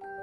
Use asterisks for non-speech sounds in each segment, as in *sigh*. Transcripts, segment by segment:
thank you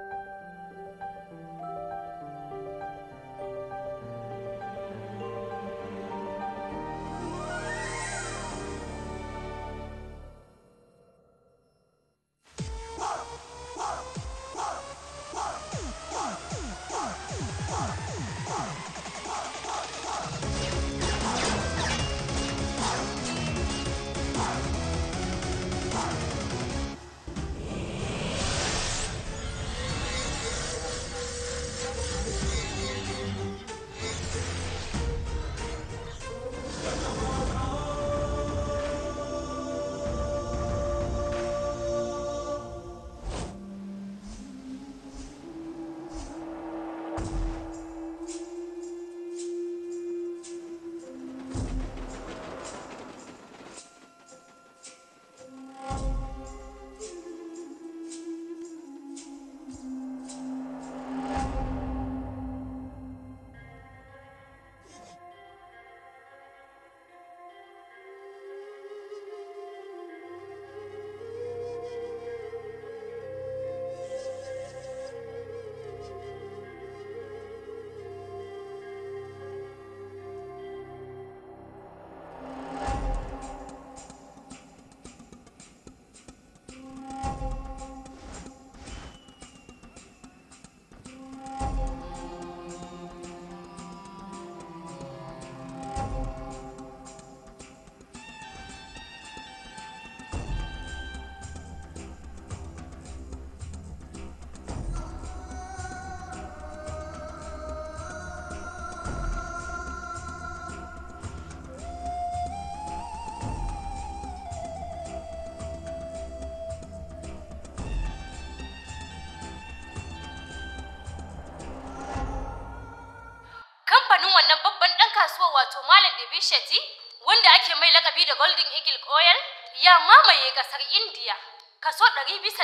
Bishaji wanda ake mai lakabi da Golden Eagle Oil ya mamaye kasar India kaso 100 bisa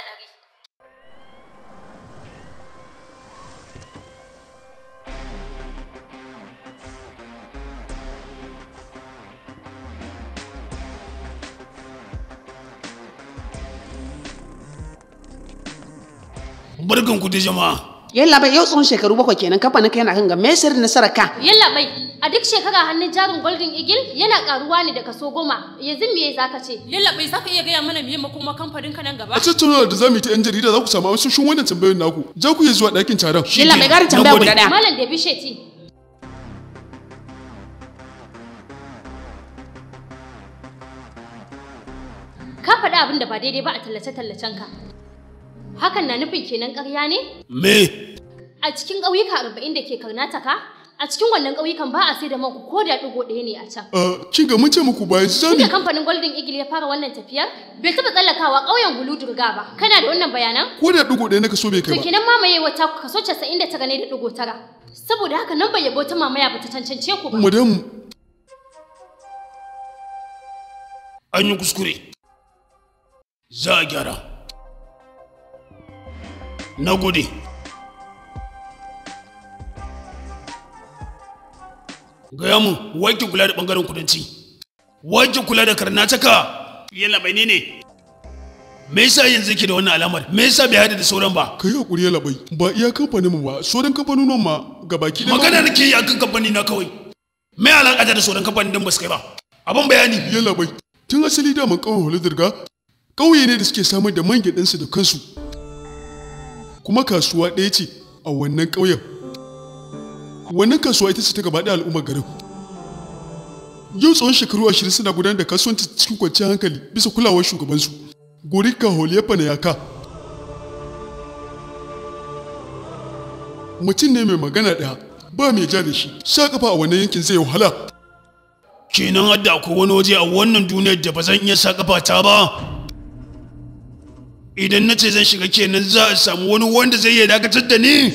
100. barkan ku da jama'a. Yalla bai yau tsawon shekaru bakwai kenan kafa na kai na kan ga me sirrin nasarar ka. Yalla bai A duk shekara hannun jarin Golden Eagle yana karuwa ne da kaso goma. Yanzu me ka ce? Lallaɓe za ka iya gaya mana me kuma kamfanin ka nan gaba? A cikin tunanin da za mu yi ta 'yan jarida za ku samu amsoshin wannan tambayoyin naku. Za ku iya zuwa ɗakin taron. Lallaɓe ƙarin tambaya guda ɗaya. Malam Debi Sheti, ka faɗi abin da ba daidai ba a tallace-tallacen ka. Hakan na nufin kenan ƙarya ne? Me? A cikin ƙauyuka arba'in da ke Karnataka, a cikin wannan ƙauyukan ba a sai da manku ko da ɗigo ɗaya ne a can. Eh, kin ga mun ce muku ba ya sani. Inda kamfanin Golden Eagle ya fara wannan tafiyar bai taɓa tsallakawa ƙauyen Guludurga ba. Kana da wannan bayanan? Ko da ɗigo ɗaya na kaso bai kai ba. To kenan wata ta kaso casa'in da tara ne da ɗigo tara. Saboda haka nan bai yabo ta mamaya ba ta cancance ku ba. Madam. An yi kuskure. Za gyara. Na gode. gaya mu wanki kula da bangaren kudanci wanki kula da karnataka yalla bai ne ne me yasa yanzu ke da wannan alamar me yasa bai hada da sauran ba kai hakuri yalla bai ba iya kamfanin mu ba sauran kamfanonin ma gabaki da magana nake yi akan kamfani na kawai me alaka da sauran kamfanin din ba su kai ba abin bayani yalla bai tun asali da mun kawo huludirga kauye ne da suke samar da man gidansu da kansu kuma kasuwa ɗaya ce a wannan ƙauyen wannan kasuwa ita ce ta gaba ɗaya al'ummar garin yau tsawon shekaru ashirin suna gudanar da kasuwanci cikin kwanciyar hankali bisa kulawar shugabansu gorika holiyafa na yaka mutum ne mai magana ɗaya ba mai ja da shi sha kafa a wannan yankin zai wahala kenan hadda ko wani waje a wannan duniyar da ba zan iya sa kafa ta ba idan na ce zan shiga kenan za a samu wani wanda zai iya dakatar da ni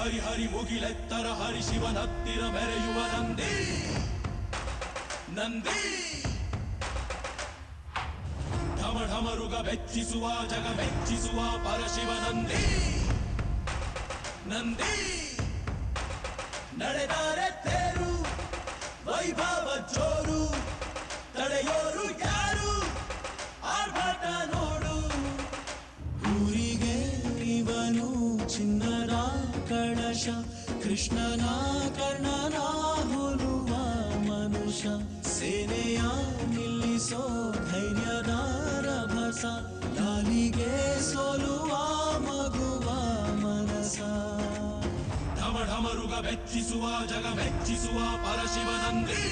ಹರಿ ಹರಿ ಮುಗಿಲೆತ್ತರ ಹರಿ ಶಿವನ ಹತ್ತಿರ ಮೆರೆಯುವ ನಂದಿ ನಂದಿ ಢಮ ಢಮರುಗ ಬೆಚ್ಚಿಸುವ ಜಗ ಮೆಚ್ಚಿಸುವ ಪರಶಿವ ನಂದಿ ನಂದಿ ನಡೆದಾರೆ ತೇರು ವೈಭವ ಜೋರು ತಡೆಯೋ ಕೃಷ್ಣನ ಕರ್ಣನ ಹೋಲುವ ಮನುಷ್ಯ ಸೇನೆಯ ನಿಲ್ಲಿಸೋ ಧೈರ್ಯದ ರಭಸ ಲಾಲಿಗೆ ಸೋಲುವ ಮಗುವ ಮನಸ ಢಮ ಢಮರುಗ ಜಗ ಮೆಚ್ಚಿಸುವ ಪರಶಿವನಂದಿ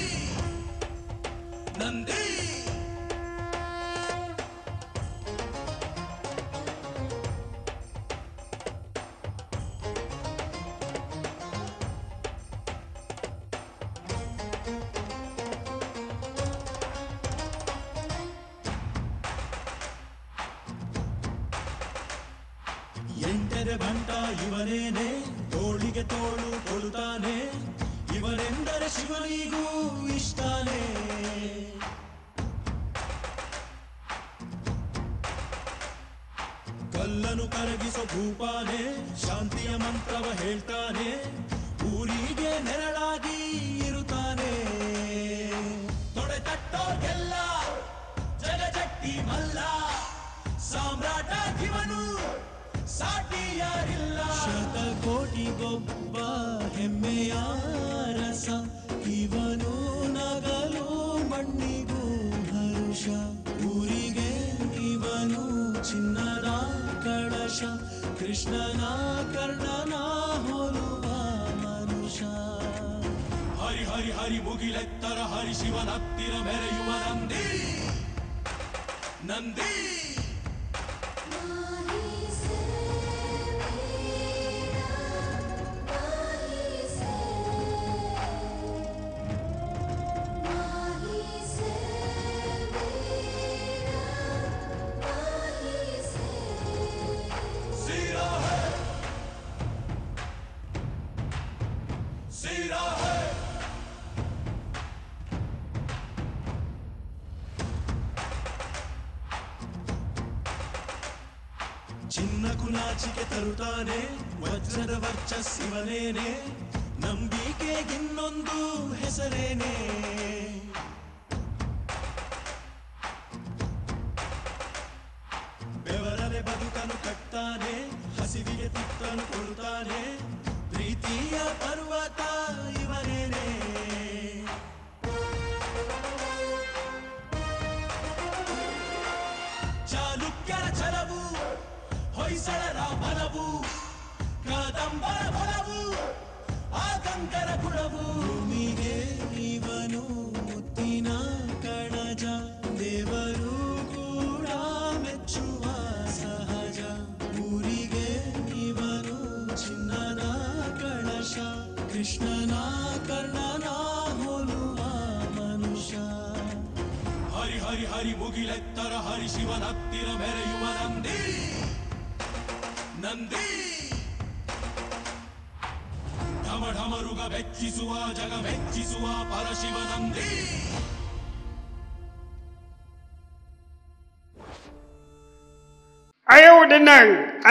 తరుతానే వజ్రద వర్చ శివనేనే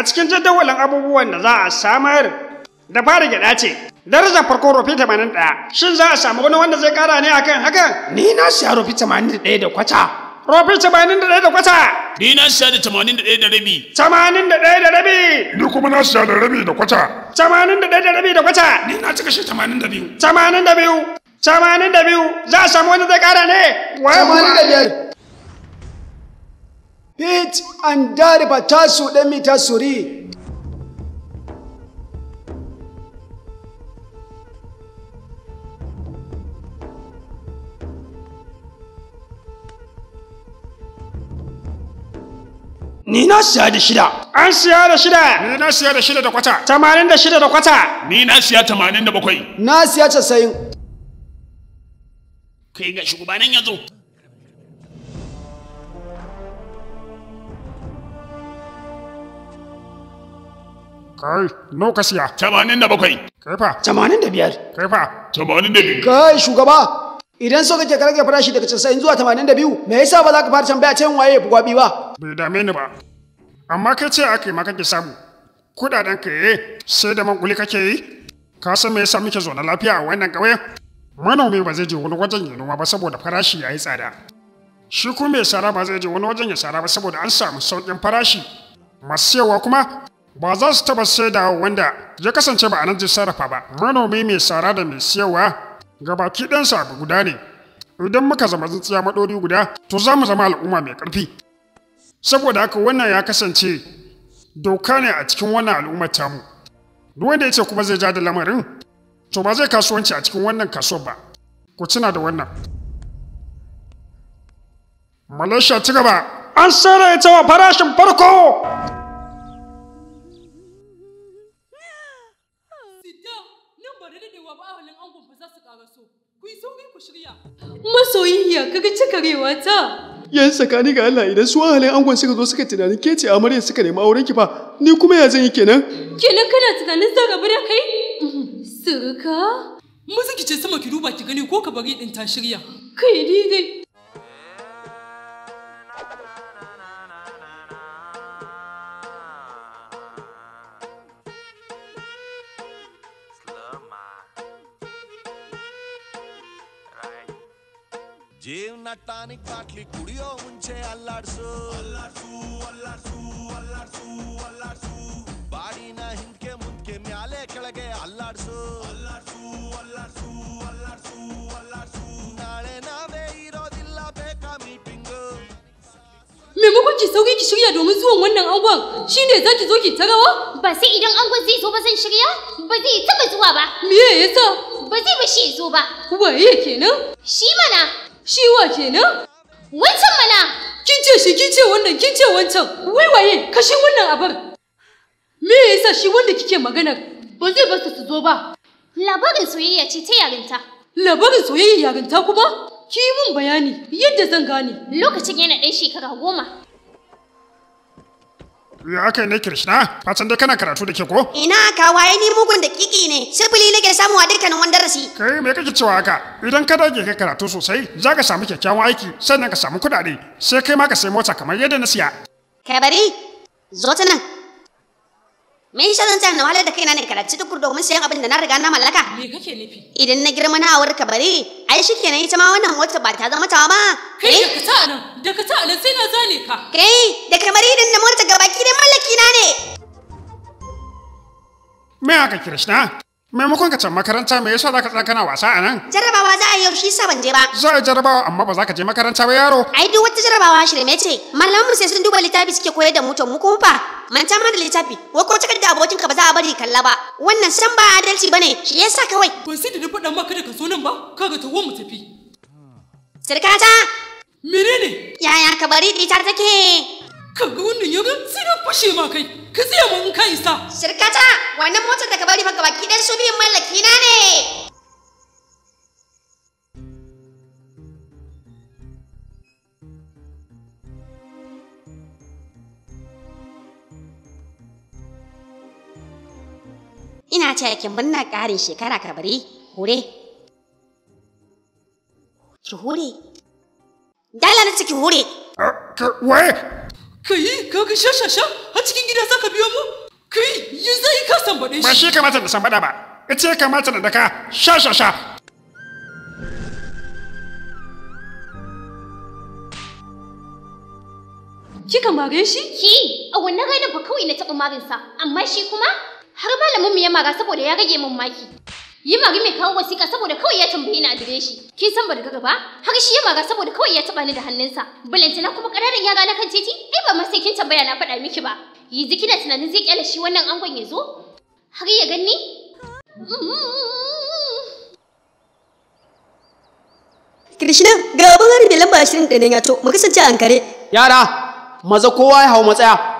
cikin jadawalin abubuwan da za a samar da fara gyada ce darajar farko rufi 81 shin za a samu wani wanda zai kara ne akan haka ni na siya rufi 81 da kwata rufi 81 da kwata ni na siya da 81 da rabi 81 da rabi ni kuma na siya da rabi da kwata 81 da rabi da kwata ni na cika shi 82 82 82 za a samu wanda zai kara ne 85 it and dariba tasu ɗan mita Ni na siya da shida. An siya da shida. Ni na siya da shida da kwata. Tamanin da shida da kwata. Ni na siya tamanin da bakwai. Na siya casa'in. Kai ga shugabanin ya zo. Kai, no ka siya. Tamanin da bakwai. Kai fa. Tamanin da biyar. Kai fa. Tamanin da biyu. Kai shugaba. Idan so kake karage farashi daga casa'in zuwa tamanin da biyu, me yasa ba za ka fara tambaya cewa waye ya fi gwabi ba? Bai dame ni ba. Amma kai ce aka yi ma kake samu. Kuɗaɗen ka ye, eh, sai da mankuli kake yi? Ka san me yasa muke zauna lafiya a wannan ƙauyen? Manomi ba zai je wani wajen ya noma ba saboda farashi ya yi tsada. Shi kuma mai sara ba zai je wani wajen ya sara ba saboda an samu sauƙin farashi. Masu yawa kuma ba za su taba da wanda ya kasance ba a nan sarrafa ba manomi mai sara da mai siyarwa ga gabaki ɗansa abu guda ne idan muka zama tsintsiya maɗori guda to za mu zama al'umma mai ƙarfi saboda haka wannan ya kasance doka ne a cikin wannan al'ummar tamu duk wanda ya kuma zai ja da lamarin to ba zai kasuwanci a cikin wannan kasuwar ba ku tuna da wannan Malaysia ci gaba an sarrafa ta wa farashin farko masoyiya kaga rewa ta yan tsakani ga Allah idan su ahalin angon suka zo suka tunanin ke ce amarya suka nemi auren ki fa ni kuma ya zan yi kenan kenan kana tunanin zan rabu da kai suruka mu ce sama ki duba ki gani ko ka bari din ta shirya kai dai ಜೇವ್ನ tonic ಬಾಟ್ಲಿ ಕುಡಿಯೋ ಮುಂಚೆ ಅಲ್ಲಾಡ್ಸು ಅಲ್ಲಾಡ್ಸು ಅಲ್ಲಾಡ್ಸು ಅಲ್ಲಾಡ್ಸು ಅಲ್ಲಾಡ್ಸು ಬಾಡಿನ ಹಿಂದ್ಕೆ ಮುಂದ್ಕೆ ಮ್ಯಾಲೆ ಕೆಳಗೆ ಅಲ್ಲಾಡ್ಸು ಅಲ್ಲಾಡ್ಸು ಅಲ್ಲಾಡ್ಸು ಅಲ್ಲಾಡ್ಸು ಅಲ್ಲಾಡ್ಸು ನಾಳೆ ನಾವೇ ಇರೋದಿಲ್ಲ ಬೇಕಾ meeting maimakon ki sauke ki shirya domin zuwan wannan angon shine za ki zo ki ta rawa ba sai idan angon zai zo ba zan shirya ba zai taba zuwa ba me yasa ba zai ba shi zo ba waye kenan shi mana Shi wa kenan? Wancan mana! Kin ce shi, kin ce wannan, kin ce wancan. Wai waye, shi wannan abar. Me ya yasa shi wanda kike magana? Ba zai basta su zo ba. Labarin soyayya ce ta yarinta. Labarin soyayya yarinta kuma? Ki mun bayani yadda zan gane. Lokacin yana ɗan shekara goma. Ya aka ne Krishna? Fatan da kana karatu da ke ko? Ina ka waye ni mugun da kiki ne. sifili nake samu a dukkan wani darasi. Kai me kake cewa haka? Idan ka dage ka karatu sosai, za ka samu kyakkyawan aiki, sannan ka samu kudade Sai kai ma ka sai mota kamar yadda na siya. Kai bari, zo ta nan. me yasa zan tsaya na wahalar da kaina ne karatu tukur domin sayan abin da na riga na mallaka me kake nufi idan na girma na awar ka bare ai shikenan ita ma wannan wata ba ta zama tawa ba kai eh? da ka ta nan da ka ta nan sai na zane ka kai da kamar idan na mota gabaki ne mallaki na ne me aka kirishna maimakon ka can makaranta me yasa zaka tsaka kana wasa a jarabawa za a yi shi yasa ban je ba za a jarabawa amma ba za ka je makaranta ba yaro ai duk wata jarabawa me ce malaman mu sai sun duba littafi suke koyar da mu to mu kuma fa manta mana da littafi ko ko da abokin ka ba za a bari kalla ba wannan san ba adalci bane shi yasa kawai ban sai da na faɗa maka da ka so nan ba kaga tawo mu tafi sirkata menene yaya ka bari ɗita take kaga ga wannan yaron sai na fashe ma kai ka tsaya mu in ka isa shirkata wannan motar da ka bari maka baki dan su biyun mallaki na ne Ina ce yakin binna ƙarin shekara ka bari, hure. Ki hure. Dala na ciki hure. Ah, waye? Kai ka ga shashasha a cikin gida za ka biyo mu? Kai zai ka sambaɗe shi. Ba shi kamata da sambaɗa ba, ita kamata da daka shashasha. Kika mare shi? Ki, a wannan ranar ba kawai na taɓa sa amma shi kuma har malamin mu ya mara saboda ya rage min maki. Yi mari mai kawo wasiƙa saboda kawai ya tambaye ni adireshi. kin san ban gaba ba har shi ya maga saboda kawai ya taba ni da hannunsa bulanta kuma kararin ya gane kan titi ai ba ma sai kin tambaya na faɗa miki ba yanzu kina tunanin zai kyale shi wannan angon ya zo har ya ganni Krishna ga babban hari lamba 20 ɗin ya to mu kasance a ankare yara maza kowa ya hau matsaya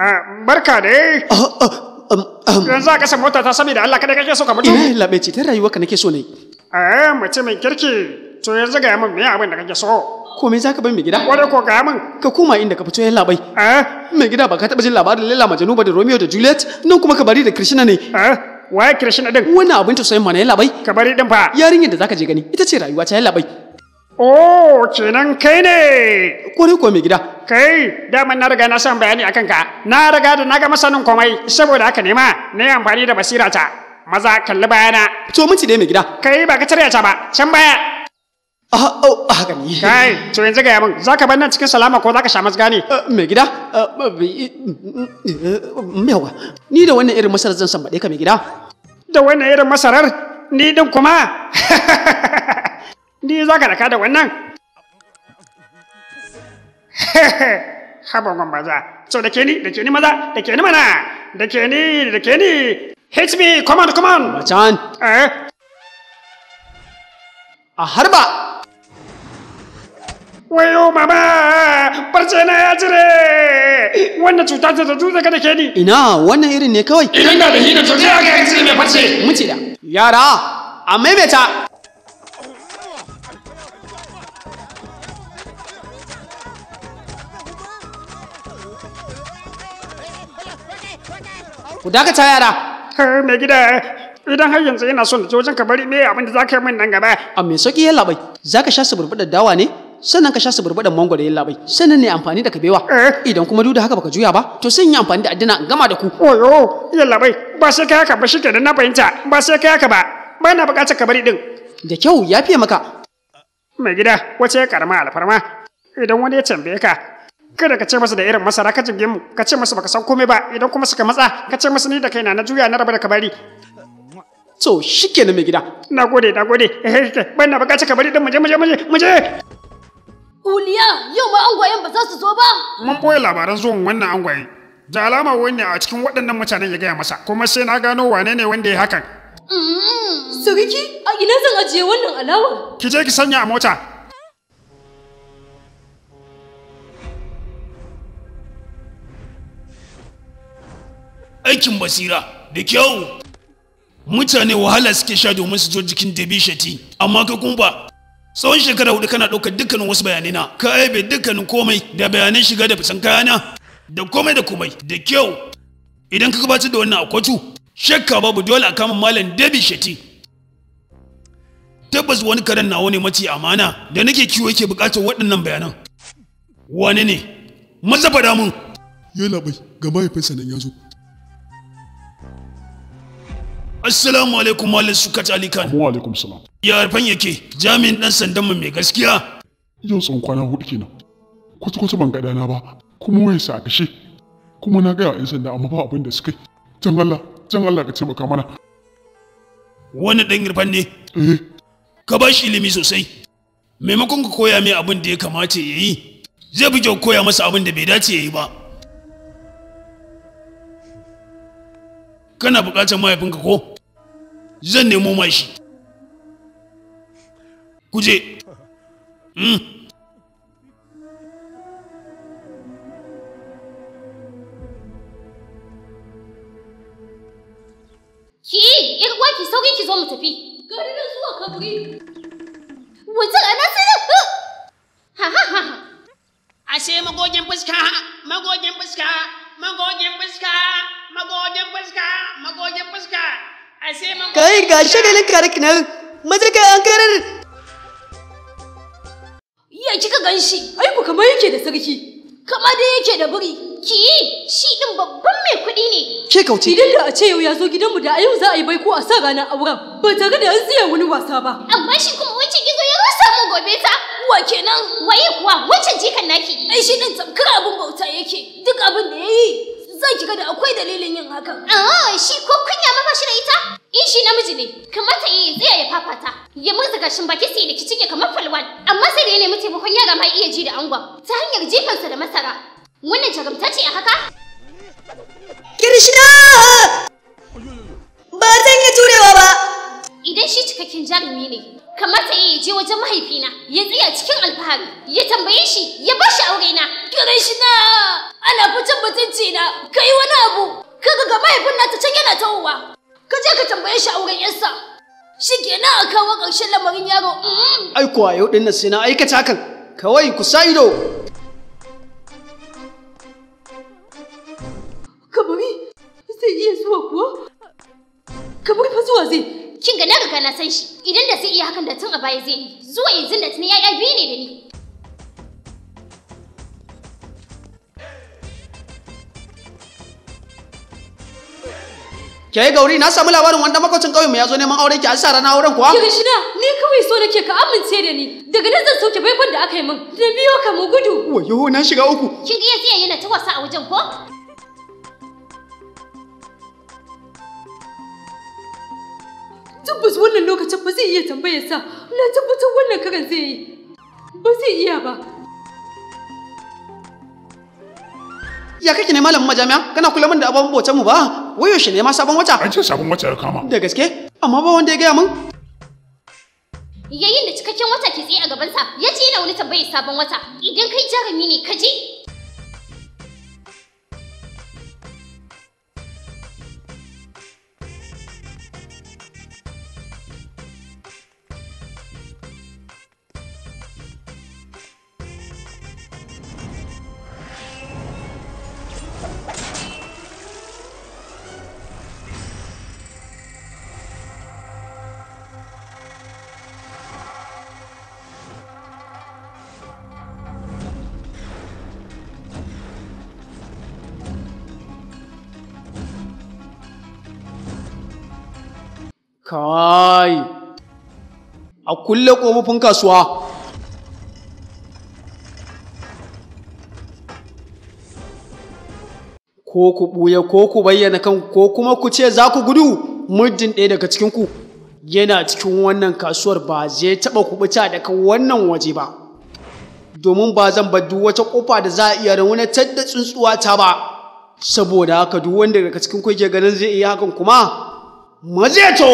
Ah, barka dai ah, ah, um, um. yanzu a kasa mota ta sami da Allah kada kake so ka mutu eh labe ce ta ka nake so ne eh mace mai kirki to yanzu ga yamin me abin da kake so ko me zaka bai mai gida wanda ko ga yamin ka koma inda ka fito yan labai eh mai gida ba ka taba jin labarin Laila Majnun ba da Romeo da Juliet nan kuma ka bari da Krishna ne eh waye Krishna din wannan abin to sai mana yan labai ka bari din fa yarinyar da zaka je gani ita ce rayuwa ta yan labai Oh, kenan kai ne! Kuri ko mai gida. Kai, daman na riga na san bayani akan ka. Na riga da na ga masanin komai, saboda haka nema, na yi amfani da basira ta. Maza kalli bayana. To minti dai mai gida. Kai ba ka tarya ta ba, can baya. Ah, oh, ah Kai, to yanzu ga yamin, za ka bar nan cikin salama ko za ka sha mazga ne? Eh, mai gida, mewa, eh, eh, ni da wannan irin masarar zan san baɗe ka mai gida. Da wannan irin masarar, ni din kuma. *laughs* Ni za ka daka da wannan? he gwan maza. So da ke ni, da ke ni maza, da ke ni mana, da ke ni, da ke ni. Hit me, come on, come on. Macan. Eh. A harba. Wayo mama, barce na ya cire. Wannan cuta ce da tuta ka da ke ni. Ina, wannan irin ne kawai. Idan da da hina to je aka yi mai farce. Muci da. Yara, a maimaita Ku dakata yara. Har mai gida idan har yanzu yana son je wajen ka bari me abin da ka yi min nan gaba. A me sauki yalla bai. ka sha su dawa ne? sannan ka sha su burbuɗan mangwaro yalla bai sannan ne amfani da kabewa eh? idan kuma duk da haka baka juya ba to sun yi amfani da addina gama da ku oyo yalla bai ba sai kai haka ba da na fahimta ba sai kai haka ba ba na buƙatar ka bari din da kyau ya fiye maka mai gida wace karama alfarma idan wani ya tambaye ka kada ka ce masa da irin masara ka jirgin mu ka ce masa baka san komai ba idan kuma suka matsa ka ce masa ni da kaina na juya na raba da kabari so shikenan mai gida na gode na gode eh, eh, ban na baka bukaci kabari dan muje muje muje muje Uliya yau ma angwayen ba za su zo ba mun boye labaran zuwan wannan angwaye da alama wani a cikin waɗannan mutanen ya gaya masa kuma sai na gano wane ne wanda ya hakan mm-hmm. Sarki, a ina zan ajiye wannan alawar? Ki je ki sanya a mota, aikin basira da kyau mutane wahala suke sha domin su zo jikin dabi shati amma ka kumba tsawon shekara hudu kana ɗaukar dukkanin wasu bayanina. ka aibe dukkanin komai da bayanan shiga da fitan kayana da komai da komai da kyau idan ka gabatar da wannan akwatu shakka babu dole a kama malam dabi shati tabbas wani karen nawa ne mace amana da nake kiwo yake buƙatar waɗannan bayanan wani ne maza damun. mun yana bai ga mahaifinsa nan ya zo assalamu alaikum malam sukat ali khan wa alaikum salam ya rufan yake jami'in dan sandan mu mai gaskiya yau tsan kwana hudu kenan kwata kwata ban ga na ba kuma wai sa kashe kuma na ga yan sanda amma ba abin da suka yi can Allah can Allah ka taimaka mana wani dan irfan ne eh ka ba shi ilimi sosai maimakon ka koya mai abin da ya kamata ya yi zai fi kyau koya masa abin da bai dace ya yi ba kana bukatar mahaifinka ko zan nemo mashi kuje mm. shagalin kare ki nan majalka an karar ya kika ganshi aiku kamar yake da sarki kama dai yake da buri ki yi shi din babban mai kuɗi ne ke kauce idan da a ce yau ya zo gidanmu da a yau za a yi baiko a sa ranar auren ba tare da an tsaya wani wasa ba amma shi kuma wacce gizo ya rusa mu gobe ta wa kenan waye kuwa wancan jikan naki ai shi din tamkar abin bauta yake duk abin da yayi za ki ga da akwai dalilin yin hakan ah shi ko kunya ma ba shi da ita in shi namiji ne kamata ya tsaya ya fafata ya murza gashin baki sai da kicin ya kamar falwan amma sai da ya nemi taimakon yara ma iya ji da angon ta hanyar jifansa da masara wannan jarumta ce a haka kirshina ba zan iya turewa ba idan shi cikakken jarumi ne kamata ya je wajen mahaifina ya tsaya cikin alfahari ya tambaye shi ya ba shi aure na ana fitan mutuncina, na kai wani abu kaga ga mahaifin na ta can yana tawowa. Ka je ka tambaye shi auren yarsa. Shi kenan a kawo ƙarshen lamarin yaro. Mm-hmm. Ai kuwa yau ɗin nan sai na aikata hakan. Kawai ku sa ido. Kabari zai iya zuwa kuwa? Kabari fa zuwa zai. Kin ga na riga na san shi. Idan da zai iya hakan da tun a baya zai yi. Zuwa yanzu da tuni ya biyu ne da ni. kai gauri na samu labarin wanda makocin ƙauyen mu ya zo neman aure ki an sa ranar auren kuwa? Kiri na ni kawai so nake ka amince da ni. Daga nan zan sauke baikon da aka yi min. Da biyo ka mu gudu. Wayo na shiga uku. Kin iya tsaya yana ta wasa a wajen ko? tabbas wannan lokacin ba zai iya tambayar sa na tabbatar wannan karan zai yi ba zai iya ba ya kake ne malamin majami'a kana kula min da abin bautan mu ba wayo shi ne ma sabon wata an ce sabon wata ya kama da gaske amma ba wanda ya gaya mun. yayin da cikakken wata ke tsaye a gabansa ya ce yana wani tambayar sabon wata idan kai jarumi ne ka ji kai a kulle ƙofofin kasuwa ko ku ɓuya ko ku bayyana kan ko kuma ku ce za ku gudu muddin ɗaya daga cikinku yana cikin wannan kasuwar ba zai taɓa kuɓuta daga wannan waje ba domin ba zan bar duk wata ƙofa da za a iya raunatar da tsuntsuwa ta ba saboda haka duk wanda daga cikin ku ke ganin zai iya hakan kuma 魔界走。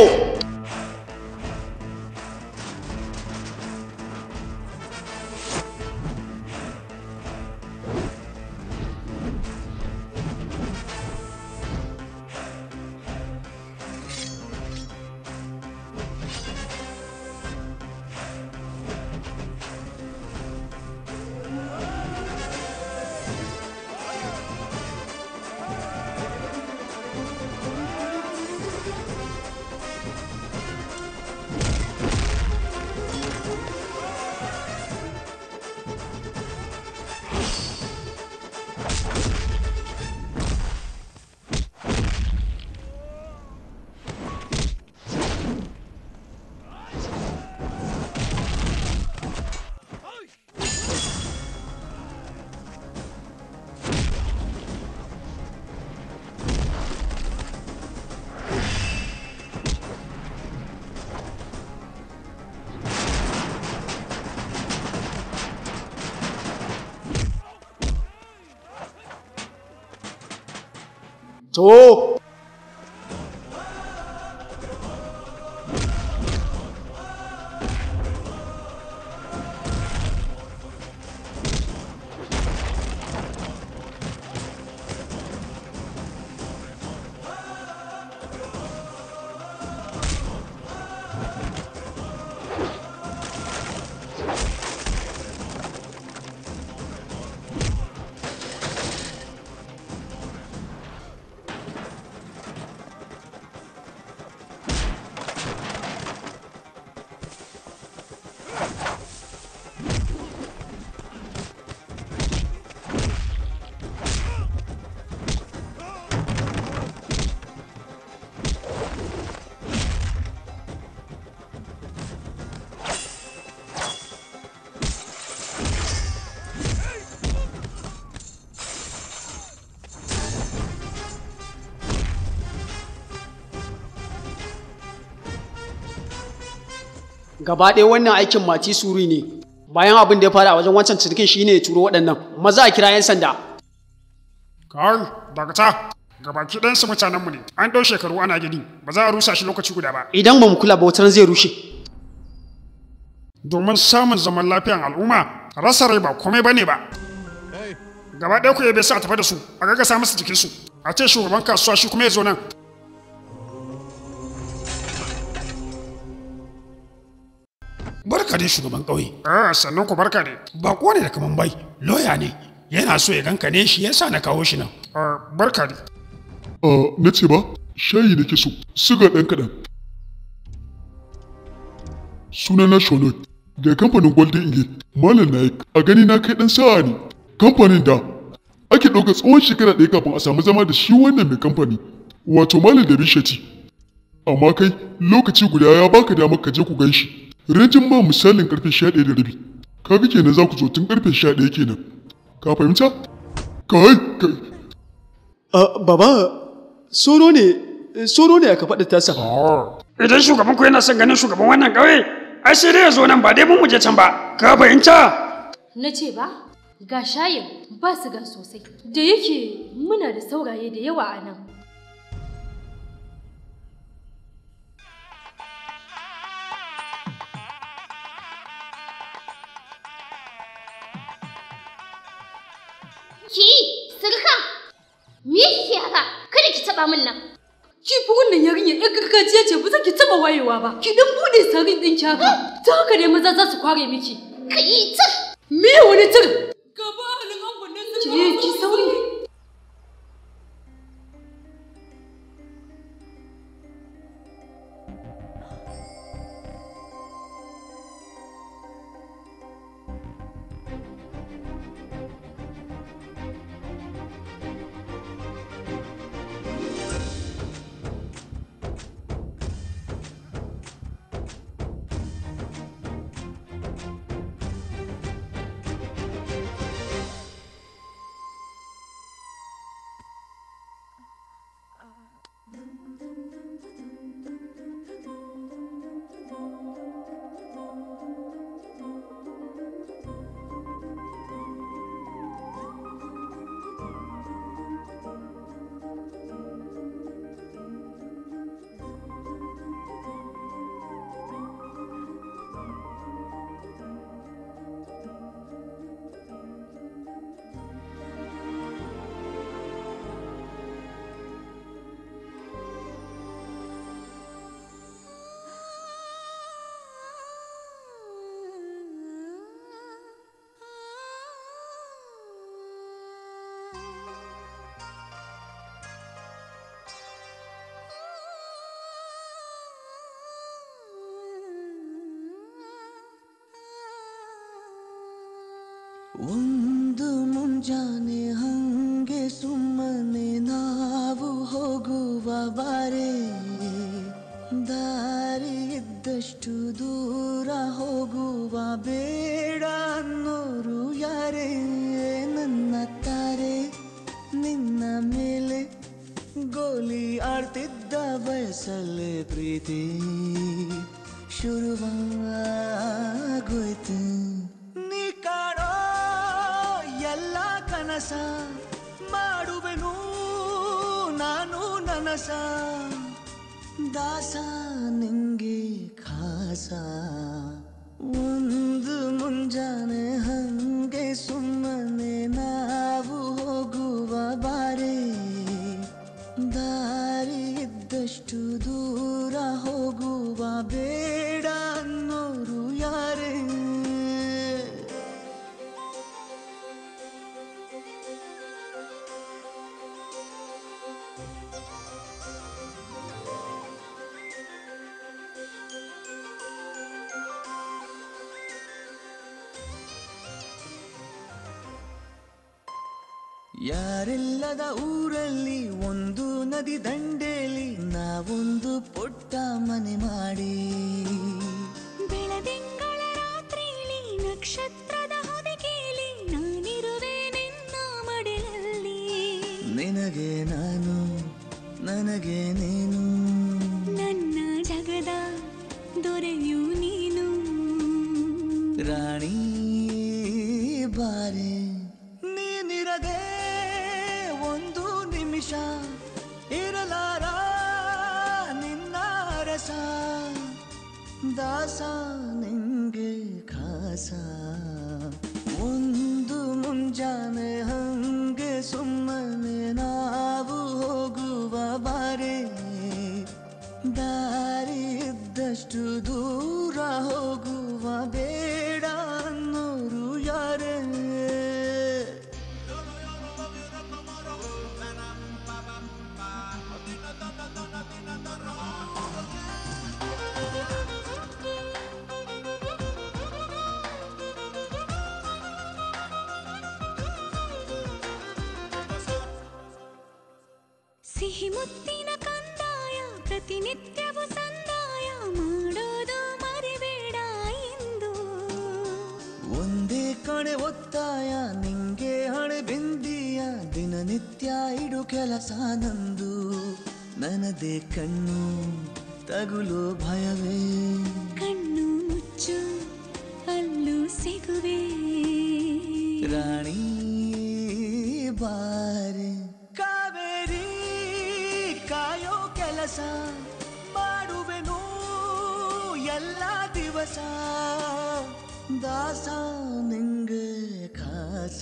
Sou gaba ɗaya wannan aikin mati suri ne bayan abin da ya fara a wajen wancan cinikin shine ya turo waɗannan maza a kira 'yan sanda kawai dakata gabaki ɗansu mutanenmu ne an ɗau shekaru ana gani ba za a rusa shi lokaci guda ba idan ba mu kula ba wata zai rushe domin samun zaman lafiyar al'umma rasa rai ba komai ba ne ba gaba ɗaya ku yabe su a tafi da su a gaggasa musu jikinsu a ce shugaban kasuwa shi kuma ya zo nan barka dai shugaban ƙauye. Ah, sannan ku barka dai. Bako ne da kaman bai loya ne. Yana so ya ganka ne shi yasa na kawo shi nan. Ah, barka dai. Ah, na ce ba, shayi nake so, suga ɗan kaɗan. na Shonot, da kamfanin Golden Eagle, Malam Naik, a gani na kai ɗan sa'a ne. Kamfanin da ake ɗaukar tsawon shekara ɗaya kafin a samu zama da shi wannan mai kamfani, wato Malam da Bishati. Amma kai lokaci guda ya baka damar ka je ku ganshi. Rijin ba misalin karfe 11 da rabi. ga kenan za ku zo tun karfe 11 kenan. Ka fahimta? Kai kai. baba, soro ne, soro ne aka faɗi tasa. Idan shugaban ku yana son ganin shugaban wannan ƙauye, ai sai dai ya zo nan ba dai mun muje can ba. Ka fahimta? Na ce ba, ga shayin ba su gan sosai. Da yake muna da sauraye da yawa a nan. Ki yi, Me yake haka? Kada ki taba min nan. Ki fi wannan yarinya ƴar gargajiya ce ba za ki taba wayewa ba. Ki dan bude sarin ɗin haka. Ta haka ne maza za su kware miki. Kai tur. Me wani tur? Gaba halin angon nan sun Ki sauri. ಒಂದು ಮುಂಜಾನೆ ಹಂಗೆ ಸುಮ್ಮನೆ ನಾವು ಹೋಗುವ ಬಾರೆ ದಾರಿ ಇದ್ದಷ್ಟು ದೂರ ಹೋಗುವ ಬೇಡ ನೂರು ಯಾರೇ ನನ್ನ ತಾರೆ ನಿನ್ನ ಮೇಲೆ ಗೋಲಿ ಆಡ್ತಿದ್ದ ಬಯಸಲೆ ಪ್ರೀತಿ ಶುರುವಾಗೋಯ್ತು दासा नंगे खासा ಪಕ್ಕದ ಊರಲ್ಲಿ ಒಂದು ನದಿ ದಂಡೆಯಲ್ಲಿ ನಾವೊಂದು ಪುಟ್ಟ ಮನೆ ಮಾಡಿ ಬೆಳದಿಂಗಳ ರಾತ್ರಿಯಲ್ಲಿ ನಕ್ಷತ್ರದ ಹೊದಿಕೆಯಲ್ಲಿ ನಾನಿರುವೆ ನಿನ್ನ ಮಡಿಲಲ್ಲಿ ನಿನಗೆ ನಾನು ನನಗೆ the sun. ಕೆಲಸ ನಂದು ನನದೇ ಕಣ್ಣು ತಗುಲು ಭಯವೇ ಕಣ್ಣು ಮುಚ್ಚು ಅಲ್ಲೂ ಸಿಗುವೆ ರಾಣಿ ಬಾರೆ ಕಾವೇರಿ ಕಾಯೋ ಕೆಲಸ ಮಾಡುವೆನು ಎಲ್ಲ ದಿವಸ ದಾಸ ನಿಂಗೆ ಖಾಸ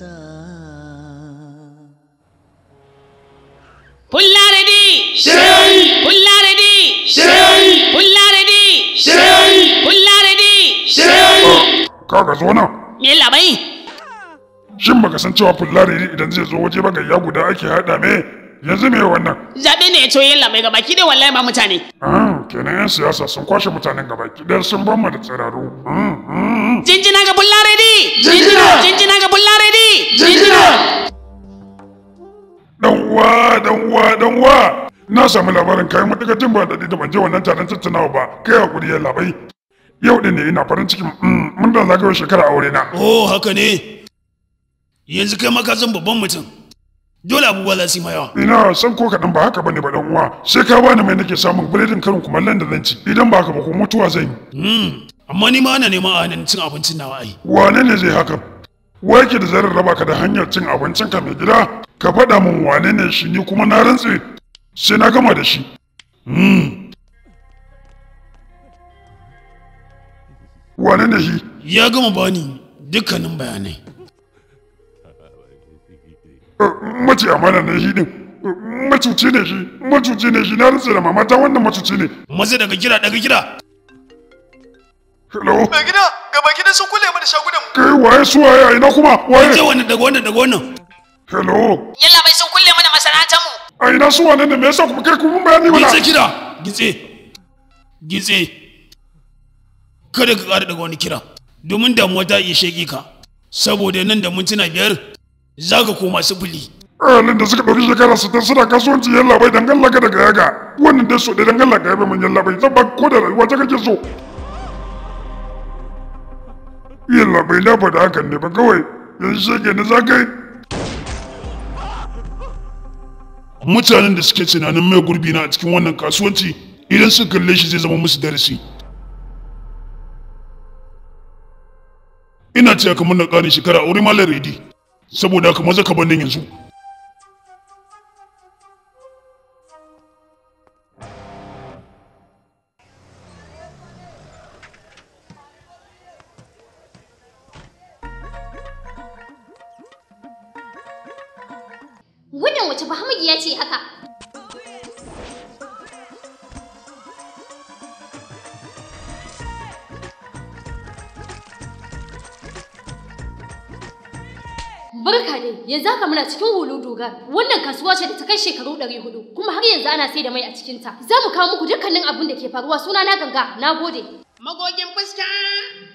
ka zo nan me labai shin baka san cewa fullariri idan zai zo waje ba ya guda ake haɗa me yanzu me wannan zaɓe ne ya ciyo yin labai gabaki dai wallahi ma mutane ah, kenan yan siyasa sun kwashe mutanen gabaki ɗaya sun ban mu da tsiraru hmm, hmm. jinjina ga fullariri jinjina jinjina ga fullariri jinjina dan uwa dan uwa dan uwa na samu labarin kayan matuƙa jin ba daɗi da ban je wannan taron tattunawa ba kai hakuri ya labai yau din ne ina farin cikin mm, mun da zagayowar shekara aure na oh haka ne yanzu kai maka babban mutum dole abubuwa za su yi mayawa. ina san ko kaɗan ba haka bane ba ɗan uwa sai ka bani mai nake samun biredin karin kumallon da zan ci idan ba haka ba ko mutuwa zai yi hmm, amma ni ma ana neman a hannun cin abincin nawa ai wane ne zai haka wa yake da zarar raba ka da hanyar cin abincin ka mai gida ka faɗa min wane ne shi ni kuma na rantse sai na gama da shi Hmm. wane ne shi ya gama bani dukkanin bayanai mace amana ne shi din macuci ne shi macuci ne shi na rutse da mamata wannan macuci ne maza daga kira daga kira hello ba gida gaba gida sun kulle mana shagunan kai waye su waye ina kuma waye ce wannan daga wannan daga wannan hello yalla bai sun kulle mana masana'antar mu a ina su wannan ne me yasa kuma kai kuma bayani wala gitse kira gitse gitse kada ka ƙara daga wani kira domin damuwa ta iya sheƙi ka saboda nan da mintuna biyar za ka koma sifili ahalin da suka ɗauki shekara sittin suna kasuwanci yan labai dangan laka daga yaga wannan dai so ɗaya don laka yaga manyan labai zan ba ko da rayuwa ta kake so yan labai na faɗa hakan ne ba kawai yan shege na za kai mutanen da suke tunanin mai gurbi na a cikin wannan kasuwanci idan sun kalle shi zai zama musu darasi ina cewa kamar na ƙarin shekara a wuri malar redi saboda haka maza ka yanzu dubu kuma har yanzu ana sai da mai a cikinta za mu kawo muku dukkanin abin da ke faruwa suna na ganga na gode magogin fuska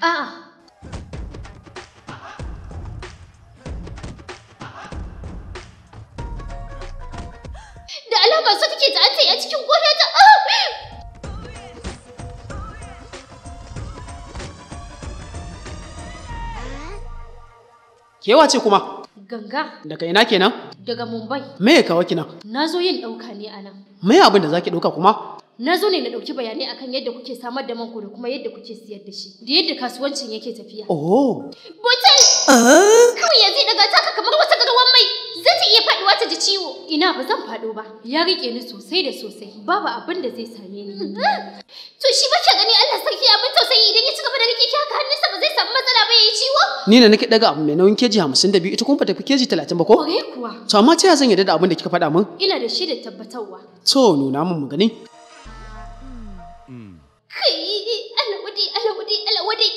a'a da alama su kake ta'antai a cikin gona ta Kewa ce kuma? Ganga. Daga ina kenan? Daga Mumbai. Me ya kawo kina? Na zo yin ɗauka ne a nan. Me abin da zaki ɗauka kuma? Na zo ne na ɗauki bayanai akan yadda kuke samar da manku da kuma yadda kuke siyar da shi, da yadda kasuwancin yake tafiya. Oh. Butul! Ah. Kawai yanzu daga taka kamar wata ta ji ciwo. Ina ba zan faɗo ba. Ya rike ni sosai da sosai. Babu abin da zai same ni. To shi ba ke gani Allah sarki abin tausayi idan ya ci gaba da rike ki haka hannunsa ba zai samu matsala ba ya yi ciwo. Ni na nake daga abu mai nauyin keji hamsin da biyu ita kuma ba fi keji talatin ba ko? Kore kuwa. To amma ta zan yarda da abin da kika faɗa min? Ina da shi da tabbatarwa. To nuna min mu gani. Kai Allah wadai Allah wadai Allah wadai.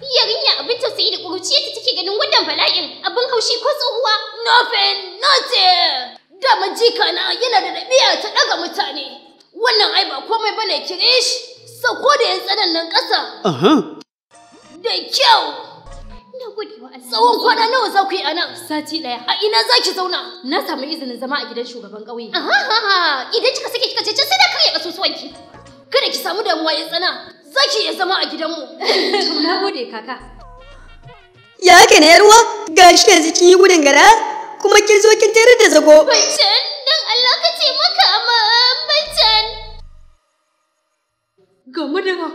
Yarin abin tausayi da ta take ganin wannan bala'in abin haushi ko tsohuwa. Nothing, nothing. Dama jika na yana da ɗabi'a ta ɗaga mutane. Wannan ai ba komai bane kire shi. Sauko da yan tsanan nan ƙasa. Da kyau. Na gode wa Allah. Tsawon kwana nawa za ku yi a nan? Sati ɗaya. A ina za zauna? Na samu izinin zama a gidan shugaban ƙauye. Aha, idan kika sake kika ce can sai da karya ki. Kada ki samu damuwa ya tsana. zaki iya zama a gidanmu. *laughs* Na gode kaka. ya ke na yarwa ga shi yanzu kin yi gudun gara kuma kin zo kin tare da zago Bancan dan Allah ka ce maka amma bancan. ga madara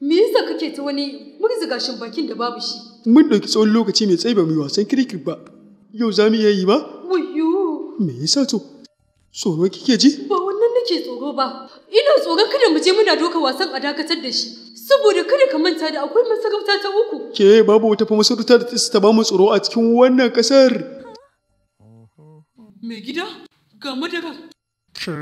me yasa kake ta wani murzuga shin bakin da babu shi mun dauki tsawon lokaci mai tsayi ba mu yi wasan kirkir ba yau za mu iya yi ba Wayyo. me yasa to tsoro kike ji ba wannan nake tsoro ba ina tsoron kada mu je muna doka wasan a dakatar da shi saboda kada ka manta da akwai masarauta ta uku. Ke babu wata fa masarauta da ta ba mu tsoro a cikin wannan ƙasar. Mai gida ga madara. Ke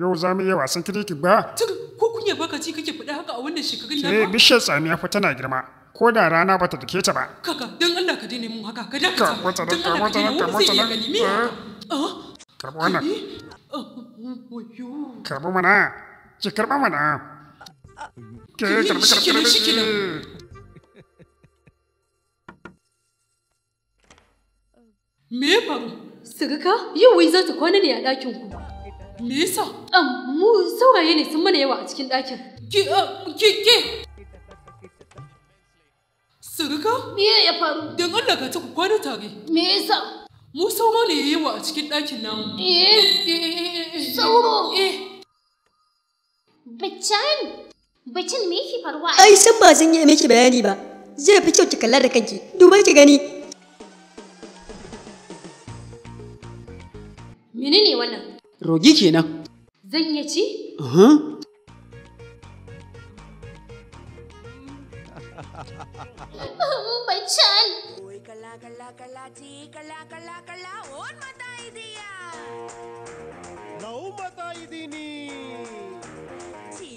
yau za mu iya wasan kiriki ba. Tuk ko kunya baka ci kake faɗa haka a wannan shekarun nan ba. Ke bishiyar tsamiya fa tana girma. Ko da rana bata dake ta ba. Kaka don Allah ka daina mun haka ka daka Ka wata ka wata ka wata ka. Karɓi wannan. Eh. Ah, oh, oh, oh, Karɓi mana. Ki karɓa mana. Me ya faru? Sirika, yau wai za ta kwana ne a ɗakin ku. Me yasa? Am, mu sauraye ne sun mana yawa a cikin ɗakin. Ki, ki, ki. Sirika? Me ya faru? Don Allah ka ta ku kwana tare. Me yasa? Mu sauro ne yawa a cikin ɗakin nan. Eh? Sauro? Eh. Bacan? Bacin me yake faruwa? Ai san ba zan yi miki bayani ba. Zai fi kyau ki kalla da kanki. Duba ki gani. Menene wannan? Rogi kenan. Zan iya ci? Bacin! kala kala kala ci kala kala kala on oh, mata idiya. Love ಮಾಡ್ತಾ ಇದ್ದೀನಿ ಛೀ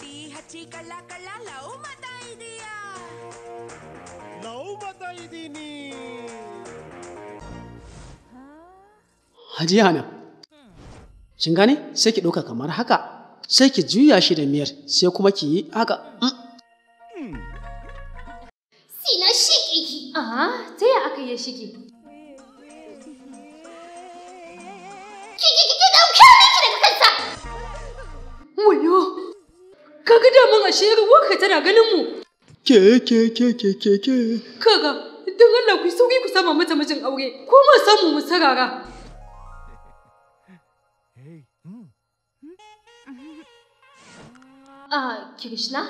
ಟೀ ಹಚ್ಚಿ ಲವ್ ಇದೀಯಾ ಲವ್ ಇದ್ದೀನಿ Hana, gane sai ki ɗauka kamar haka, sai ki juya shi da miyar sai kuma ki yi haka. Sina shiki Ah, ta ya aka shiki? Wayo! Kaga daman ashe ruwanka tana ganin mu. Ke ke ke ke ke ke. Kaga don Allah ku sauki ku sama mata mijin aure ko ma samu mu sarara. A ah, Kirishna,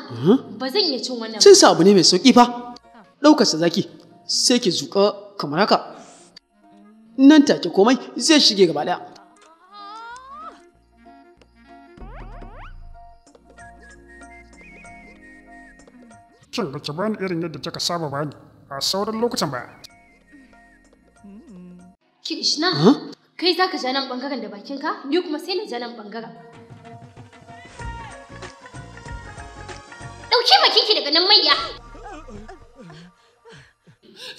ba zan iya cin wannan. Cin sa abu ne mai sauki fa. sa zaki, sai ki zuƙa kamar haka. Nan take komai zai shige gaba ɗaya. shin ba ki bani irin yadda kika saba bani a sauran lokutan baya. Krishna, kai za ka ja nan ɓangaren da bakinka, ni kuma sai na ja nan ɗauke Ɗauki bakinki daga nan manya!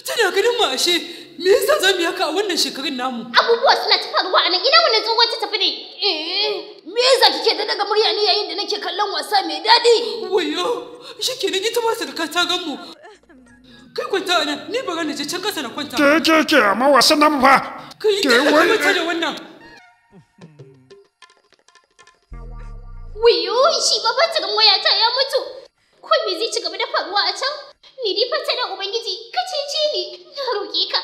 Tana ganin mu ashe. me yasa zan biya ka a wannan shekarun namu? Abubuwa suna ta faruwa a nan, ina wannan tsohon ta tafi ne? Eh, me yasa kike da daga murya ni yayin da nake kallon wasa mai daɗi? Wayo, shi ke ni ita ma sadaka ta gan mu. Kai kwanta a nan, ni ba na je can kasa na kwanta. Ke ke ke, amma wasan namu fa. Kai ke wai. Kai da wannan. Wayo, shi ba ba ta waya ta ya mutu. Ko me zai ci gaba da faruwa a can? ni da Ubangiji ka cece ni na roƙe ka.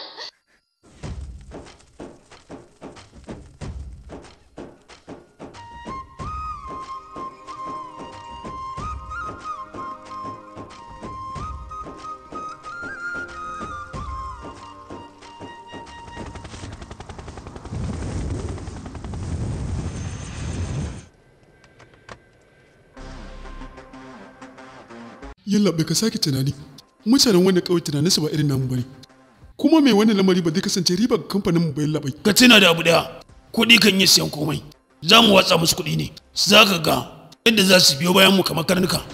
Yallaɓe ka sake tunani. mutanen wani kawai tunanin su ba irin namu bane kuma mai wannan lamari ba zai kasance riba ga kamfanin mu bayan labai ka tuna da abu daya kuɗi kan yi siyan komai za mu watsa musu kuɗi ne za ka ga yadda za su biyo bayan mu kamar karnuka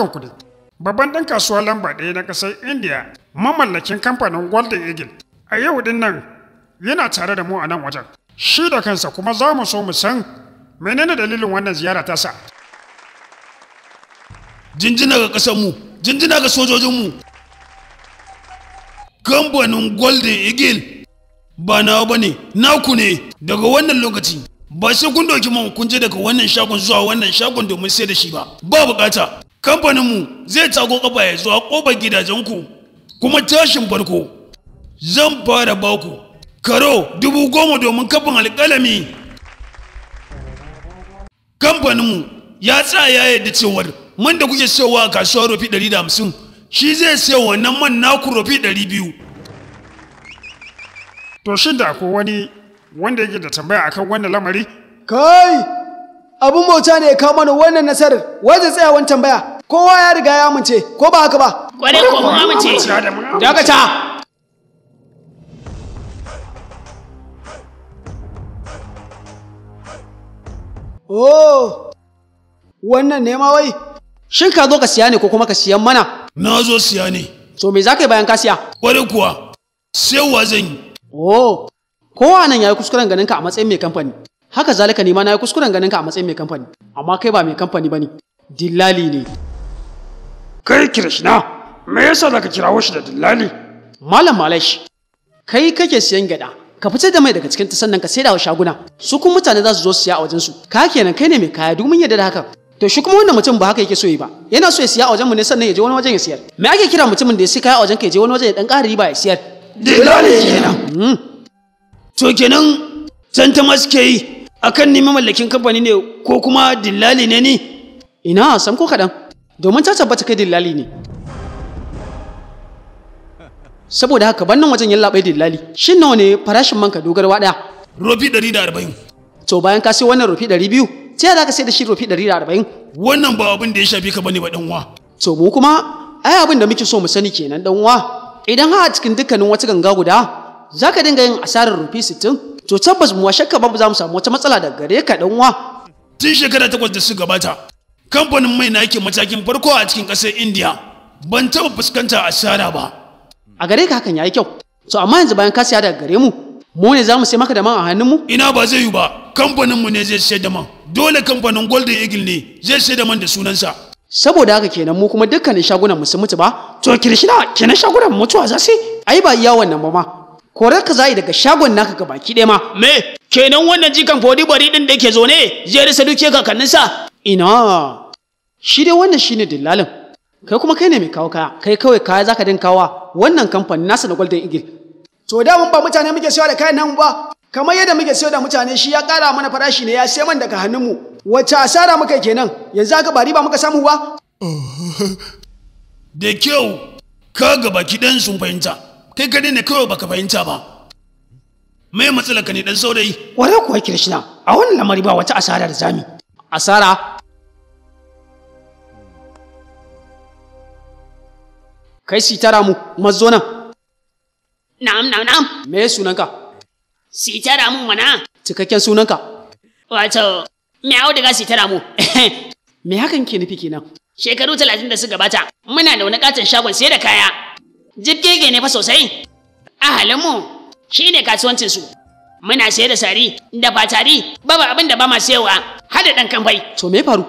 Afirka Kudu. Babban ɗan kasuwa lamba ɗaya na ƙasar India, mamallakin kamfanin Golden Eagle, a yau din nan yana tare da mu a nan wajen. Shi da kansa kuma za mu so mu san menene dalilin wannan ziyara ta sa. Jinjina ga mu, jinjina ga sojojin mu Kamfanin Golden Eagle ba nawa ba ne, naku ne daga wannan lokaci. Ba sai kun ɗauki man kun je daga wannan shagon zuwa wannan shagon domin sai da shi ba, ba bukata. kamfaninmu zai tsago kafa ya zuwa ƙofar gidajenku kuma tashin farko zan fara baku karo dubu goma domin kafin alƙalami kamfaninmu ya tsaya yadda cewar man da kuke sayowa a kasuwar rufi 150 shi zai sayo wannan man naku rufi 200 to shi da ko wani wanda yake da tambaya akan wannan lamari kai abun bauta ne ya kawo mana wannan nasarar wanda tsayawan tambaya kowa ya riga ya mace ko ba haka ba kwarai ko mun amince daga ta Oh, wannan ne ma wai? Shin ka zo ka siya ne ko kuma ka siyan mana? Na zo siya ne. To me za ka yi bayan ka siya? kware kuwa, wa zan yi. Oh, kowa nan ya yi kuskuren ganin ka a matsayin mai kamfani. Haka zalika ne ma na yi kuskuren ganin ka a matsayin mai kamfani. Amma kai ba mai kamfani ba ne, dillali ne. kai krishna me yasa zaka kirawo shi da dillali malam malash kai kake siyan gyada ka fita da mai daga cikin ta sannan ka sai da shaguna su kuma mutane za su zo siya a wajen su ka kenan kai ne mai kaya domin yadda da haka to shi kuma wannan mutum ba haka yake so yi ba yana so ya siya a wajen mu ne sannan ya je wani wajen ya siyar me ake kira mutumin da ya siya kaya a wajen ka ya je wani wajen ya dan ƙara riba ya siyar dillali kenan hmm. to kenan tantama suke yi akan neman mallakin kamfani ne ko kuma dillali ne ni ina san ko kaɗan domin ta tabbata kai dillali ne saboda haka bannan wajen yin labai dillali shin nawa ne farashin manka dogarwa daya rufi 140 to bayan ka sai wannan rufi 200 ta yaya ka sai da shi rufi 140 wannan ba abin da ya shafi ka bane ba dan uwa to mu kuma ai abin da muke so mu sani kenan dan uwa idan har a cikin dukkanin wata ganga guda zaka dinga yin asarar rufi 60 to tabbas mu shakka ba za mu samu wata matsala daga gare ka dan uwa tun shekara takwas da su gabata kamfanin mai na yake matakin farko a cikin ƙasar indiya ban taɓa fuskanta asara ba a gare ka hakan yi kyau To amma yanzu bayan ka siya daga gare mu mu ne za mu sai maka da man a mu? ina ba zai yi ba kamfaninmu ne zai sayar da man dole kamfanin golden eagle ne zai sayar da man da sunansa saboda haka kenan mu kuma dukkanin shagunan mu sun mutu ba to kirshina kenan shagunan mutuwa za su ai ba iya wannan ba ma korar ka zai daga shagon naka ga baki ɗaya ma me kenan wannan jikan fodi bari din da yake zo ne zai rasa duke kakanninsa ina shi dai wannan shine dillalin kai kuma kai ne mai kawo kaya kai kawai kaya zaka din kawa wannan kamfanin nasa na golden eagle to da mun ba mutane muke siyo da kayan nan ba kamar yadda muke siyo da mutane shi ya kara mana farashi ne ya sai man daga hannunmu wacce asara muka kenan yanzu haka ba muka samu ba da kyau ka ga baki dan sun fahimta kai ka ne kawai baka fahimta ba me matsalar ka ne dan saurayi kwarai kuwa kirishina a wannan lamari ba wata asara da zami asara kai sitara mu mazo nan na'am na'am na'am me sunanka sitara mu mana cikakken sunanka wato me hau daga sitara mu *laughs* me hakan ke nufi kenan shekaru talatin da suka gabata muna da wani katon shagon sai da kaya Jibge ne fa sosai ahalinmu shi ne kasuwancinsu muna sayar da sari da fatari babu abin da ba ma sayarwa har da ɗan kamfai to me faru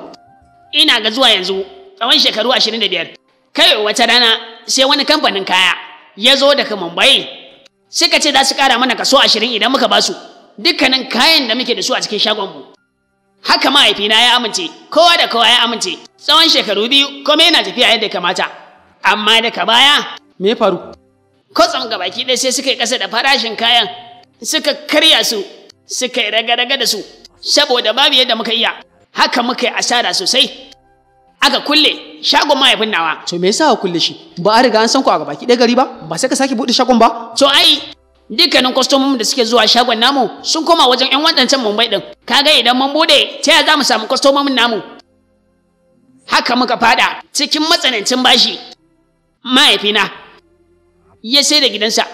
ina ga zuwa yanzu tsawon shekaru ashirin da biyar kai wata rana sai wani kamfanin kaya ya zo daga mumbai suka ce za su kara mana kaso ashirin idan muka ba su dukkanin kayan da muke da su a cikin shagon mu. haka mahaifina ya amince kowa da kowa ya amince tsawon shekaru biyu kuma yana tafiya yadda kamata amma daga baya me ya faru kwatsam gabaki ɗaya sai suka yi ƙasa da farashin kayan suka karya su suka yi raga-raga da su saboda babu yadda muka iya haka muka yi asara sosai aka kulle shagon mahaifin nawa to me yasa kulle shi ba a riga an san ku a gabaki ɗaya gari ba ba sai ka sake buɗe shagon ba to ai dukkanin kwastomomin da suke zuwa shagon namu sun koma wajen 'yan waɗancan mumbai ɗin kaga idan mun buɗe ta yaya za mu samu kwastomomin namu haka muka fada cikin matsanancin bashi mahaifina ya sai da gidansa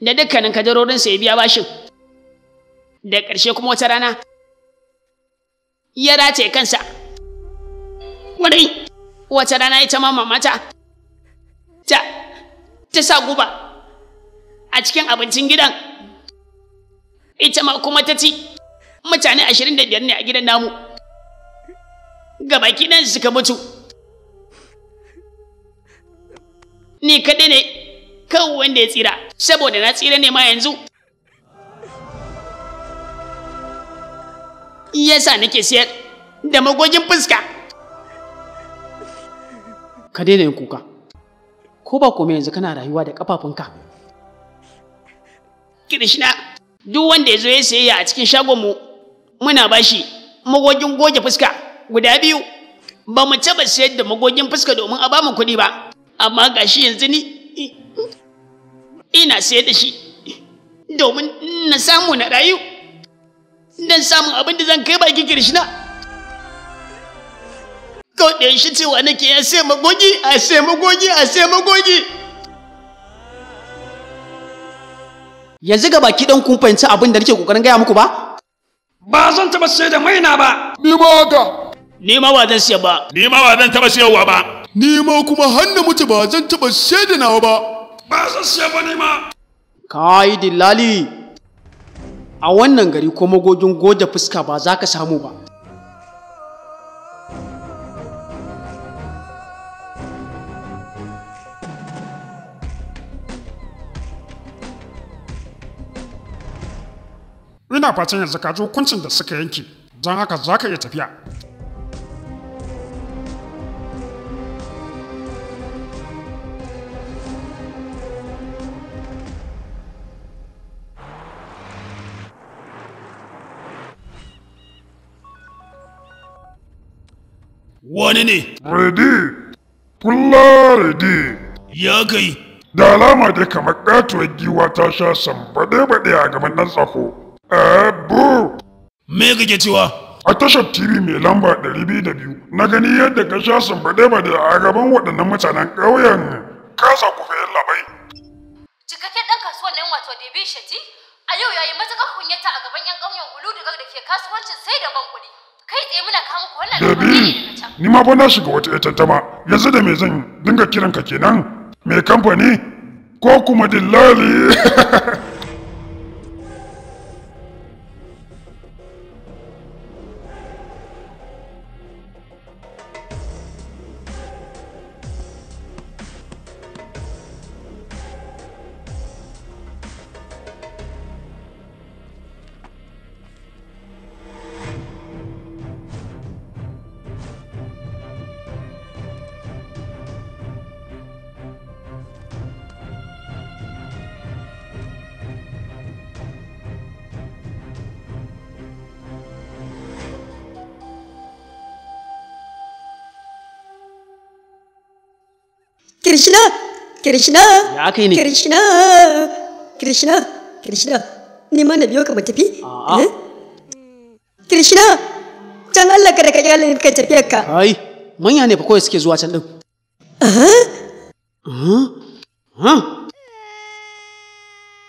da dukkanin kadarorinsa ya biya bashin da ƙarshe kuma wata rana ya rataye kansa wace rana ita ma mamata ta ta sa guba a cikin abincin gidan ita ma kuma ta ci mutane ashirin da biyar ne a gidan namu gabaki ɗan suka mutu ni kaɗai ne kawai wanda ya tsira saboda na tsira ne ma yanzu yasa nake siyar da magogin fuska ka daina yin kuka ko ba komai yanzu kana rayuwa da ƙafafunka? kirishna duk wanda ya zo ya sayayya a cikin mu, muna bashi magogin goge fuska guda biyu ba mu taba sayar da magogin fuska domin a ba mu kuɗi ba amma gashi yanzu ni ina sayar da shi domin na samu na rayu don samun abin da zan kai baki kirishna kawai da shi cewa nake ya sai magogi a sai magogi a sai magogi yanzu ga baki dan kun fahimci abin da nake kokarin gaya muku ba ba zan taba sai da maina ba ni ma haka ni ma ba zan siya ba ni ma ba zan taba siyarwa ba ni ma kuma hannu mutu ba zan taba sai da nawa ba ba zan siya ba ni ma kai dillali a wannan gari ko magogin goje fuska ba za ka samu ba ina fatan yanzu ka ji hukuncin da suka yanke don haka za ka iya tafiya Wani ne? Redi! Kulla redi! Ya kai! Da alama dai kamar katuwar giwa ta sha sambaɗe-baɗe a gaban nan tsaho. Abu! Me kake cewa? A tashar TV mai lamba 202 na gani yadda ka sha sumbaɗe ba da a gaban waɗannan mutanen ƙauyen kasa kufe labai. Cikakken ɗan kasuwan nan wato Debi Shati a yau yayi matuƙar kunyata a gaban 'yan ƙauyen Guludugar da ke kasuwancin sai da kuɗi. Kai tsaye muna kawo muku wannan labari ne Ni ma fa na shiga wata ƴar tantama yanzu da me zan dinga ka kenan? Mai kamfani ko kuma dillali? *laughs* Krishna, Krishna, Krishna, Krishna, Krishna, ni ma na biyo ka tafi? Eh? Krishna, can Allah ka daga yalin kyalin ka tafiyar ka. Ai, manya ne fa kawai suke zuwa can ɗin.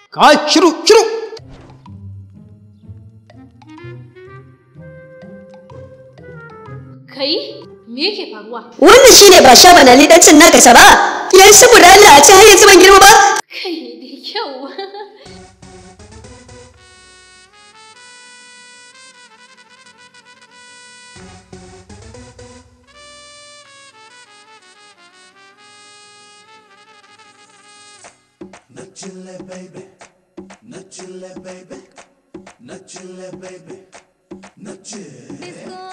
Ka shiru, shiru. Kai? me k e faruwa wannan shine ba sha na lidancin na gasa ba y a y i saboda Allah a ce har yanzu ban girma ba kai ne da kyau Chile baby, no chile baby, no chile baby, no chile.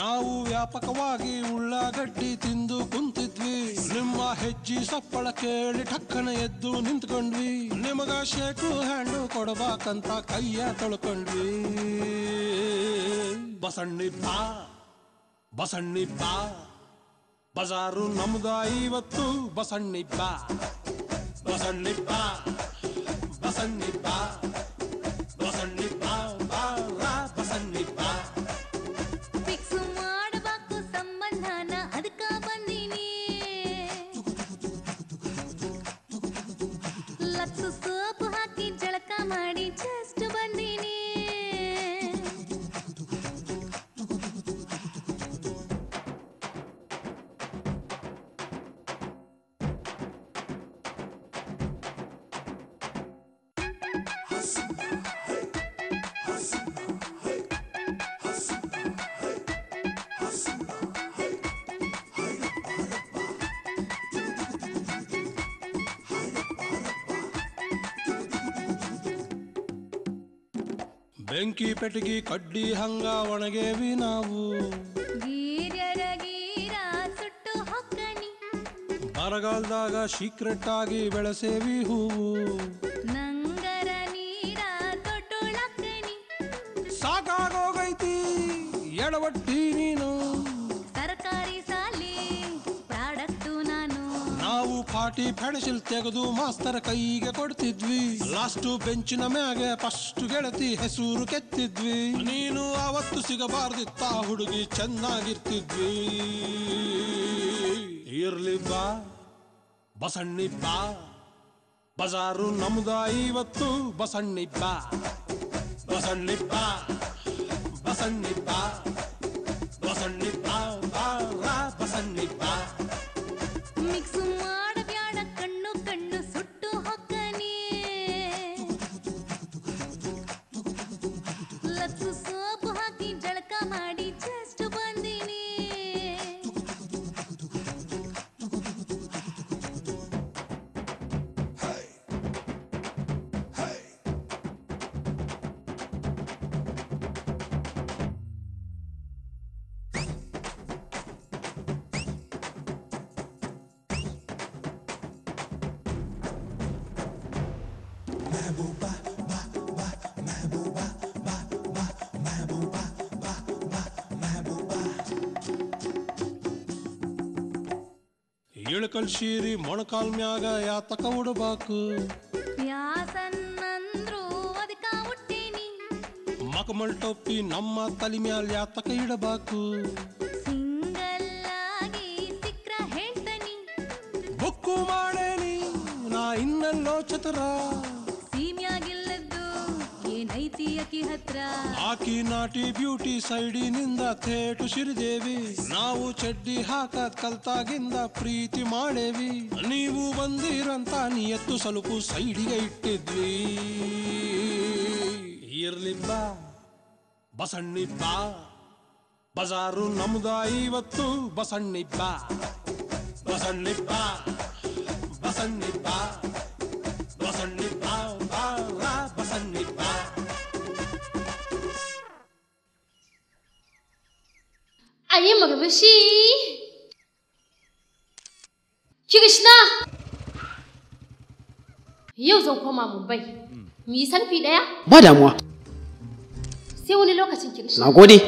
ನಾವು ವ್ಯಾಪಕವಾಗಿ ಉಳ್ಳಾಗಡ್ಡಿ ತಿಂದು ಕುಂತಿದ್ವಿ ನಿಮ್ಮ ಹೆಜ್ಜಿ ಸಪ್ಪಳ ಕೇಳಿ ಠಕ್ಕನ ಎದ್ದು ನಿಂತ್ಕೊಂಡ್ವಿ ನಿಮಗ ಶೇಕು ಹ್ಯಾಂಡು ಕೊಡಬೇಕಂತ ಕೈಯ ತೊಳ್ಕೊಂಡ್ವಿ ಬಸಣ್ಣಿ ಬಸಣ್ಣಿಪ್ಪ ಬಸಣ್ಣಿ ಬಾ ಬಜಾರು ನಮ್ದ ಐವತ್ತು ಬಸಣ್ಣಿ ಬಾ ಬಸಣ್ಣಿ Sessiz ಬೆಂಕಿ ಪೆಟಗಿ ಕಡ್ಡಿ ಹಂಗ ಒಣಗೇವಿ ನಾವು ಗೀರ್ಯರ ಗೀರ ಸುಟ್ಟು ಹೊಕ್ಕಣಿ ಬರಗಾಲದಾಗ ಸೀಕ್ರೆಟ್ ಆಗಿ ಬೆಳೆಸೇವಿ ಹೂವು ಪಾಟಿ ಪೆಣಸಿಲ್ ತೆಗೆದು ಮಾಸ್ತರ ಕೈಗೆ ಕೊಡ್ತಿದ್ವಿ ಲಾಸ್ಟ್ ಬೆಂಚಿನ ಮ್ಯಾಗೆ ಫಸ್ಟ್ ಗೆಳತಿ ಹೆಸರು ಕೆತ್ತಿದ್ವಿ ನೀನು ಅವತ್ತು ಸಿಗಬಾರ್ದಿತ್ತ ಹುಡುಗಿ ಚೆನ್ನಾಗಿರ್ತಿದ್ವಿ ಇರ್ಲಿ ಬಾ ಬಸಣ್ಣಿ ಬಾ ಬಜಾರು ನಮ್ದ ಇವತ್ತು ಬಸಣ್ಣಿಬ್ಬ ಬಸಣ್ಣಿಬ್ಬ ಬಸಣ್ಣಿಬ್ಬ ಕಳ್ಸೀರಿ ಮೊಣಕಾಲ್ ಮ್ಯಾಗ ಯಾತಕ ಉಡಬಾಕು ಯಾಸನ್ನಂದ್ರು ಅದಕ್ಕ ಮಕಮಲ್ ಟೊಪ್ಪಿ ನಮ್ಮ ತಲೆ ಮ್ಯಾಲ್ ಯಾತಕ ಇಡಬಾಕು ಬುಕ್ಕು ಮಾಡೇನಿ ನಾ ಇನ್ನಲ್ಲೋ ಚತುರ ನಾಟಿ ನಾಟಿ ಬ್ಯೂಟಿ ಸೈಡಿನಿಂದ ಥೇಟು ಶಿರಿದೇವಿ ನಾವು ಚಡ್ಡಿ ಹಾಕದ್ ಕಲ್ತಾಗಿಂದ ಪ್ರೀತಿ ಮಾಡೇವಿ ನೀವು ಬಂದಿರಂತ ಎತ್ತು ಸಲುಪು ಸೈಡಿಗೆ ಇಟ್ಟಿದ್ವಿ ಇರ್ಲಿಲ್ಲ ಬಸಣ್ಣಿಬ್ಬ ಬಜಾರು ನಮ್ದ ಇವತ್ತು ಬಸಣ್ಣಿಬ್ಬ ಬಸಣ್ಣಿಬ್ಬ Yau zan koma Mumbai. Mu yi selfie ɗaya? Ba damuwa. Sai wani lokacin ki. Na gode.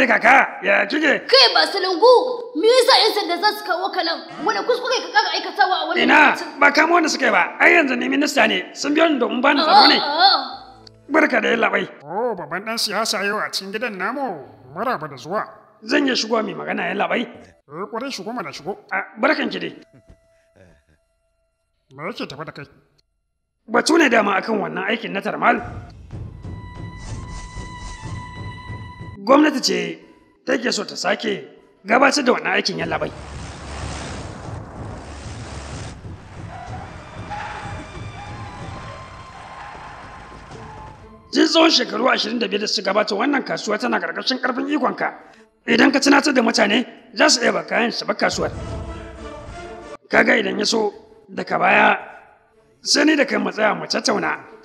ne kaka ya kike? Kai ba salungu me yasa yan sanda za su kawo ka nan wani kuskure ka kara aikatawa a wani Ina ba kamo wanda suka yi ba ai yanzu ni minista ne sun biyo ni domin ba ni tsaro ne. Ah, ah, ah. Barka da yalla bai. Oh babban dan siyasa yau a cikin gidan namu maraba da zuwa. Zan iya shigo mai magana yalla bai. Eh kwarai shigo mana shigo. Barkan ki dai. Me yake tafa da kai? Batu ne dama akan wannan aikin na tarmal. gwamnati ce take so ta sake gabatar da wannan aikin yallaɓai. Jin tsawon shekaru 25 da su gabata wannan kasuwa tana ƙarƙashin ƙarfin ikonka. Idan ka tunatar da mutane za su iya kayan ba kasuwar. Kaga idan ya so daga baya sai ni da kai matsaya mu tattauna.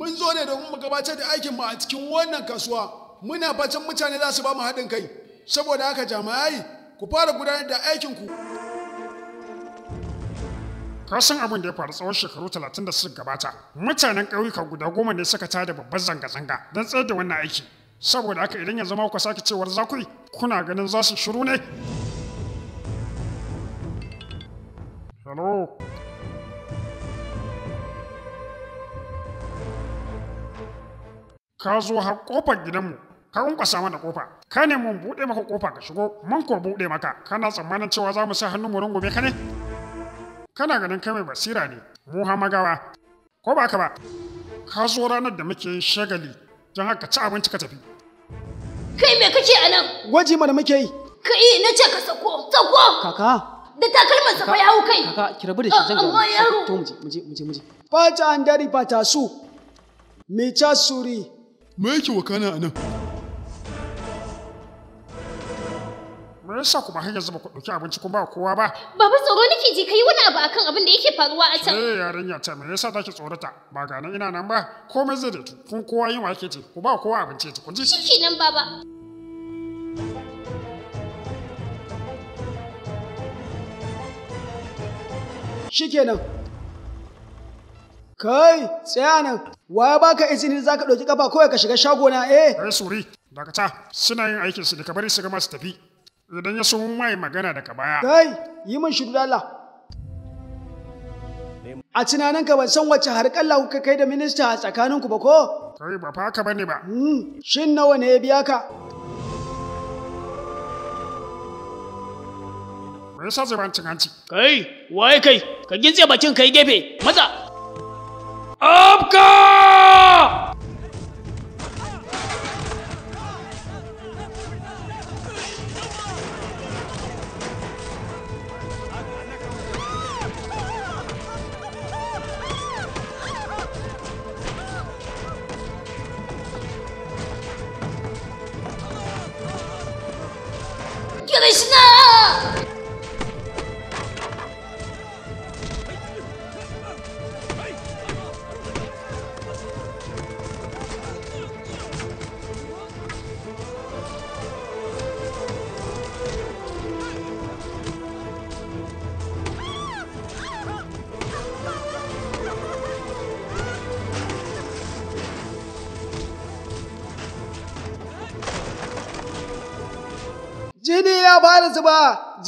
mun zo ne domin mu gabatar da aikin mu a cikin wannan kasuwa muna fatan mutane za su ba mu haɗin kai saboda haka jama'ai ku fara gudanar da aikin ku kasan abin da ya faru tsawon shekaru talatin da suka gabata mutanen ƙauyuka guda goma ne suka tada babban zanga-zanga don tsayar da wannan aiki saboda haka idan ya zama ku sake cewar za ku yi kuna ganin za su shiru ne ka zo har kofar gidanmu ka runkwasa mana kofa ka ne mun buɗe maka kofa ka shigo mun ko buɗe maka kana tsammanin cewa za mu sa hannu mu rungume ka ne kana ganin kai mai basira ne mu magawa ko ba ka ba ka zo ranar da muke yin shagali don haka ci abinci ka tafi kai me kake a nan gwaji mana muke yi kai na ce ka sako sako kaka da takalman sa fa ya hau kai kaka ki rabu da shi zan ga ah, amma yaro to muje muje muje muje fata an dari fata su me cha suri me yake wakana a nan me yasa kuma hanyar yanzu ba ku ɗauki abinci kun ba kowa ba baba tsoro nake ji kai wani abu akan abin da yake faruwa a can eh yarinya ta me yasa take tsorata ba ga nan ina nan ba komai zai da kun kowa yin wake ce ku ba kowa abinci ce ku ji nan, baba shikenan kai tsaya nan Wa baka izini za ka ɗauki ƙafa kawai ka shiga shagona eh? Kai eh, suri, dakata suna yin aikin su da ka bari su gama su tafi. Idan ya sun mai magana daga baya. Kai, yi min shi dudala A tunaninka ban san wacce harƙalla kuka kai da minista a tsakaninku ba ko? Kai ba fa ka bane ba. Hmm, shin nawa ne ya biya ka? Me yasa zai cin hanci? Kai, waye kai? Ka gintse bakin kai gefe. Maza, आपका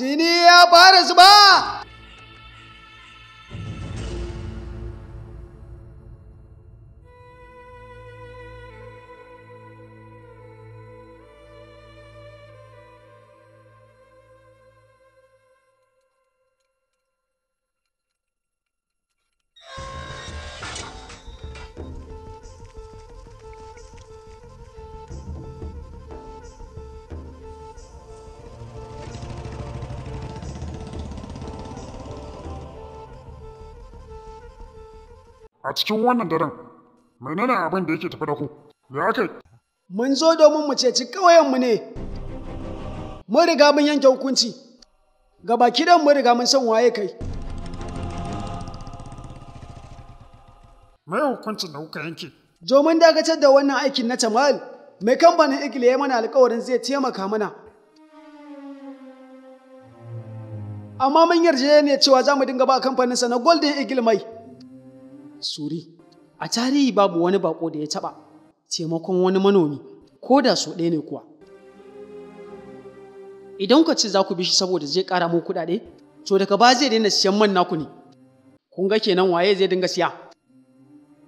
diria para Zubá. a cikin wannan daren menene abin da yake tafi da ku me aka mun zo domin mu ceci ƙauyenmu ne mun riga mun yanke hukunci ga baki don mun riga mun san waye kai mai hukuncin da kuka yanke Domin mun dakatar da wannan aikin na tamal mai kamfanin igile ya mana alkawarin zai taimaka mana amma mun yarda cewa za mu dinga ba kamfaninsa na golden eagle mai suri a tarihi babu wani bako da ya taba taimakon wani manomi ko da so ɗaya ne kuwa idan ka ce za ku bi shi saboda zai ƙara mu kuɗaɗe to daga ba zai daina siyan man naku ne kun ga kenan waye zai dinga siya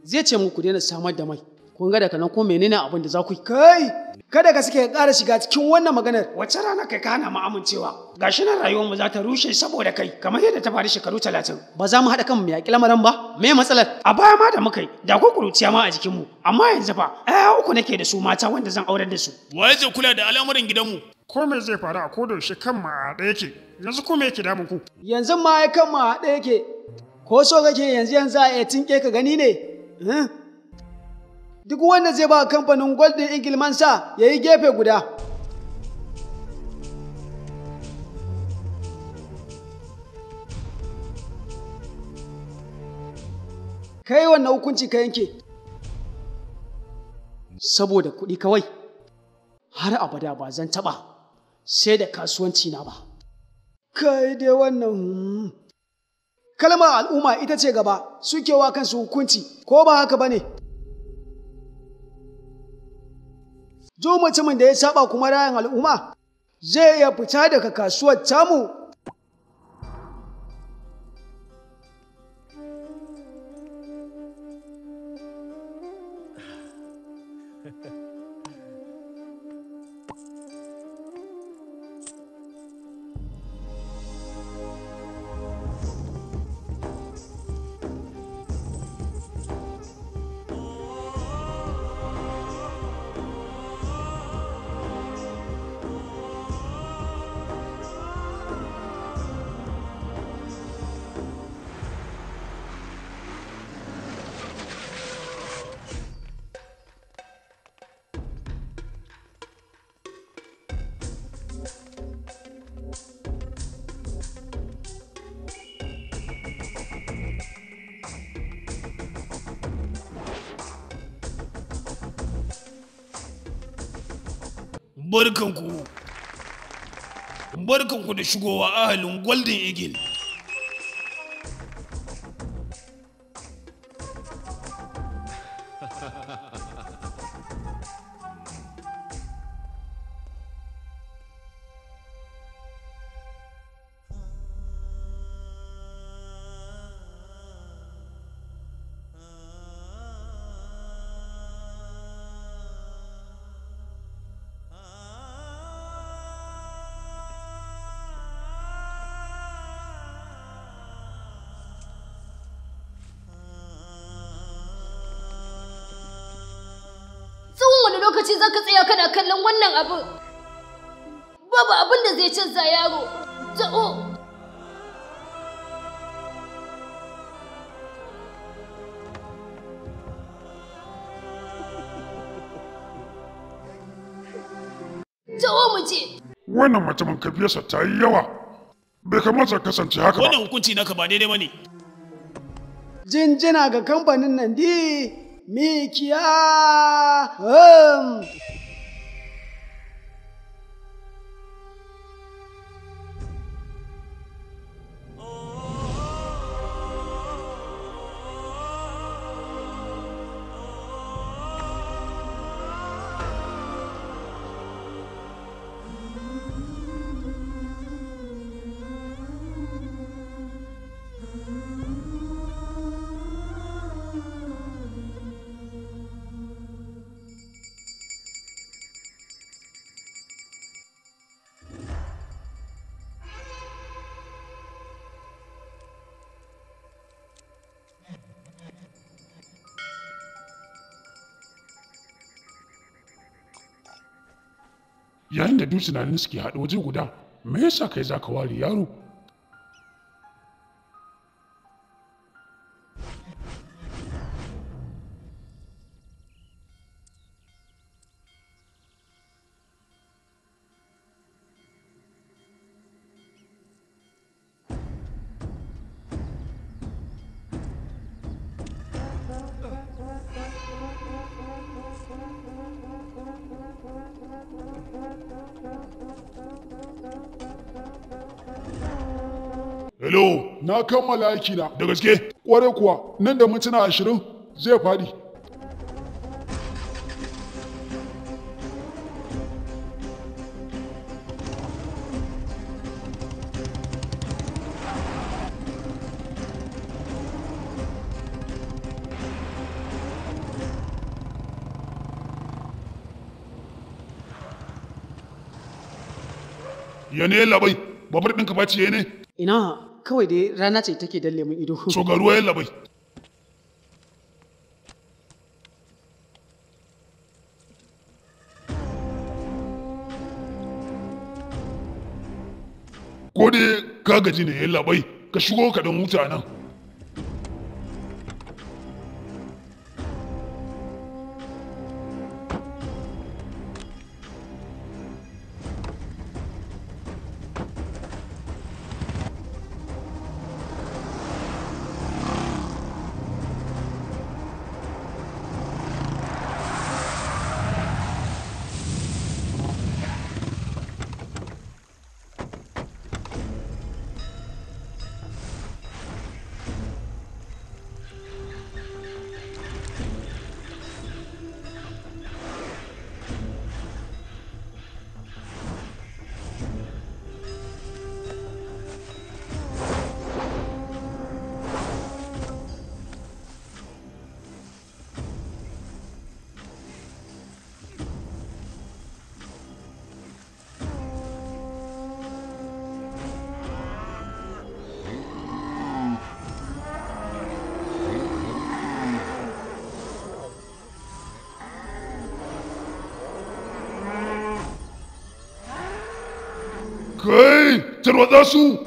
zai ce muku daina samar da mai kun ga daga nan ko menene abin da za ku kai kada ka suke ƙara shiga cikin wannan maganar wace rana kai kana mu amincewa gashi nan rayuwar mu za ta rushe saboda kai kamar yadda ta faru shekaru talatin ba za mu haɗa kanmu yaƙi lamarin ba me matsalar a baya ma da muka yi da ko kuruciya ma a jikinmu amma yanzu fa eh uku nake da su mata wanda zan aurar da su waye zai kula da al'amuran gidanmu ko me zai faru a kodon shi kan ma a ɗaya yake, yanzu ko me yake damun ku yanzu ma ya kan ma a ɗaya yake, ko so kake yanzu yanzu a iya tinke ka gani ne eh? duk wanda zai ba kamfanin golden eagle sa ya yi gefe guda kai wannan hukunci ka yanke saboda kuɗi kawai har abada ba zan taɓa sai da kasuwanci na ba kai dai wannan hmm. kalmar al'umma ita ce gaba suke wa kansu hukunci ko ba haka ba ne Duk mutumin da ya saba kuma rayan al'umma zai ya fita daga kasuwar tamu ku da shigowa ahalin golden eagle kana kallon wannan abu babu abin da zai canza yaro ta'o Jawo mu je. Wannan mutumin kafiyarsa ta yi yawa. Bai kamata kasance haka ba. Wannan hukunci naka ba daidai ba ne. Jinjina ga kamfanin nan di mikiya. Um. yayin da dutsunanin suke haɗe waje guda me yasa kai ka ware yaro Hello, na kammala aiki na da gaske. Kware kuwa, nan da mintuna ashirin zai faɗi. ya ne labai babar ɗin ka ciye ne ina kawai dai rana ce take dalle mun ido so ga ruwa ya labai ko dai ka gaji ne ya labai ka shigo ka dan huta nan Peruadaço!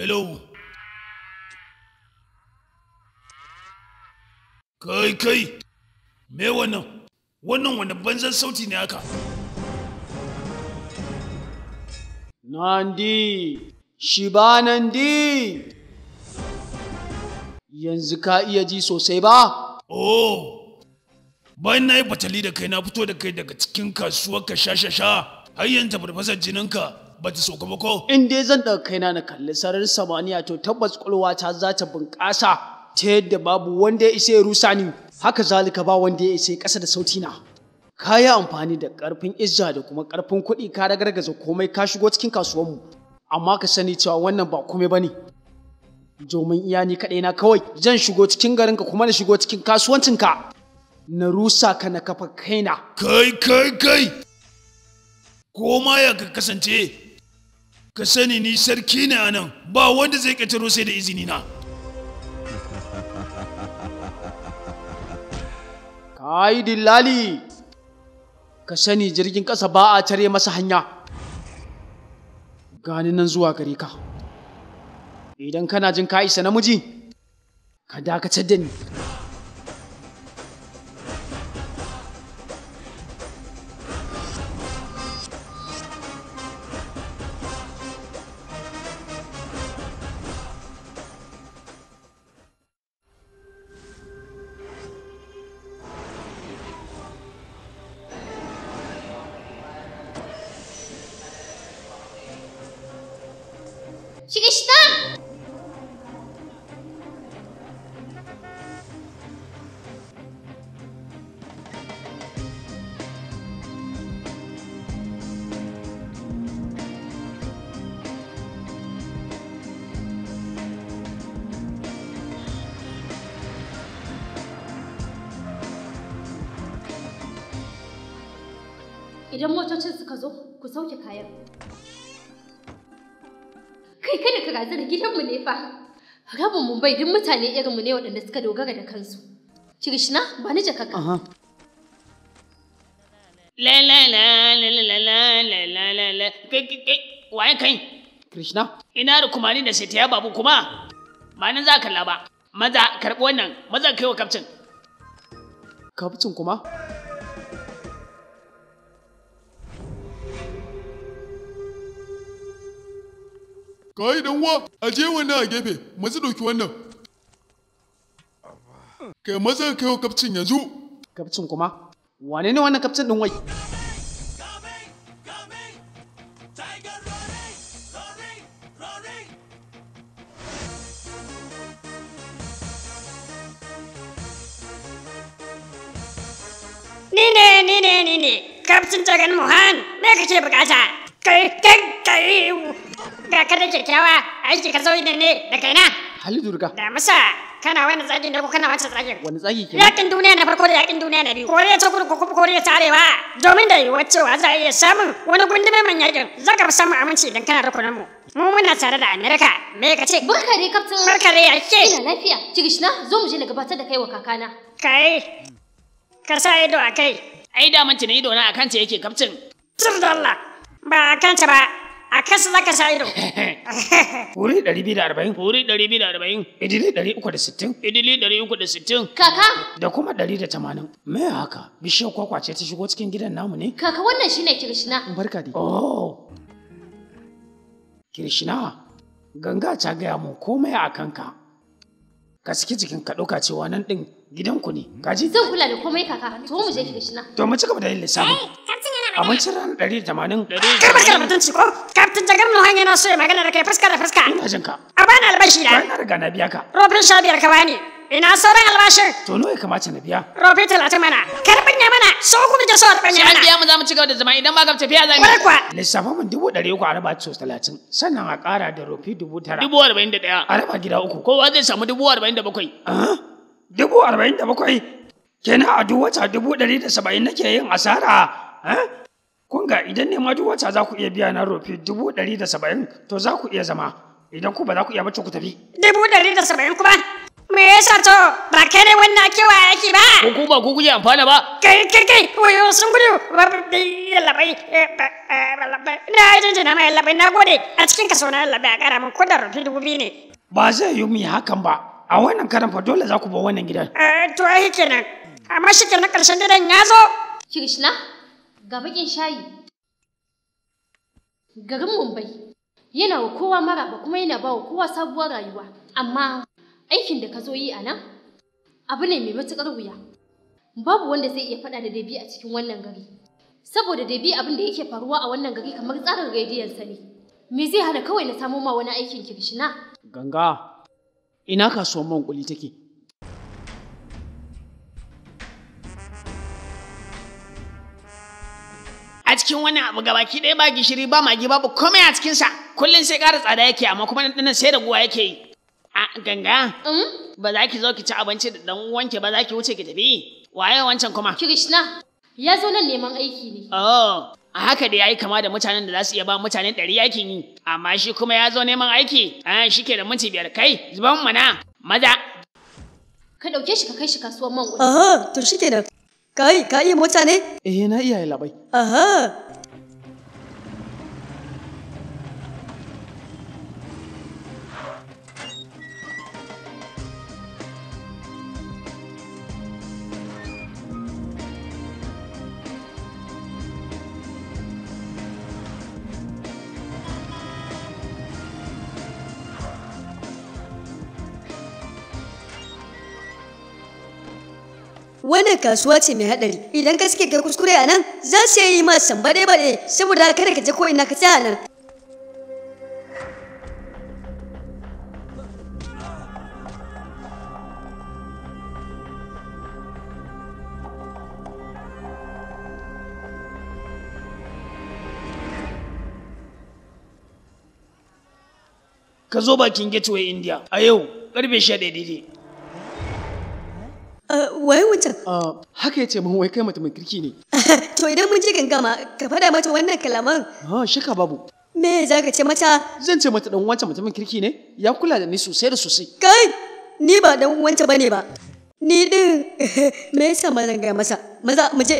Hello. Kai kai, me wannan? Wannan wanda banzan sauti ne haka? Nandi, Nandi. Yanzu ka iya ji sosai ba? Oh, bayan na yi batali da kai na fito da kai daga cikin kasuwar ka sha-sha-sha har yanzu farfasar jininka. ba ta sokoboko. in dai zan daga kaina na kalli sararin samaniya to tabbas ta za ta bunƙasa ta yadda babu wanda ya isa ya rusa ni haka zalika ba wanda ya isa ya ƙasa da sauti na ka yi amfani da ƙarfin izza da kuma ƙarfin kuɗi ka ragargaza komai ka shigo cikin kasuwanmu amma ka sani cewa wannan ba komai ba ne domin iya ni kaɗai na kawai zan shigo cikin garinka kuma na shigo cikin kasuwancinka na rusa ka na kafa kaina kai kai kai ko ma ya ka kasance ka sani ni sarki ne anan ba wanda zai ƙetaro sai da izini na *laughs* kai dillali ka sani jirgin ƙasa ba a tare masa hanya gani nan zuwa gare ka idan kana jin ka isa namiji ka dakatar da ni suka dogara da kansu. Kirishina ba ni jakaka. La la la la la la la la la waye kai? Krishna? Ina da kumani da sai babu kuma? Ba nan za ka kalla ba. Maza karɓi wannan, maza kai wa kaftin. Kaftin kuma? yi dan wa, aje wannan a gefe, maza ɗauki wannan. Kai maza kai wa kafcin yanzu. Kafcin kuma? Wane ne wannan kafcin ɗin wai? Ni ne, ni ne, ni ne, kaftin jagan Mohan, me kake bukata? Kai, kai, kai, ga kada kyakkyawa, aiki ka sauyi da ne da kaina. halidu durga. Da masa kana wani tsagi ne ko kana wancan tsagi? Wani tsagi ke? Yakin duniya na farko da yakin duniya na biyu. Koriya ta kudu ko kuma Koriya ta arewa. Domin da yiwuwar cewa za a iya samun wani gundume man yakin za ka fi samun aminci idan kana rukunin mu. Mu muna tare da Amerika me ka ce? Barka dai kaftin. Barka dai ke. Ina lafiya. Cigishna zo mu je na gabatar da kai wa kakana. Kai. Ka sa ido a kai. Ai da mun tuni ido na akan ce yake kaftin. Tsirdalla. Ba akan ce ba. a kasa za ka sha ido. Wuri *laughs* ɗari biyu da arba'in. Wuri ɗari biyu da arba'in. Idili ɗari uku da sittin. Idili ɗari uku da sittin. Kaka. Da kuma ɗari da tamanin. Me haka? Bishiyar kwakwa ce ta shigo cikin gidan namu ne? Kaka wannan shine Kirishina. Barka dai. Oh. Kirishina, ganga ta gaya mu komai a kanka. Ka saki jikin ka ɗauka cewa nan ɗin gidanku ne. Gaji? Zan kula da komai kaka. To mu je Kirishina. To mu ci gaba da yin lissafin. Eh, a ran ɗari tamanin. Kai ba kira mutunci ko? Kaftin jagar mu hanyar na so ya magana da kai fuska da fuska. Ina jin ka. A bani albashi na. ina riga na biya ka. Robin sha biyar ka bani. Ina sauran albashin. To nawa ya kamata na biya? Robin talatin mana. karɓar Karɓanya mana. So ku da so karɓanya mana. Sai an biya mu za mu ci gaba da zama idan ma gam tafiya zan yi. Kwarai Lissafa mun dubu ɗari uku a raba so talatin. Sannan a ƙara da rofi dubu tara. Dubu arba'in da ɗaya. A raba gida uku. Kowa zai samu dubu arba'in da bakwai. Dubu arba'in da bakwai? Kenan a duk wata dubu ɗari da saba'in nake yin asara. kun ga idan ne ma duk wata za ku iya biya na rofi dubu ɗari da saba'in to za ku iya zama idan ku ba za ku iya bacci ku tafi. dubu ɗari da saba'in kuma me yasa to ba kai ne wannan ake wa aiki ba. ko ku ba ku kuke amfana ba. kai kai kai wayo sun gudu labai labai eh, na jinjin na mai labai na gode a cikin kaso na labai a kara min ko da rufe dubu biyu ne. ba zai yi mu hakan ba a wannan karan fa dole za ku ba wannan gidan. Eh, to yi kenan amma shi kenan ƙarshen gidan ya zo. Krishna. ga baƙin shayi garin mumbai yana wa kowa maraba kuma yana ba wa kowa sabuwar rayuwa amma aikin da ka zo yi a nan abu ne mai matuƙar wuya babu wanda zai iya faɗa da dabi a cikin wannan gari saboda dabi abin da yake faruwa a wannan gari kamar tsarin sa ne me zai hana kawai na samo ma wani aikin kirshina ganga ina kasuwar man kuli take a cikin wani abu gabaki ɗaya ba gishiri ba magi babu komai a cikinsa kullum sai ƙara tsada yake amma kuma ɗanɗanon sai guwa yake yi a ganga mm? ba za ki zo ki ci abinci da ɗan wanke ba za ki wuce ki tafi waye wancan kuma krishna ya zo nan neman aiki ne oh a haka da yayi kama da mutanen da za su iya ba mutane ɗari yakin yi amma shi kuma ya zo neman aiki a shi ke da minti biyar kai zuban mana maza ka ɗauke shi ka kai shi kasuwar man gudu. to shi ke da Kai, ka iya mota ne? Eh, na iya labai. Aha, wannan kasuwa ce mai haɗari idan ka suke kai kuskure a nan za su yi ma sambare bare saboda kada ka je ko ina ka a nan ka zo bakin gateway india a yau karfe 11 *laughs* Eh, wai wancan. Ah, haka ya ce mun wai kai mutumin kirki ne. *laughs* To idan mun je gangama ka faɗa mata wannan kalaman. ha ah, Shaka babu. Me za ka ce mata? Zan ce mata dan wancan mutumin kirki ne ya kula da ni sosai da sosai. Kai ni ba dan wancan bane ba. Ni din *laughs* me yasa ma zan gaya masa? Maza mu je.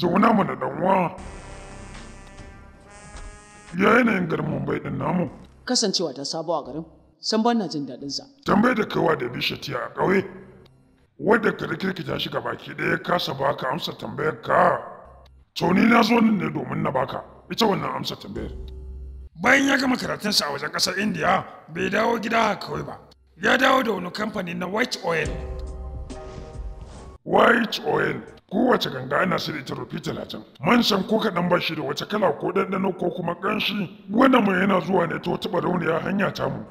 Zauna da dan wa. Ya yanayin garin Mumbai din namu. Kasancewa ta sabo a garin. san ba na jin daɗin sa. Tambayar da wa da tiya a ƙauye wadda ka rikirkita shi ga baki ɗaya kasa baka amsa tambayar ka. To ni na zo nan ne domin na baka ita wannan amsa tambayar. Bayan ya gama karatunsa a wajen ƙasar Indiya bai dawo gida a kauye ba. Ya dawo da wani kamfani na White Oil. White Oil kowace ganga ana sai ita rufi talatin man san ko kaɗan ba shi da wace kala ko ɗanɗano ko kuma ƙanshi wannan mai yana zuwa ne ta wata barauniya hanya mu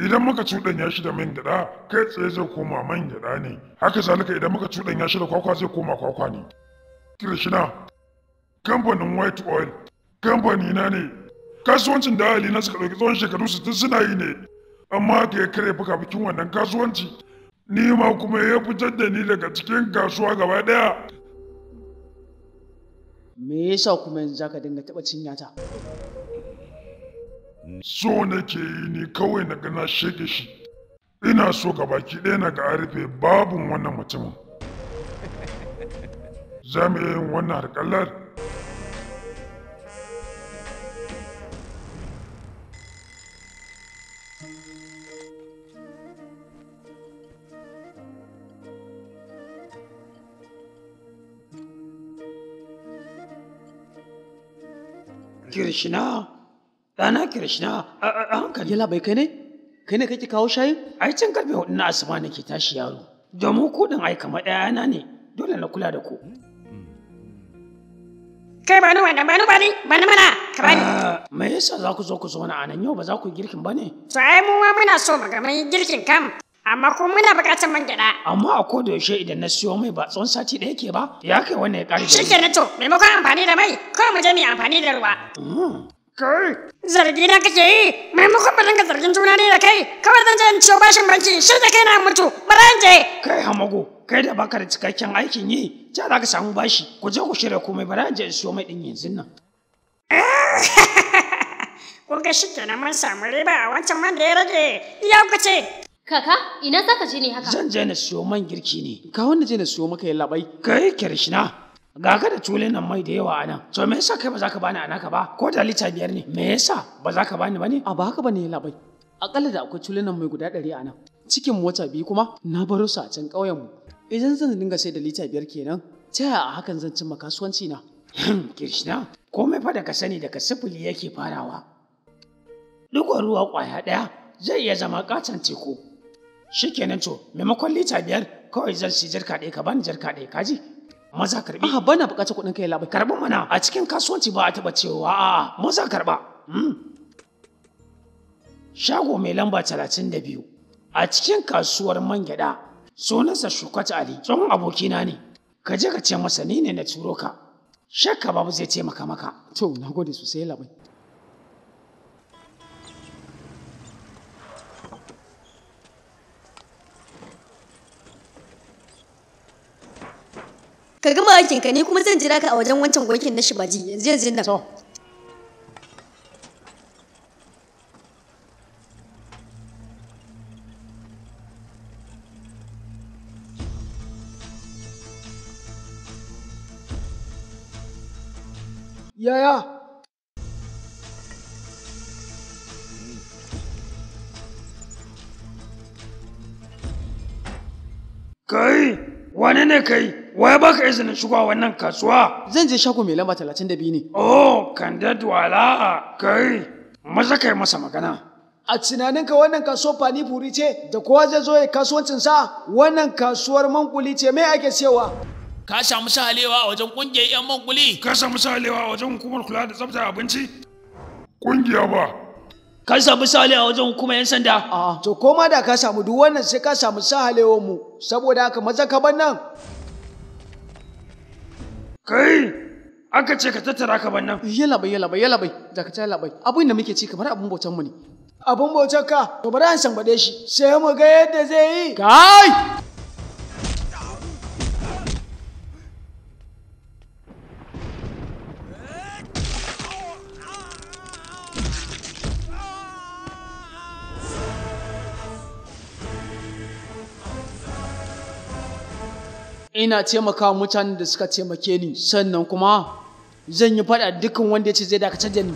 Idan muka cuɗanya shi da man gyaɗa, kai tsaye zai koma man gyaɗa ne. Haka zalika idan muka cuɗanya shi da kwakwa zai koma kwakwa ne. Krishna, kamfanin White Oil, kamfani na ne. Kasuwancin da na suka ɗauki tsawon shekaru su tun suna yi ne. Amma ka ya kare fuka bikin wannan kasuwanci. Ni ma kuma ya fitar da ni daga cikin kasuwa gaba ɗaya. Me yasa kuma yanzu zaka dinga taɓa cinyata? so nake yi ni kawai na gana shege shi ina so ga baki ɗaya na ga a rufe babin wannan mutumin *laughs* za mu iya yin wannan harkallar? Krishna Rana Krishna a hankali. Yala bai kai ne? Kai ne kake kawo shayin? Ai can karfe hudu na asuba nake tashi yaro. Domin kuɗin ai kamar na ne, dole na kula da ku. Kai ba ni ba ni ba ba ni mana ka ba ni. Ah, me yasa za ku zo ku zauna a nan yau ba za ku yi girkin ba ne? To ai mu ma muna so mu ga mun girkin kam. amma ko muna bukatar man gyaɗa. Amma a ko da yaushe idan na siyo mai ba tsawon sati ɗaya ke ba, ya kai wannan ya ƙarfi. Shi ke na to, maimakon amfani da mai, kawai mu je mu amfani da ruwa. Hmm. Kai! Zargi na kake yi, maimakon barin ka zargin juna ne da kai, kawai zan je in bashin banki, shi da kai na mutu, bara in je! Kai hamago, kai da baka da cikakken aikin yi, ja za ka samu bashi, ku je ku shirya komai bara in je in siyo mai ɗin yanzu nan. *laughs* ko ga shi kenan mun samu riba a wancan man da ya rage, iya ku ce. Kaka, ina za ka je ne haka? Zan je na siyo man girki ne, ka wanda je na siyo maka ya labai, kai kirshina. ga ka da tulunan mai da yawa a nan. To me yasa kai ba za ka bani a ba ko da lita biyar ne me yasa ba za ka bani ba ne a ba haka ba ne labai akalla da akwai tulunan mai guda ɗari a nan. cikin mota biyu kuma na baro su a can ƙauyen mu idan zan dinga sai da lita biyar kenan ta a hakan zan cimma kasuwanci na hmm, Kirishna, komai fa da ka sani daga sifili yake farawa. Dukwan ruwa kwaya ɗaya zai iya zama ƙaton teku. Shikenan to, maimakon lita biyar kawai zan shi jirka ɗaya ka bani jirka ɗaya kaji. maza karbi a bana bukatar kuɗin kai labai karbi mana a cikin kasuwanci ba a taba cewa a maza karba hmm. shago mai lamba 32 a cikin kasuwar man gyada sunansa shukat ali tsohon abokina ne kaje ka ce masa ni ne na turo ka shakka babu zai taimaka maka to na gode sosai labai ka gama aikin ka ni kuma zan jira ka a wajen wancan gokin na shibaji yanzu yanzu nan so yaya kai wane ne kai ya baka izinin shigowa wannan kasuwa? Zan je shago mai lamba talatin da biyu ne. Oh, Kandad wala'a kai, maza kai masa magana. A ka wannan kasuwar fani furi ce da kowa zai zo ya sa wannan kasuwar mankuli ce mai ake cewa. Ka samu sahalewa a wajen kungiyar 'yan mankuli? Ka samu sahalewa a wajen hukumar kula da tsaftar abinci? Kungiya ba, ka samu sahalewa a wajen hukumar 'yan sanda. A to koma da ka samu duk wannan sai ka samu sahalewar mu saboda haka maza ka nan. Kai! Aka ce ka tattara ka bannan. Yalla bai yalla bai yalla bai da ka yalla labai Abin da muke ci kamar abin bautan mu ne. Abin bautan ka to bari an bade shi sai mu ga yadda zai yi. Kai! ina taimaka mutanen da suka taimake ni sannan kuma zan yi faɗa dukkan wanda ya ce zai dakatar da ni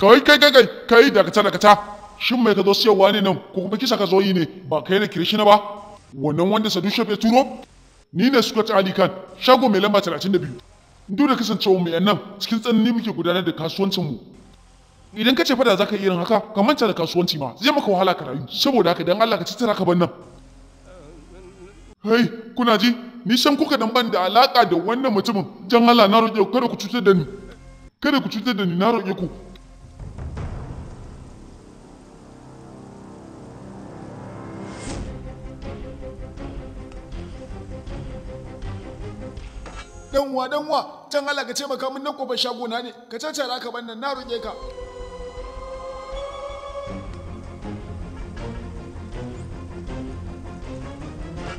kai kai kai kai da daga ta daga shin mai ka zo siyarwa ne nan ko kuma kisa ka zo yi ne ba ka kai da kirishina ba wannan wanda sadu shafe turo ni ne suka ta ali kan shago mai lamba 32 duk da kasancewa mu nan cikin tsanani muke gudanar da kasuwancin mu idan ka ce fada zaka yi irin haka ka manta da kasuwanci ma zai maka wahala ka rayu saboda haka dan Allah ka tattara ka ban nan Hai, kuna ji? Ni san kuka dan ban da alaka da wannan mutumin. Jan Allah na roƙe ku kada ku cutar da ni. Kada ku cutar da ni na roƙe ku. danwa danwa can Allah ka ce maka mun nan kofar shago na ne ka cacara ka aka nan na roƙe ka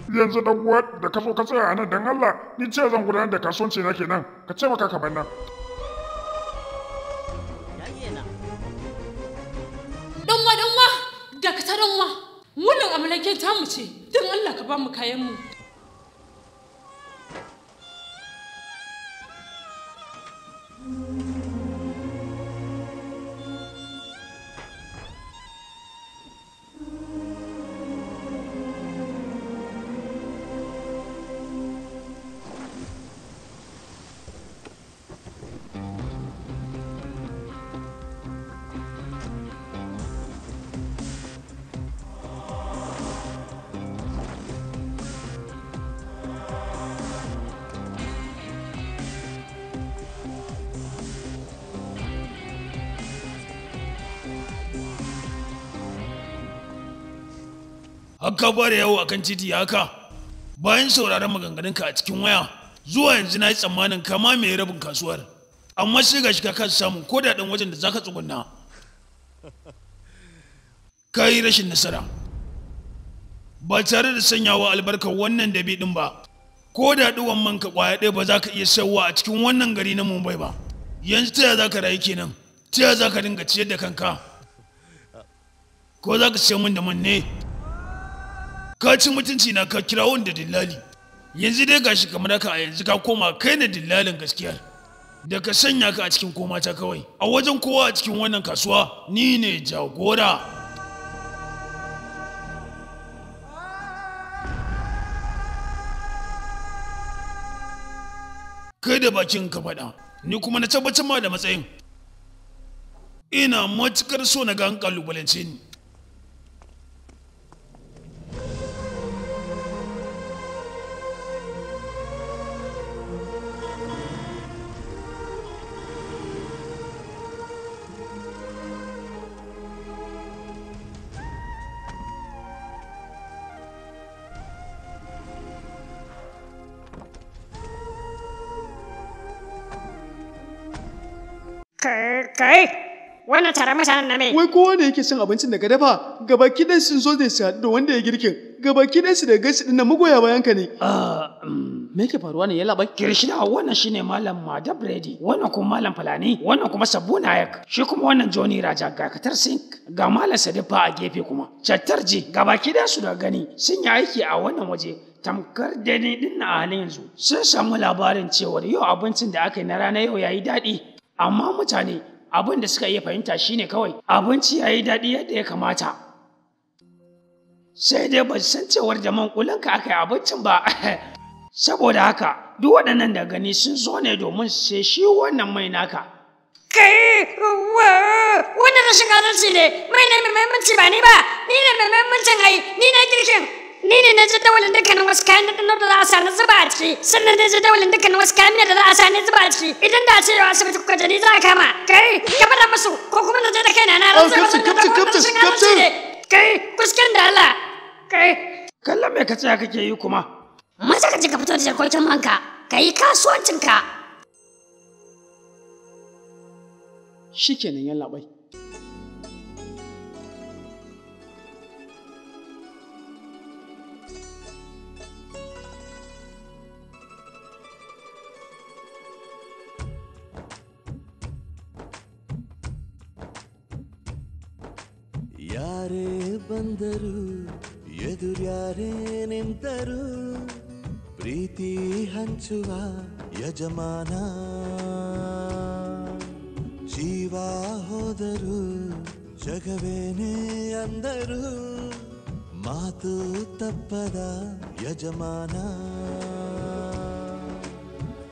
yanzu dan uwa da ka so ka tsaya a nan dan Allah ni ce zan gudanar da kasuwanci na kenan ka ce maka ka bannan danwa danwa da ka ta dan wannan amalakin tamu ce dan Allah ka ba mu kayan mu Thank you. ka da yawo a kan titi haka bayan sauraron maganganunka a cikin waya zuwa yanzu na yi tsammanin kama mai rabin kasuwar amma sai ga shi ka kasa samun ko da ɗan wajen da za ka tsugunna ka yi rashin nasara ba tare da sanyawa albarkar wannan dabi ɗin ba ko da ɗuwan manka ƙwaya ɗaya ba za ka iya sayarwa a cikin wannan gari na mumbai ba yanzu ta za ka rayu kenan ta za ka dinga ciyar da kanka ko za ka siya min da man ne ka ci mutunci na ka kira wanda dillali yanzu dai gashi kamar haka a yanzu ka koma kai na dillalin gaskiyar da ka sanya ka a cikin koma ta kawai a wajen kowa a cikin wannan kasuwa ni ne jagora kai da bakin ka faɗa ni kuma na tabbatar ma da matsayin ina matukar so na ga an kalubalance ni Kai, wannan taron mutanen na me? Wai kowa ne yake son abincin da ka dafa, gaba kidan sun zo da su da wanda ya girkin, gaba kidan su da gashi ɗin na magoya bayan ka ne. Ah, mm, me yake faruwa ne ya labai? Kirshida wannan shine malam Mada Brady, wannan kuma malam Fulani, wannan kuma Sabu Nayak, shi kuma wannan joni Raja ga Katar Sink, ga malam Sadifa a gefe kuma. Chattarji gaba kidan su da gani sun yi aiki a wannan waje. tamkar da ni din na halin yanzu sun samu labarin cewar yau abincin da aka yi na rana yau ya yi daɗi amma mutane abin da suka iya fahimta shine kawai abinci ya yi daɗi yadda ya kamata sai dai ba san cewar da man kulanka aka yi abincin ba *laughs* saboda haka duk waɗannan da gani sun zo ne domin sai shi wannan mai naka kai wannan rashin adalci ne mai ne mai muhimmanci ba ni ba ni ne mai muhimmancin ai ni ne girkin ni ne na ji tawalin dukkanin wasu kayan da ɗanar da za a sa na zuba a ciki sannan na ji tawalin wasu kayan da za a sa na zuba a ciki idan da ce yawa asibiti kuka jani za a kama kai ka faɗa musu ko kuma na je da kai na oh, rantsa masa da ɗan wanda sun gano shi kai kusken da Allah kai. kallon me kace kake yi kuma. masa ka ka fito da jarkokin manka ka yi kasuwancinka. shikenan yan bai. ಯಾರೇ ಬಂದರು ಎದುರ್ಯಾರೇ ನಿಂತರು ಪ್ರೀತಿ ಹಂಚುವ ಯಜಮಾನ ಜೀವ ಹೋದರು ಜಗವೇನೇ ಅಂದರು ಮಾತು ತಪ್ಪದ ಯಜಮಾನ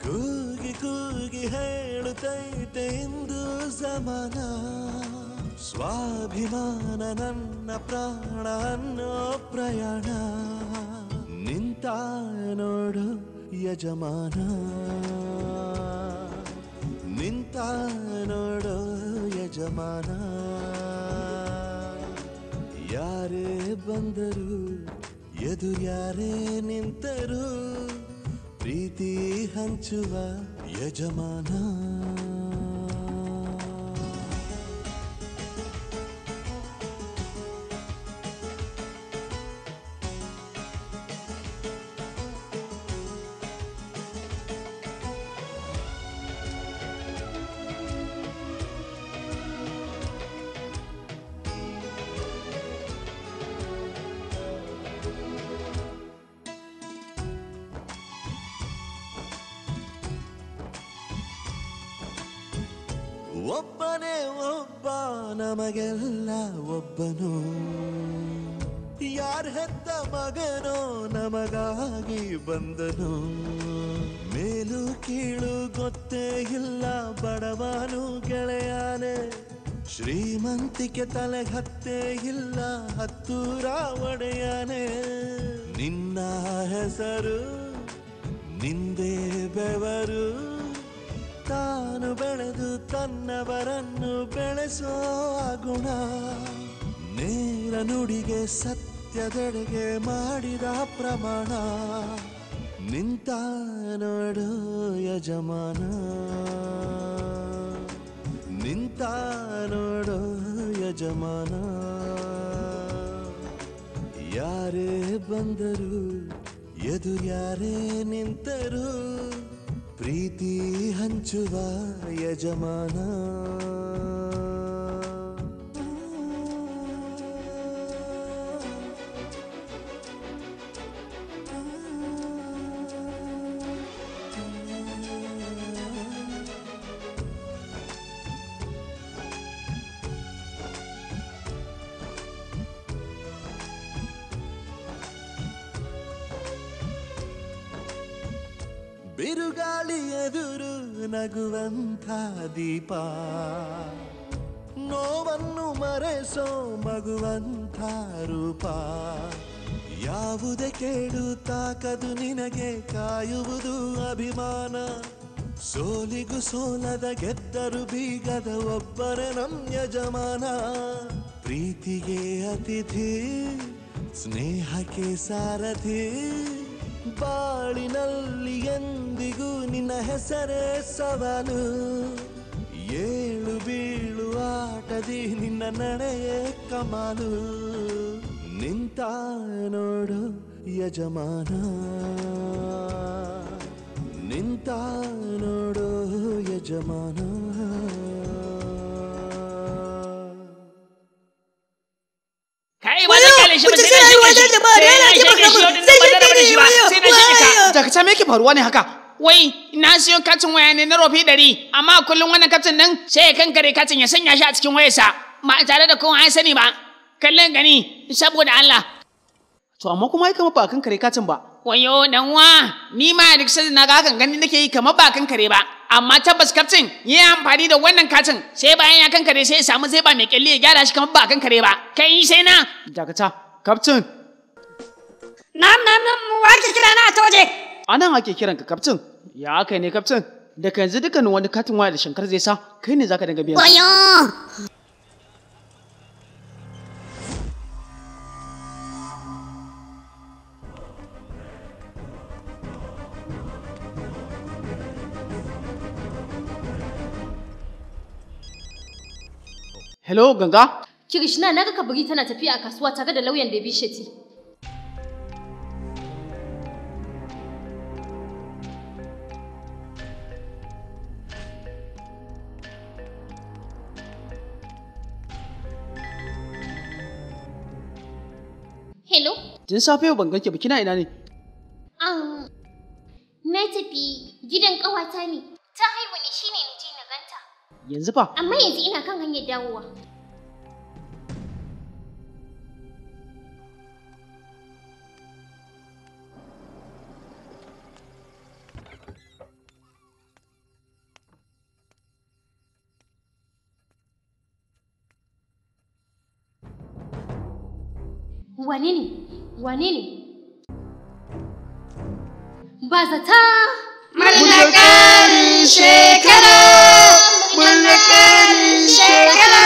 ಕೂಗಿ ಕೂಗಿ ಹೇಳುತ್ತೈತೆ ಇಂದು ಸಮಾನ ಸ್ವಾಭಿಮಾನ ನನ್ನ ಪ್ರಾಣ ಅನ್ನೋ ಪ್ರಯಾಣ ನಿಂತ ನೋಡು ಯಜಮಾನ ನಿಂತ ನೋಡು ಯಜಮಾನ ಯಾರೇ ಬಂದರು ಎದು ಯಾರೇ ನಿಂತರು ಪ್ರೀತಿ ಹಂಚುವ ಯಜಮಾನ ಒಬ್ಬನೇ ಒಬ್ಬ ನಮಗೆಲ್ಲ ಒಬ್ಬನು ಯಾರ ಹೆತ್ತ ಮಗನೋ ನಮಗಾಗಿ ಬಂದನು ಮೇಲು ಕೀಳು ಗೊತ್ತೇ ಇಲ್ಲ ಬಡವನು ಗೆಳೆಯಾನೆ ಶ್ರೀಮಂತಿಕೆ ತಲೆ ಹತ್ತೇ ಇಲ್ಲ ಹತ್ತೂರ ಒಡೆಯಾನೆ ನಿನ್ನ ಹೆಸರು ನಿಂದೇ ಬೆವರು ತಾನು ಬೆಳೆದು ತನ್ನವರನ್ನು ಬೆಳೆಸೋ ಗುಣ ನೇರ ನುಡಿಗೆ ಸತ್ಯದೆಡೆಗೆ ಮಾಡಿದ ಪ್ರಮಾಣ ನಿಂತ ನೋಡು ಯಜಮಾನ ನಿಂತ ನೋಡು ಯಜಮಾನ ಯಾರೇ ಬಂದರು ಎದು ಯಾರೇ ನಿಂತರು ಪ್ರೀತಿ ಹಂಚುವ ಯಜಮಾನ ಬಿರುಗಾಳಿ ಎದುರು ನಗುವಂಥ ದೀಪ ನೋವನ್ನು ಮರೆಸೋ ಮಗುವಂಥ ರೂಪ ಯಾವುದೇ ಕೇಳು ತಾಕದು ನಿನಗೆ ಕಾಯುವುದು ಅಭಿಮಾನ ಸೋಲಿಗೂ ಸೋಲದ ಗೆದ್ದರು ಬೀಗದ ಒಬ್ಬರ ನಮ್ ಯಜಮಾನ ಪ್ರೀತಿಗೆ ಅತಿಥಿ ಸ್ನೇಹಕ್ಕೆ ಸಾರಥಿ ಬಾಳಿನಲ್ಲಿ ಎಂದ ಇಂದಿಗೂ ನಿನ್ನ ಹೆಸರೇ ಸವಾಲು ಏಳು ಬೀಳು ಆಟದಿ ನಿನ್ನ ನಡೆಯೇ ಕಮಾಲು ನಿಂತ ನೋಡು ಯಜಮಾನ ನಿಂತ ನೋಡು ಯಜಮಾನ जगच्या मे ಹಾಕ wai na siyo katin waya ne na rofi ɗari amma kullum wannan katin nan sai ya kankare katin ya sanya shi a cikin wayarsa ba tare da kowa ya sani ba kallon gani saboda Allah. To amma kuma ya kama ba kankare katin ba. Wayo dan wa ni ma duk sai na ga hakan gani nake yi kamar ba kankare ba amma tabbas katin yi amfani da wannan katin sai bayan ya kankare sai ya samu zai ba mai kyalle ya gyara shi kamar ba kankare ba kai yi sai na. Dakata, kaftin. Nam nam nam wa kira na ta waje. anan ake kiran ka kaftin ya kai ne kaftin da ka yanzu dukkanin wani katin waya da shankar zai sa kai ne zaka dinga biyan wayo Hello, Ganga? Kirishna, na ga kabiri tana tafiya a kasuwa tare da lauyan da Sheti. Hello? Tun safe ban ganke ba kina ina ne? Ah. na tafi gidan ƙawata ne. Ta haihu ne shine na je na ganta. Yanzu fa? Amma yanzu ina kan hanyar dawowa. Wane ne? Wane ne? Ba zata! Murna ƙarin shekara! Murna ƙarin shekara!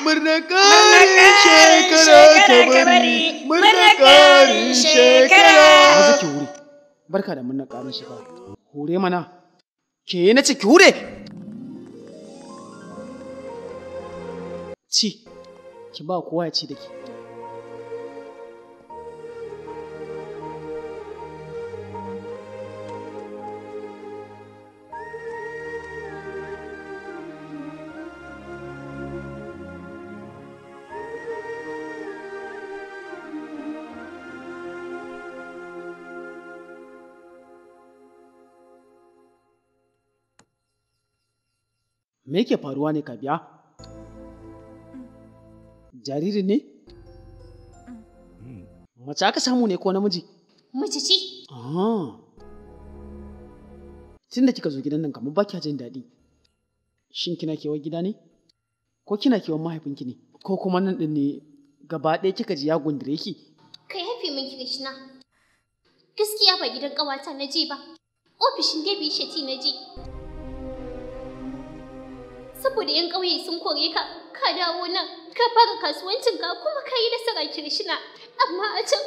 Murna ƙarin shekara ka bari! Murna ƙarin shekara! Maza ki wuri, barka da murna ƙarin shekara. Hure mana, ke na ce ki hure! Ci, ki ba kowa ya ci da ke. me yake faruwa ne ka biya jariri ne mace aka samu ne ko namiji mace ce ah. tun da kika zo gidan nan kamar ba kya jin daɗi shin kina kewar gida ne ko kina kewar mahaifinki ne ko kuma nan ɗin ne gaba ɗaya kika ji ya gundure ki kai haifi min kirishina gaskiya ba gidan ƙawata na je ba ofishin debi shati na je saboda yan ƙauye sun kore ka ka dawo nan ka fara kasuwancin ka kuma ka yi nasara kirshina amma a can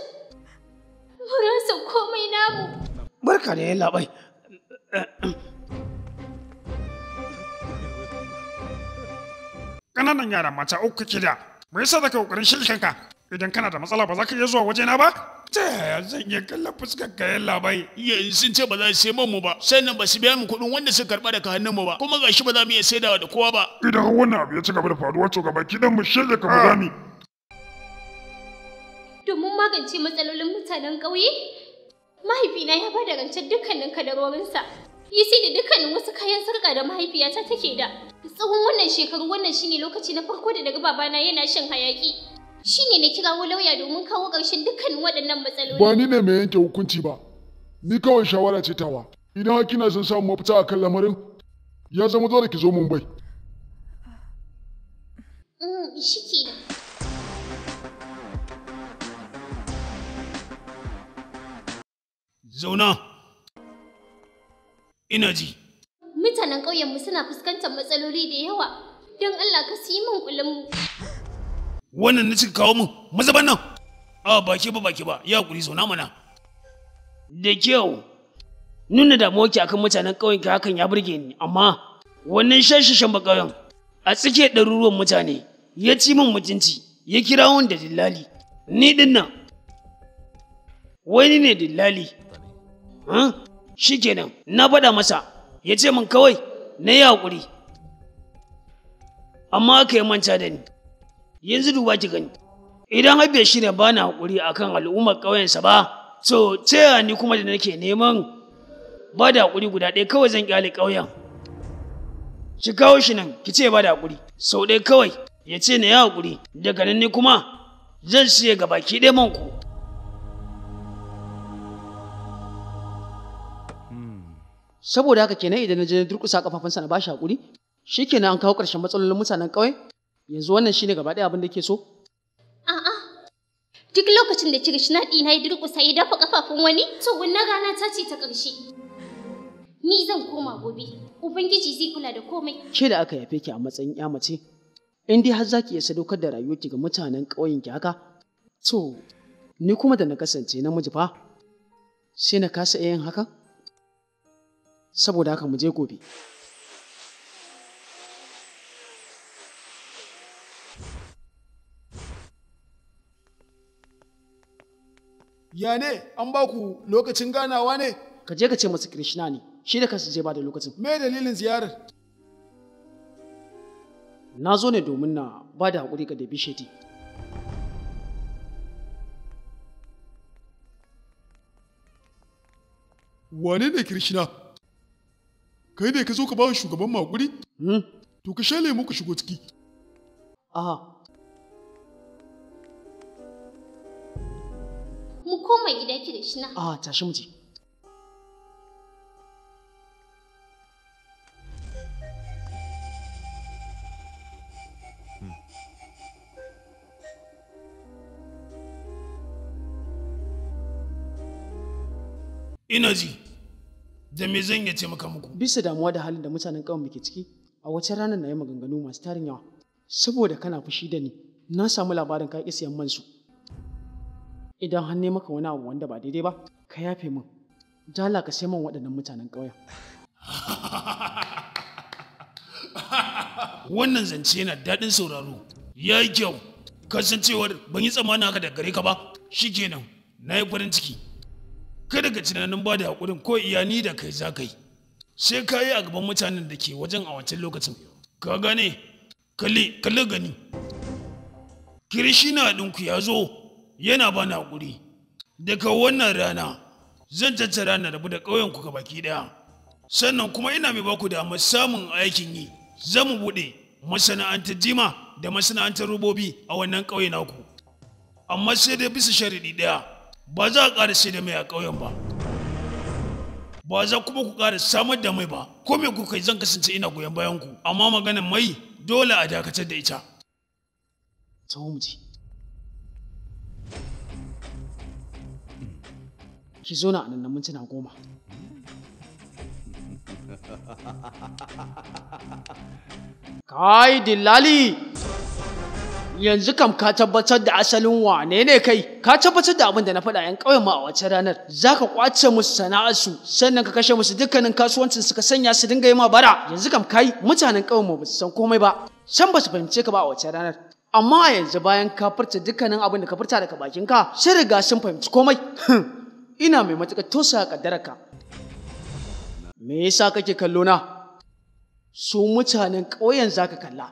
rasa komai namu barka da yin labai ƙananan yara mata uku kake da me yasa da ka ƙoƙarin shirkinka idan kana da matsala ba za ka iya zuwa wajena ba ta yaya zan iya kallon fuskar kayan labai yanzu ce ba za su man mu ba sannan ba su biya mu kuɗin wanda suka karɓa daga hannun mu ba kuma ga shi ba za mu iya saidawa da kowa ba idan wannan abu ya ci gaba da faruwa to baki, dan mu shirya kamar ah. domin magance matsalolin mutanen ƙauye mahaifina ya ba da rancen dukkanin kadarorinsa yasi da dukkanin wasu kayan sarƙa da mahaifiyata take da tsawon wannan shekaru wannan shine lokaci na farko da daga babana yana shan hayaki shine na kirawo lauya domin kawo ƙarshen dukkanin waɗannan matsaloli. Ba ni ne mai yanke hukunci ba, ni kawai shawara ce tawa. Idan har sun samu mafita a kan lamarin, ya zama da ki zo Mumbai. Mm, shi Zauna! Ina ji. Mutanen ƙauyenmu suna fuskantar matsaloli da yawa, don Allah ka su yi min kulinmu. wannan na cika kawo min mazaban nan a baki ba baki ba ya kuri zauna mana da kyau nuna damuwa akan mutanen ƙauyen ka hakan ya burge ni amma wannan shashashan bakayon a tsike ɗaruruwan mutane ya ci min mutunci ya kira wani da dillali ni din nan wani ne dillali shi kenan na faɗa masa ya ce min kawai na yi haƙuri amma aka yi manta da ni yanzu duba ki gani idan har bai shirya ba na haƙuri a kan al'ummar ƙauyensa ba so tsaya ni kuma da nake neman ba da haƙuri guda ɗaya kawai zan kyale ƙauyen ki kawo shi nan ki ce ba da haƙuri sau ɗaya kawai ya ce na ya haƙuri daga nan ni kuma zan siya ga baki ɗaya man ku. saboda haka kenan idan na je durƙusa kafafunsa na bashi haƙuri shikenan an kawo ƙarshen matsalolin mutanen ƙauye yanzu wannan shine gaba ɗaya abin da ke so a'a duk lokacin da cire shinaɗi na ya durƙusa ya dafa kafafun wani to rana ta ce ta ƙarshe ni zan koma gobe ubangiji zai kula da komai ke da aka yafe ki a matsayin ya mace in dai har zaki iya sadaukar da rayuwarki ga mutanen ƙauyen ki haka to ni kuma da na kasance namiji fa sai na kasa yin hakan saboda haka mu je gobe ya ne an ba ku lokacin ganawa ne ka je ka ce masa krishna ne shi da kansa je ba da lokacin me dalilin ziyarar na zo ne domin na ba da haƙuri ga da sheti wane ne krishna kai ne ka zo ka ba shugaban maƙuri hmm? to ka sha lemu ka shigo ciki aha mu ko gida ki da shi na. A ah, tashi mu je. Hmm. Ina ji, da me zan iya taimaka muku? Bisa damuwa da halin da mutanen ƙawon ke ciki, a wace ranar na yi maganganu masu tarin yawa. Saboda kana fushi da ni, na samu labarin ka ƙi siyan man su. idan har ne maka wani abu wanda ba daidai ba ka yafe min jala ka sai man waɗannan mutanen ƙauyen wannan zance yana daɗin sauraro ya yi kyau kasancewar ban yi tsamanin haka da gare ka ba shi kenan na yi farin ciki kada ka tunanin ba da haƙurin ko iyani da kai za ka yi sai ka yi a gaban mutanen da ke wajen a wancan lokacin ka gane kalli gani kirishi na ɗinku ya zo yana ba na haƙuri daga wannan rana zan tattara na rabu da ƙauyenku ga baki ɗaya sannan kuma ina mai baku da samun aikin yi za mu buɗe masana'antar jima da masana'antar robobi a wannan ƙauye naku amma sai dai bisa sharaɗi ɗaya ba za a ƙara sai da mai a ƙauyen ba ba za kuma ku ƙara samar da mai ba ko me kuka yi zan kasance ina goyon bayan ku amma maganar mai dole a dakatar da ita. mutum. ki zo na nan mintuna goma kai dillali yanzu kam ka tabbatar da asalin wane ne kai ka tabbatar da abin da na faɗa yan ƙauyen ma a wace ranar za ka ƙwace musu sana'arsu sannan ka kashe musu dukkanin kasuwancin suka sanya su dinga yi ma bara yanzu kam kai mutanen ƙauyen ma ba su san komai ba can ba su fahimce ka ba a wacce ranar amma yanzu bayan ka furta dukkanin abin da ka furta daga bakin ka sai riga sun fahimci komai *laughs* ina mai matuƙar tosa ƙaddararka me yasa kake kallo na su mutanen ƙauyen za ka kalla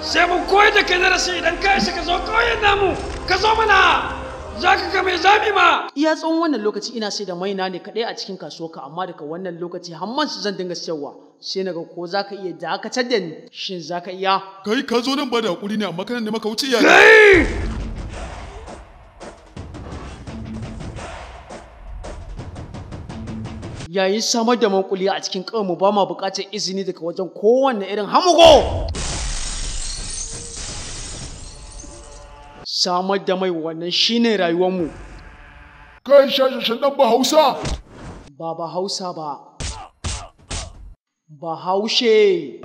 sai mu koyi da kai darasi idan ka isa ka zo ƙauyen namu ka zo mana za ka ga mai zami ma iya tsawon wannan lokaci ina sai da maina ne kaɗai a cikin kasuwarka amma daga wannan lokaci hamman su zan dinga siyarwa sai na ga ko za ka iya dakatar da ni shin za ka iya kai ka zo nan ba da hakuri ne amma kana ne maka wuce iyaye. kai yayin samar da mankuli a cikin kanmu ba ma bukatar izini daga wajen kowanne irin hamugo samar da mai wannan shine rayuwarmu kai shashashin dan ba hausa ba ba hausa ba ba haushe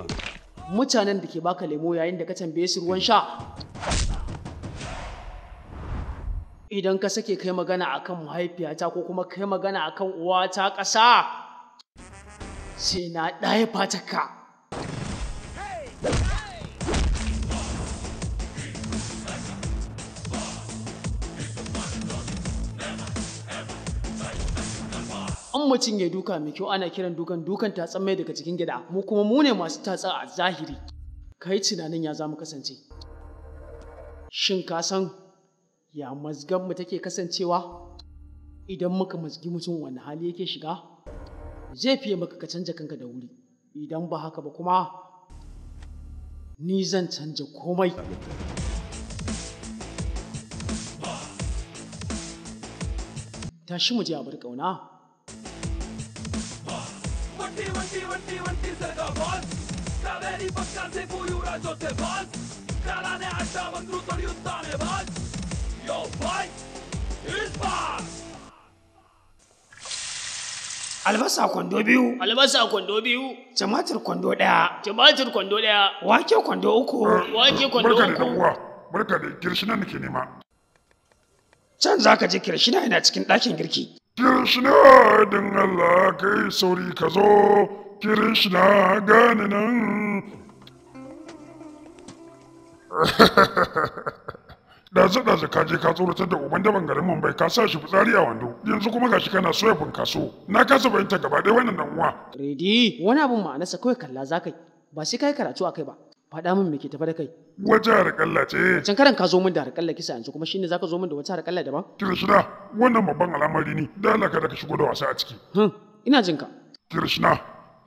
mutanen da ke baka lemo yayin da ka tambaye su ruwan sha idan ka sake kai magana a kan mahaifiyata ko kuma kai magana a akan uwata ƙasa sai na ɗaya ka. an mutum ya duka mai kyau ana kiran dukan dukan tatsan mai daga cikin gida mu kuma mu ne masu tatsa a zahiri kai tunanin ya za kasance shin ka san ya mu take kasancewa idan muka mazgi mutum wani hali yake shiga zai fiye maka ka canja kanka da wuri idan ba haka ba kuma ni zan canja komai tashi mu je a bar kauna wanti wanti wanti wanti sarga bas kaveri bakkan se buyura jote bas kalane aşağı vandru toryutta Albasa kwando biyu. Albasa kwando biyu. Tumatir kwando ɗaya. Tumatir kwando ɗaya. Wake kwando uku. Eh, Wake kwando uku. Barka da uwa. Barka da kirshina nake nema. Can za ka je kirshina yana cikin ɗakin girki. Kirshina don Allah kai sauri ka zo. Kirshina gane nan. *laughs* ɗazu ɗazu ka je ka tsoratar da uban daban garin Mumbai ka sa shi fitsari a wando yanzu kuma gashi kana so ya kaso na kasa fahimta gaba ɗaya wannan dan uwa. Redi wani abun ma'anarsa kawai kalla za ka ba sai ka karatu a kai ba faɗa min me ke tafa da kai. Wata harƙalla ce. Can karan ka zo min da harƙalla kisa yanzu kuma shine zaka zo min da wata harƙalla daban. Kirishina wannan babban al'amari ne da Allah da ka shigo da wasa a ciki. Hmm ina ka. Kirishina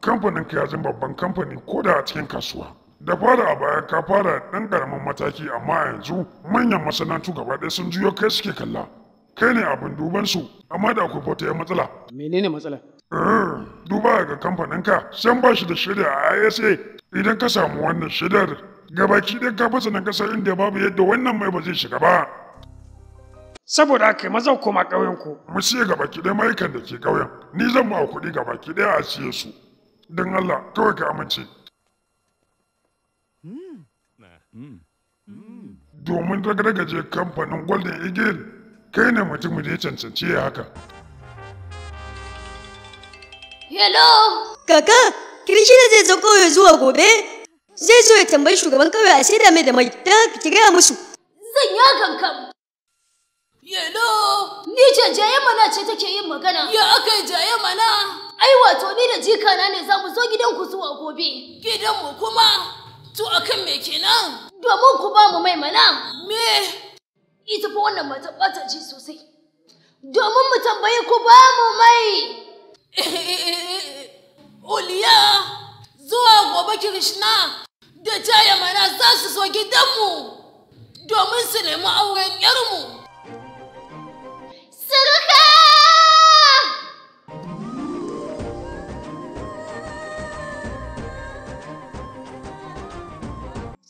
kamfanin ka ya zama babban kamfani ko da a cikin kasuwa. da fara a baya ka fara ɗan ƙaramin mataki amma yanzu manyan masana'antu gaba ɗaya sun juyo kai suke kalla kai ne abin duban su amma da akwai wata ya matsala menene matsala eh, duba ga kamfaninka san ba shi da shirya a isa idan ka samu wannan shidar gabaki ɗaya ka fasa nan ƙasar inda babu yadda wannan mai ba zai shiga ba saboda haka maza koma ƙauyen ku mu siya gabaki ɗaya mayukan da ke ƙauyen ni zan ba kuɗi gabaki ɗaya a siye su don Allah kawai ka amince Mm. Domin ragargaje kamfanin Golden Eagle kai ne mutumin da ya cancanci ya haka. Hello! Kaka, kirishi da zai zo ya zuwa gobe? Zai so ya tambayi shugaban kawai a saida mai da mai ta ki gaya musu. Zan yi hakan kam. Yelo! Ni ce mana ce take yin magana. Ya aka yi mana? Ai wato ni da jikana ne za mu zo gidanku zuwa gobe. Gidanmu kuma? To akan me kenan? Domin ku ba mu mai mana. Me? Ita fa wannan mata bata ji sosai. Domin mu tambayi ku ba mu mai. *laughs* Uliya zuwa gobe Krishna da taya mana za su zo gidanmu domin su nemi auren yarmu. Suruka!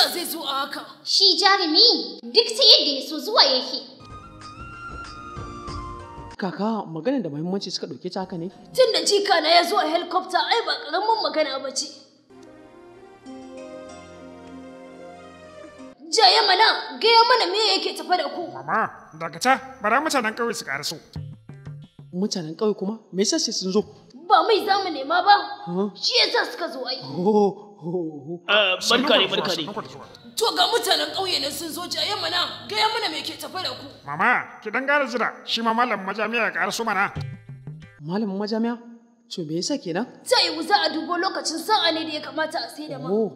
yasa zai zo a haka? Shi jarumi duk ta yadda ya so zuwa yake. Kaka magana da muhimmanci suka ɗauke ta haka ne? Tun da jika na ya zo a helikopta ai ba ƙaramin magana ba ce. Jaya mana gaya mana me yake tafa da ku. Mama, ta bara mutanen ƙauye su ƙara so. Mutanen ƙauye kuma? Me yasa sai sun zo? Ba mai zamu nema ba. Shi yasa suka zo ai. Oh, Ah, barka ne barka to ga mutanen ƙauye ne sun zo jaye mana gaya mana me ke tafa da ku mama ki dan gara jira shi ma malamin majami'a ya su mana malamin majami'a to me yasa kenan ta yiwu za a dubo lokacin sa'a ne da ya kamata a sai da ma oh.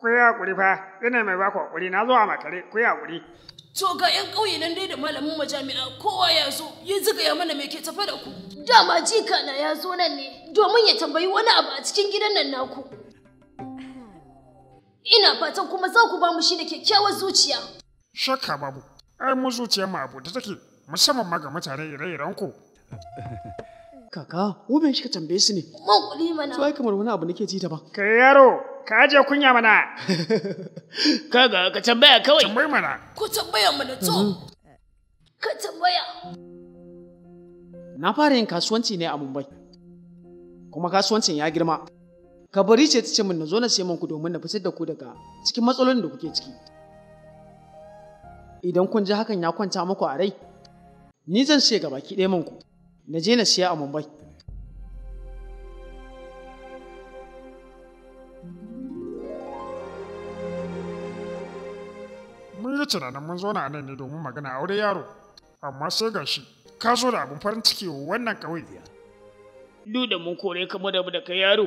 Ku yi haƙuri fa, ina mai baku haƙuri, na zo a makare, ku yi haƙuri. To ga 'yan ƙauye nan dai da malamin majami'a kowa ya zo ya ziga mana me ke tafe da ku. Dama jika na ya zo nan ne domin ya tambayi wani abu a cikin gidan nan naku. Ina fatan kuma za ku ba mu shi da kyakkyawar zuciya. Shakka babu, ai mu zuciya mu abu da take musamman ma ga mutane ire-iren ku. Kaka, wo shi ka tambaye su ne? Man kuɗi mana. To ai kamar wani abu nake ji ta ba. Kai yaro, ka ajiye kunya mana *laughs* kaga ka tambaya kawai tambayi mana ko tambaya mana to mm-hmm. ka tambaya na fara yin kasuwanci ne a Mumbai kuma kasuwancin ya girma ka bari ce ta ce min na zo na sai ku domin na fitar da ku daga cikin matsalolin da kuke ciki idan kun ji hakan ya kwanta muku a rai ni zan siya baki ɗaya ku na je na siya a Mumbai mun yi tunanin mun zo na nan ne domin magana aure yaro amma sai ga shi ka zo da abin farin ciki wannan ƙauye duk da mun kore ka madabu da kai yaro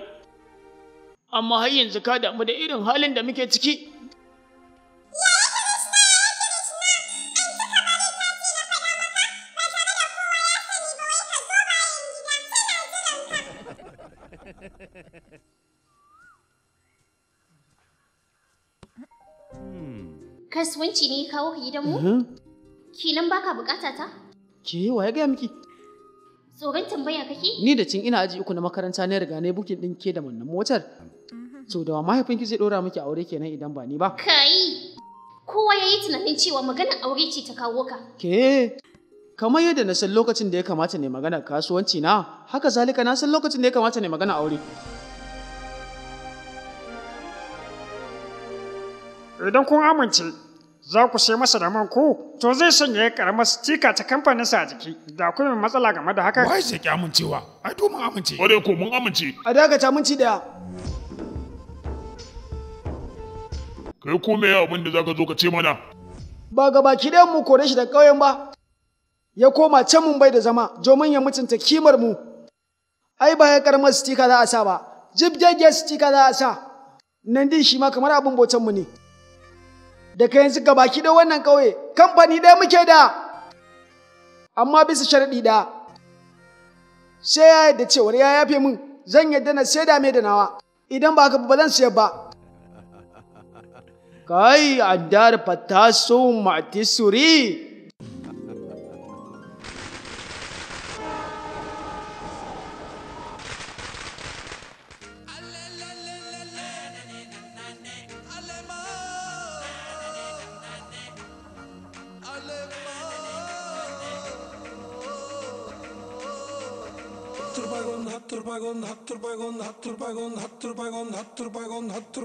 amma har yanzu ka damu da irin halin da muke ciki kasuwanci ne kawo ka gidan mu? Kilan baka bukata ta? Ke Wa ya gaya miki? Tsoron tambaya kake? Ni da cin ina aji uku na makaranta ne riga ne bukin din ke da wannan motar. So da mahaifinki zai dora miki aure kenan idan ba ni ba. Kai! Kowa ya yi tunanin cewa maganar aure ce ta kawo ka. Ke! kamar yadda na san lokacin da ya kamata ne magana kasuwanci na haka zalika na san lokacin da ya kamata ne magana aure idan kun amince za ku sai masa da man ko to zai sanya ya karamar stika ta kamfanin sa a jiki da kuma mai matsala game da haka wai sai ki amincewa ai to mun amince kware ko mun amince a dakata minci daya kai ko me abin da zaka zo ka ce mana ba ga baki ɗayan mu kore shi da ƙauyen ba ya koma can mun bai da zama domin ya mutunta kimar mu ai ba ya karamar stika za a sa ba jibgaggen stika za a sa nan din shi ma kamar abin botan mu ne da kayan su baki da wannan ƙauye kamfani ɗaya muke da amma bisa sharaɗi da sai ya yadda cewar ya yafe min zan yadda na sai dame da nawa idan ba ka ba zan sayar ba kai adar fatasu matisuri ರೂಪಾಯಿಗೊಂದು ಹತ್ತು ರೂಪಾಯಿಗೊಂದು ಹತ್ತು ರೂಪಾಯಿಗೊಂದು ಹತ್ತು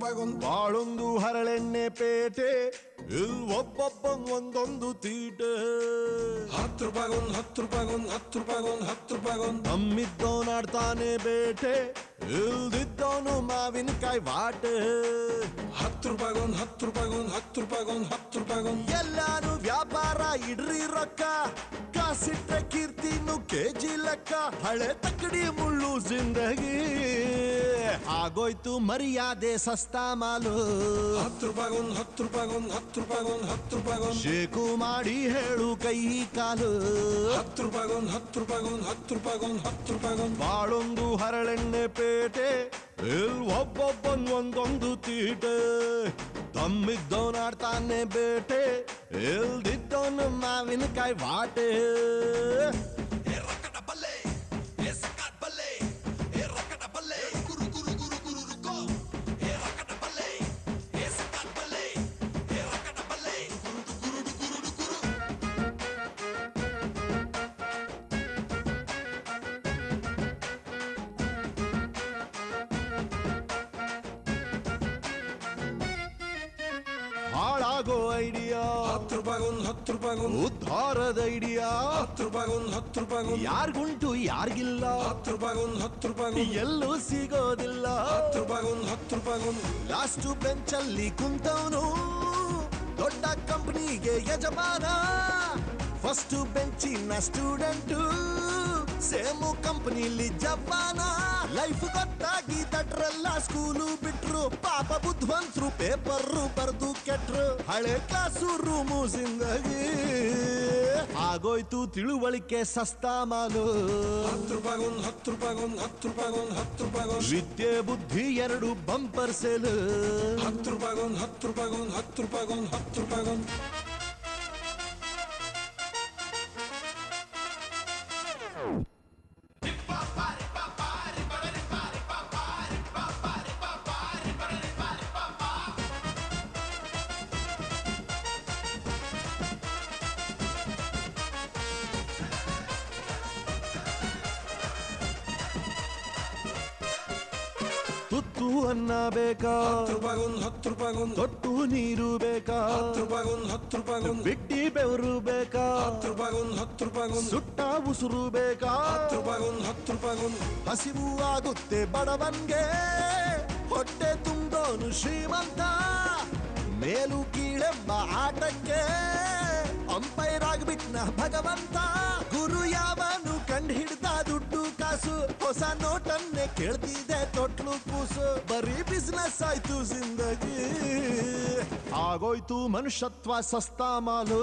ರೂಪಾಯಿಗೊಂದು ಬಾಳೊಂದು ಹರಳೆಣ್ಣೆ ಪೇಟೆ ಇಲ್ ಒಬ್ಬೊಬ್ಬನ್ ಒಂದೊಂದು ತೀಟೆ ಹತ್ತು ರೂಪಾಯಿಗೊಂದು ಹತ್ತು ರೂಪಾಯಿಗೊಂದು ಹತ್ತು ರೂಪಾಯಿಗೊಂದು ಹತ್ತು ರೂಪಾಯಿಗೊಂದು ನಮ್ಮಿದ್ದವನ್ ಆಡ್ತಾನೆ ಬೇಟೆ ಇಲ್ದಿದ್ದವನು ಮಾವಿನಕಾಯಿ ವಾಟೆ ಹತ್ತು ರೂಪಾಯಿಗೊಂದು ಹತ್ತು ರೂಪಾಯಿಗೊಂದು ಹತ್ತು ರೂಪಾಯಿಗೊಂದು ಹತ್ತು ರೂಪಾಯಿಗೊಂದು ಎಲ್ಲಾನು ವ್ಯಾಪಾರ ಇಡ್ರಿ ರೊಕ್ಕ ಕಾಸಿಟ್ಟ ಕೀರ್ತಿನು ಕೆಜಿ ಲೆಕ್ಕ ಹಳೆ ತಕ್ಕಡಿ ಮುಳ್ಳು ಜಿಂದಗಿ ಆಗೋಯ್ತು ಮರ್ಯಾದೆ ಸಸ್ತಾ ಮಾಲು ಹತ್ತು ರೂಪಾಯಿಗೊಂದು ಹತ್ತು ರೂಪಾಯಿಗೊಂದು ಹತ್ತು ಹತ್ತು ರೂಪಾಯಿಗೊಂದು ಹತ್ತು ರೂಪಾಯಿಗೊಂದು ಶೇಕು ಮಾಡಿ ಹೇಳು ಕೈ ಕಾಲು ಹತ್ತು ರೂಪಾಯಿಗೊಂದು ಹತ್ತು ರೂಪಾಯಿಗೊಂದು ಹತ್ತು ರೂಪಾಯಿಗೊಂದು ಹತ್ತು ರೂಪಾಯಿಗೊಂದು ಬಾಳೊಂದು ಹರಳೆಣ್ಣೆ ಪೇಟೆ ಎಲ್ ಒಬ್ಬೊಬ್ಬನ್ ಒಂದೊಂದು ತೀಟೆ ತಮ್ಮಿದ್ದವನಾಡ್ತಾನೆ ಬೇಟೆ ಎಲ್ದಿದ್ದವನು ಮಾವಿನಕಾಯಿ ವಾಟೆ ಐಡಿಯಾ ಹತ್ತು ರೂಪಾಯಿಗೊಂದು ಹತ್ತು ರೂಪಾಯಿಗೊಂದು ಉದ್ಧಾರದ ಐಡಿಯಾ ಹತ್ತು ರೂಪಾಯಿಗೊಂದು ಹತ್ತು ರೂಪಾಯಿಗೊಂದು ಯಾರಿಗುಂಟು ಯಾರಿಗಿಲ್ಲ ಹತ್ತು ರೂಪಾಯಿಗೊಂದು ಹತ್ತು ರೂಪಾಯಿ ಎಲ್ಲೂ ಸಿಗೋದಿಲ್ಲ ಹತ್ತು ರೂಪಾಯಿಗೊಂದು ಹತ್ತು ರೂಪಾಯಿಗೊಂದು ಲಾಸ್ಟು ಬೆಂಚಲ್ಲಿ ಕುಂತವನು ದೊಡ್ಡ ಕಂಪ್ನಿಗೆ ಯಜಮಾನ ಫಸ್ಟು ಬೆಂಚಿನ ಸ್ಟೂಡೆಂಟು ಸೇಮು ಕಂಪನಿಲಿ ಜಪಾನ ಲೈಫ್ ಗೊತ್ತಾಗಿ ತಟ್ರಲ್ಲ ಸ್ಕೂಲು ಬಿಟ್ರು ಪಾಪ ಬುದ್ಧವಂತರು ಪೇಪರ್ರು ಬರ್ದು ಕೆಟ್ರು ಹಳೆ ಕಾಸು ರೂಮು ಜಿಂದಗಿ ಆಗೋಯ್ತು ತಿಳುವಳಿಕೆ ಸಸ್ತಾ ಮಾಲು ಹತ್ತು ರೂಪಾಯಿಗೊಂದು ಹತ್ತು ರೂಪಾಯಿಗೊಂದು ಹತ್ತು ರೂಪಾಯಿಗೊಂದು ಹತ್ತು ರೂಪಾಯಿಗೊಂದು ವಿದ್ಯೆ ಬುದ್ಧಿ ಎರಡು ಬಂಪರ್ ಸೇಲು ಹತ್ತು ರೂಪಾಯಿಗೊಂದು ಹತ್ತು ರೂಪಾಯಿಗೊಂದು ಹತ್ತು ರೂಪಾಯಿಗೊಂದು ಹತ್ತು ರೂಪಾಯಿಗೊಂದು Oh. ಬೇಕಾ ರೂಪಾಗೊಂದು ಹತ್ತು ರೂಪಾಯಿಗೊಂದು ತೊಟ್ಟು ನೀರು ಬೇಕಾ ಹತ್ತು ರೂಪಾಯಿಗೊಂದು ಹತ್ತು ರೂಪಾಯಿಗೊಂದು ಬಿಟ್ಟಿ ಬೆವರು ಬೇಕಾ ಹತ್ತು ರೂಪಾಯಿಗೊಂದು ಹತ್ತು ರೂಪಾಯಿಗೊಂದು ಸುಟ್ಟ ಉಸುರು ಬೇಕಾ ಹತ್ತು ರೂಪಾಯಿಗೊಂದು ಹತ್ತು ರೂಪಾಯಿಗೊಂದು ಹಸಿವು ಆಗುತ್ತೆ ಬಡವನ್ಗೆ ಹೊಟ್ಟೆ ತುಂಬೋನು ಶ್ರೀಮಂತ ಮೇಲು ಕೀಳೆಂಬ ಆಟಕ್ಕೆ ಅಂಪೈರ್ ನ ಭಗವಂತ ಗುರು ಯಾವನು ಕಂಡು ಹಿಡ್ದ ದುಡ್ಡು ಕಾಸು ಹೊಸ ನೋಟನ್ನೇ ಕೇಳ್ತಿದೆ ತೊಟ್ಲು ಕೂಸು ಬರೀ ಬಿಸ್ನೆಸ್ ಆಯ್ತು ಜಿಂದಗಿ ಆಗೋಯ್ತು ಮನುಷ್ಯತ್ವ ಸಸ್ತಾ ಮಾಲು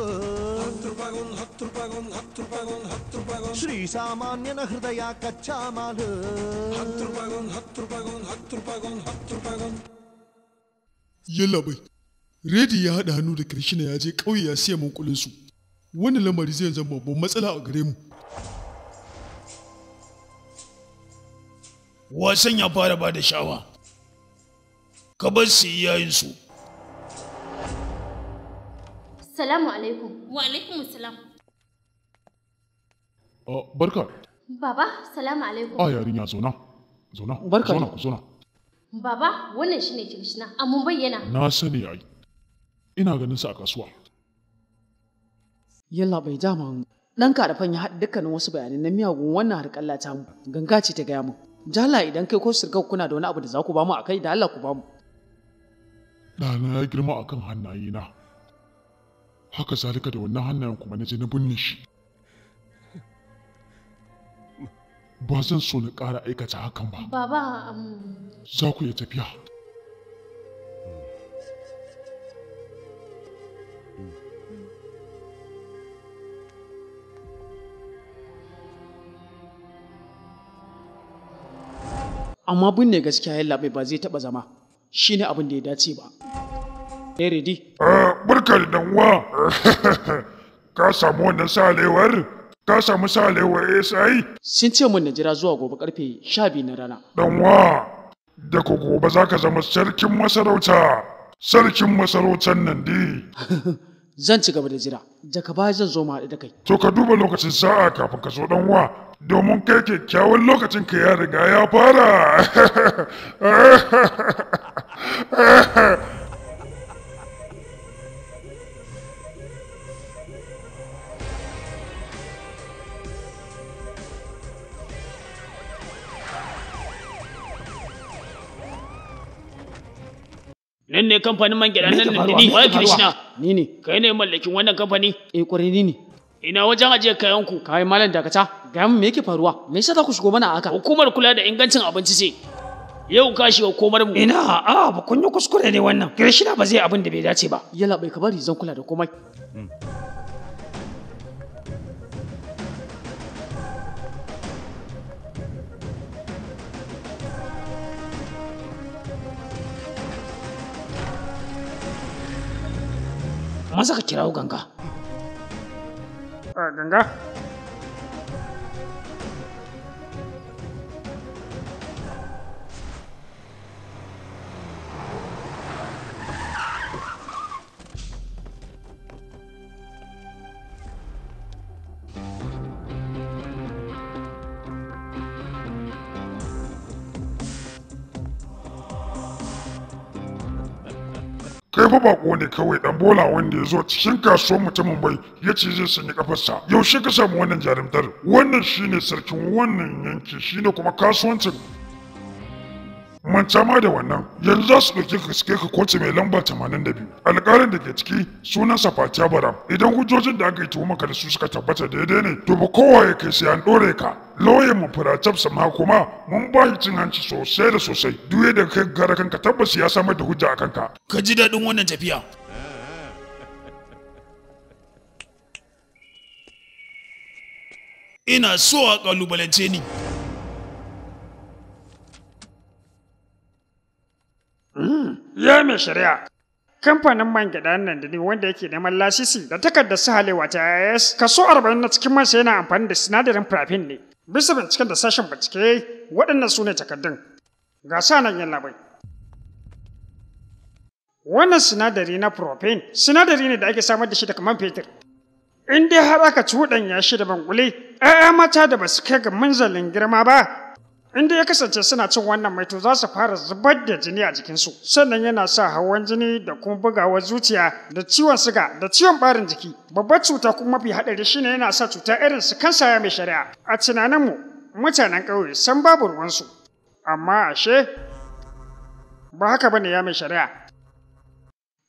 ಹತ್ತು ರೂಪಾಯಿಗೊಂದು ಹತ್ತು ರೂಪಾಯಿಗೊಂದು ಹತ್ತು ರೂಪಾಯಿಗೊಂದು ಹತ್ತು ರೂಪಾಯಿಗೊಂದು ಶ್ರೀ ಸಾಮಾನ್ಯನ ಹೃದಯ ಕಚ್ಚಾ ಮಾಲು ಹತ್ತು ರೂಪಾಯಿಗೊಂದು ಹತ್ತು ರೂಪಾಯಿ ಹತ್ತು ರೂಪಾಯಿಗೊಂದು ಹತ್ತು ರೂಪಾಯಿ ಎಲ್ಲ ಬೈ rediyo ya haɗa hannu da krishna ya je ƙauye ya wannan lamari zai zama babban matsala a gare mu wasan ya fara ba da shawa ka bar su su. salamu alaikum wa alaikum salam barka baba salamu alaikum a yarinya zona zona barka zona zona baba wannan shine kirishina amma bayyana na sani ai ina ganin sa a kasuwa Yalla bai dama ɗan da ya haɗa dukkanin wasu bayanai na miyagun wannan harƙalla ta mu ganga ce ta gaya mu. Jala idan kai ko sirkar kuna da wani abu da za ku ba mu a kai da Allah ku ba mu. Ɗana ya girma a kan hannayena. Haka zalika da wannan hannayen kuma na je na binne shi. Ba zan so na ƙara aikata hakan ba. Baba. Um, za ku iya tafiya. amma binne gaskiya yallaɓai ba zai taba zama shi ne abin da ya dace ba. ɗaya eh, Redi. Eh, barkar dan wa, *laughs* ka samu wannan salewar? Ka samu salewar ASI? Sun ce mun na jira zuwa gobe karfe sha biyu na rana. Dan wa, da ku gobe za ka zama sarkin masarauta, sarkin masarautar nan di. *laughs* Zan ci gaba da jira, daga baya zan zo ma da kai. To ka duba lokacin sa'a kafin ka zo dan wa. domin kai kyakkyawan lokacin ka ya riga ya fara Nan ne kamfanin man gyaɗa nan da ni, wa Krishna. Ni ne. Kai ne mallakin wannan kamfani? Eh, ƙwarai ni ne. ina wajen ajiye kayan ku kai malam dakata ga mu me yake faruwa me yasa za ku shigo mana aka hukumar kula da ingancin abinci ce yau ka shiga komar mu ina a ba kun yi kuskure ne wannan kirshina ba zai abin da bai dace ba yalla bai ka bari zan kula da komai maza ka kirawo ganga 二，等着。kai ba bako ne kawai dan bola wanda ya zo cikin kasuwar mutumin bai ya ce zai sanya kafarsa yaushe ka samu wannan jarumtar wannan shine sarkin wannan yanki shine kuma kasuwancin manta ma da wannan yanzu za su ɗauki ka suke ka kotu mai lamba 82 alƙalin da ke ciki sunan sa baram idan hujjojin da aka yi tuhuma ka da su suka tabbata daidai ne to ba kowa ya kai sai an ɗore ka lauyan mu furatab sama kuma mun ba shi cin hanci sosai da sosai duk yadda kai gara kanka tabbas ya samar da hujja a kanka ka ji daɗin wannan tafiya ina so a ƙalubalance ni. Ya mai shari'a. Kamfanin man gyaɗa nan da ne wanda yake neman lasisi da takardar su halewa ta IS kaso arba'in na cikin masa yana amfani da sinadarin firafin ne. Bisa binciken da sashen bincike waɗannan su ne takardun. Ga sa nan yan labai. Wannan sinadari na propane sinadari ne da ake samar da shi daga man fetur. In dai har aka ci cuɗanya shi da bangule, ‘ya'ya mata da ba su kai ga manzalin girma ba, inda ya kasance suna cin wannan mai to za su fara zubar da jini a jikinsu sannan yana sa hawan jini da kuma bugawar zuciya da ciwon siga da ciwon barin jiki babbar cuta kuma mafi haɗari shine yana sa cuta irin su kansa ya mai shari'a a tunaninmu mutanen ƙauye san babu ruwansu amma ashe ba haka bane ya mai shari'a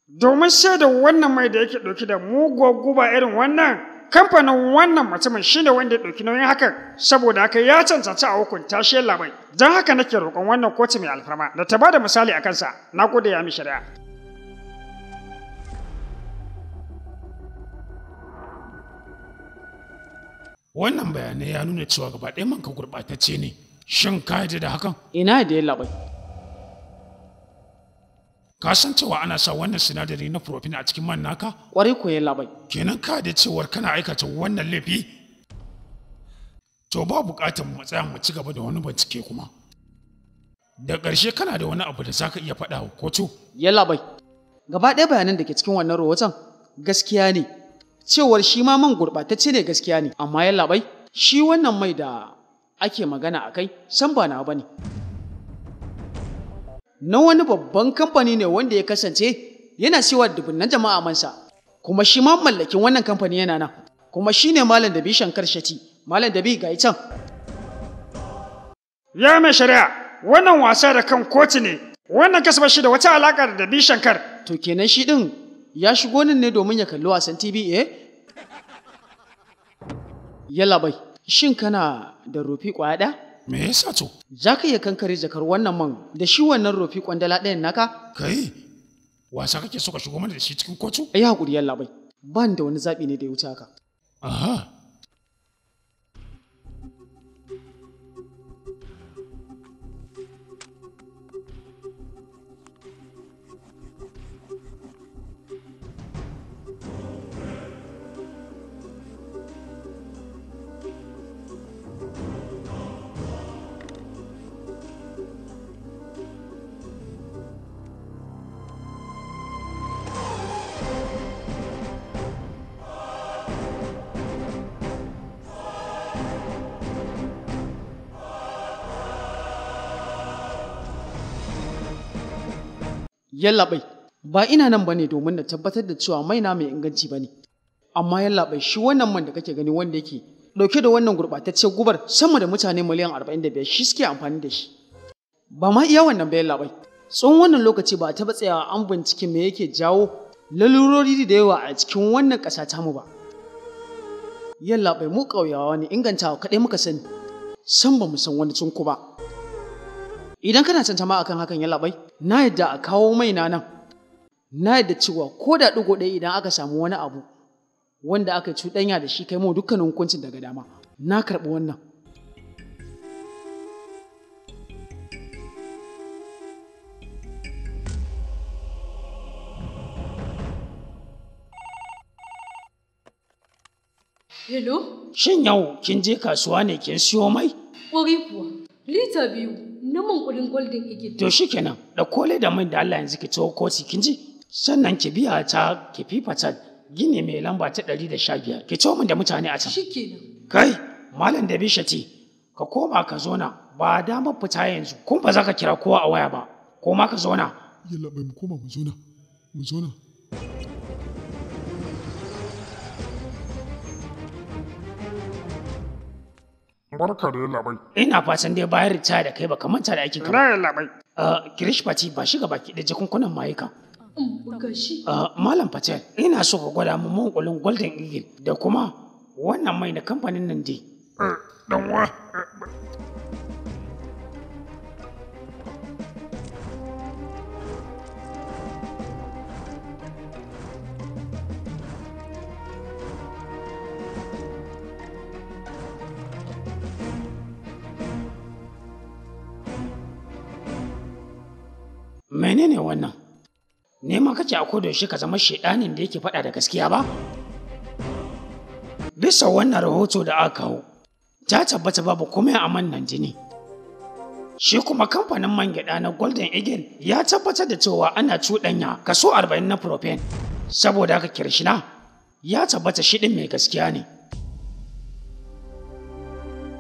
domin sai da wannan mai da yake ɗauki da muguwar guba irin wannan kamfanin wannan mutumin shi ne wanda ya ɗauki nauyin hakan saboda haka ya cancanci a hukunta shi labai don haka nake roƙon wannan kotu mai alfarma da ta bada misali a kansa na gode ya mi shari'a wannan bayanai ya nuna cewa gaba ɗaya manka gurɓatacce ne shin ka da hakan ina da ya labai ka san cewa ana sa wannan sinadari na profin a cikin man naka kwarai ko ya labai kenan ka da cewar kana aikata wannan laifi to ba buƙatar mu tsaya mu ci gaba da wani bincike kuma da ƙarshe kana da wani abu da za ka iya faɗa wa kotu ya labai gaba ɗaya bayanan da ke cikin wannan rahoton gaskiya ne cewar shi ma man gurɓatacce ne gaskiya ne amma ya labai shi wannan mai da ake magana a kai san ba na ba ne. na wani babban kamfani ne wanda ya kasance yana cewa dubunnan jama'a mansa kuma shi ma mallakin wannan kamfani yana nan kuma shi ne malam dabi shankar shati malam dabi ga can. ya mai shari'a wannan wasa da kan kotu ne wannan kasuwa shi da wata alaka da dabi shankar to kenan shi din ya shigo nan ne domin ya kalli wasan tv eh yalla bai shin kana da rufi kwaya ɗaya? Me yasa to? Za ka iya kankare jakar wannan man da shi wannan rofi kwandala ɗayan naka? Kai, wasa kake so ka shigo mana da shi cikin kotu? Ya haƙuri yalla bai, ban da wani zaɓi ne da ya wuce haka. Aha, yallaɓai ba ina nan ba ne domin na tabbatar da cewa mai na mai inganci ba ne. amma yallaɓai shi wannan man da kake gani wanda yake ɗauke da wannan gurɓataccen gubar sama da mutane miliyan 45 shi suke amfani da shi ba ma iya wannan ba yallaɓai tsawon wannan lokaci ba a taɓa tsayawa an bincike me yake jawo lalurori da yawa a cikin wannan ƙasa tamu ba yallaɓai mu ƙauyawa ne ingantawa kaɗai muka sani san ba mu san wani cinku ba idan kana a akan hakan ya labai na yadda a kawo mai na nan na yadda cewa ko da ɗigo ɗaya idan aka samu wani abu wanda aka cuɗanya da shi kai mu dukkanin hukuncin daga dama na karɓi wannan Hello? Shin yau kin je kasuwa ne kin siyo mai? Kori kuwa, lita biyu. na kudin golden eagle to shikenan da kole da mai da Allah yanzu ki ciwo koci kin ji sannan ki biya ta ki fifa ta gini mai lamba ta ɗari da 115 ki ciwo min da mutane a can kai malam da bishati ka koma ka zona ba dama fita yanzu kun ba za ka kira kowa a waya ba koma ka zona yalla bai mu koma mu zona mu zona Barka da labai. Ina fatan dai bayan ritaya da kai baka manta da aikin ka. Raya labai. Kirish pati ba mm, shi gaba da jakunkunan mayuka Gashi. Malam Patel, ina so ka gwada mu mankulin Golden Eagle da kuma wannan mai na kamfanin nan dai. Dan eh, wa, eh, dace a shi ka zama shaidanin da yake faɗa da gaskiya ba? Bisa wannan rahoto da aka kawo, ta tabbata babu komai a man nan jini. Shi kuma kamfanin man gyaɗa na Golden Eagle ya tabbatar da cewa ana cuɗanya kaso 40 na propane, saboda haka kirshina ya tabbata shi ɗin mai gaskiya ne.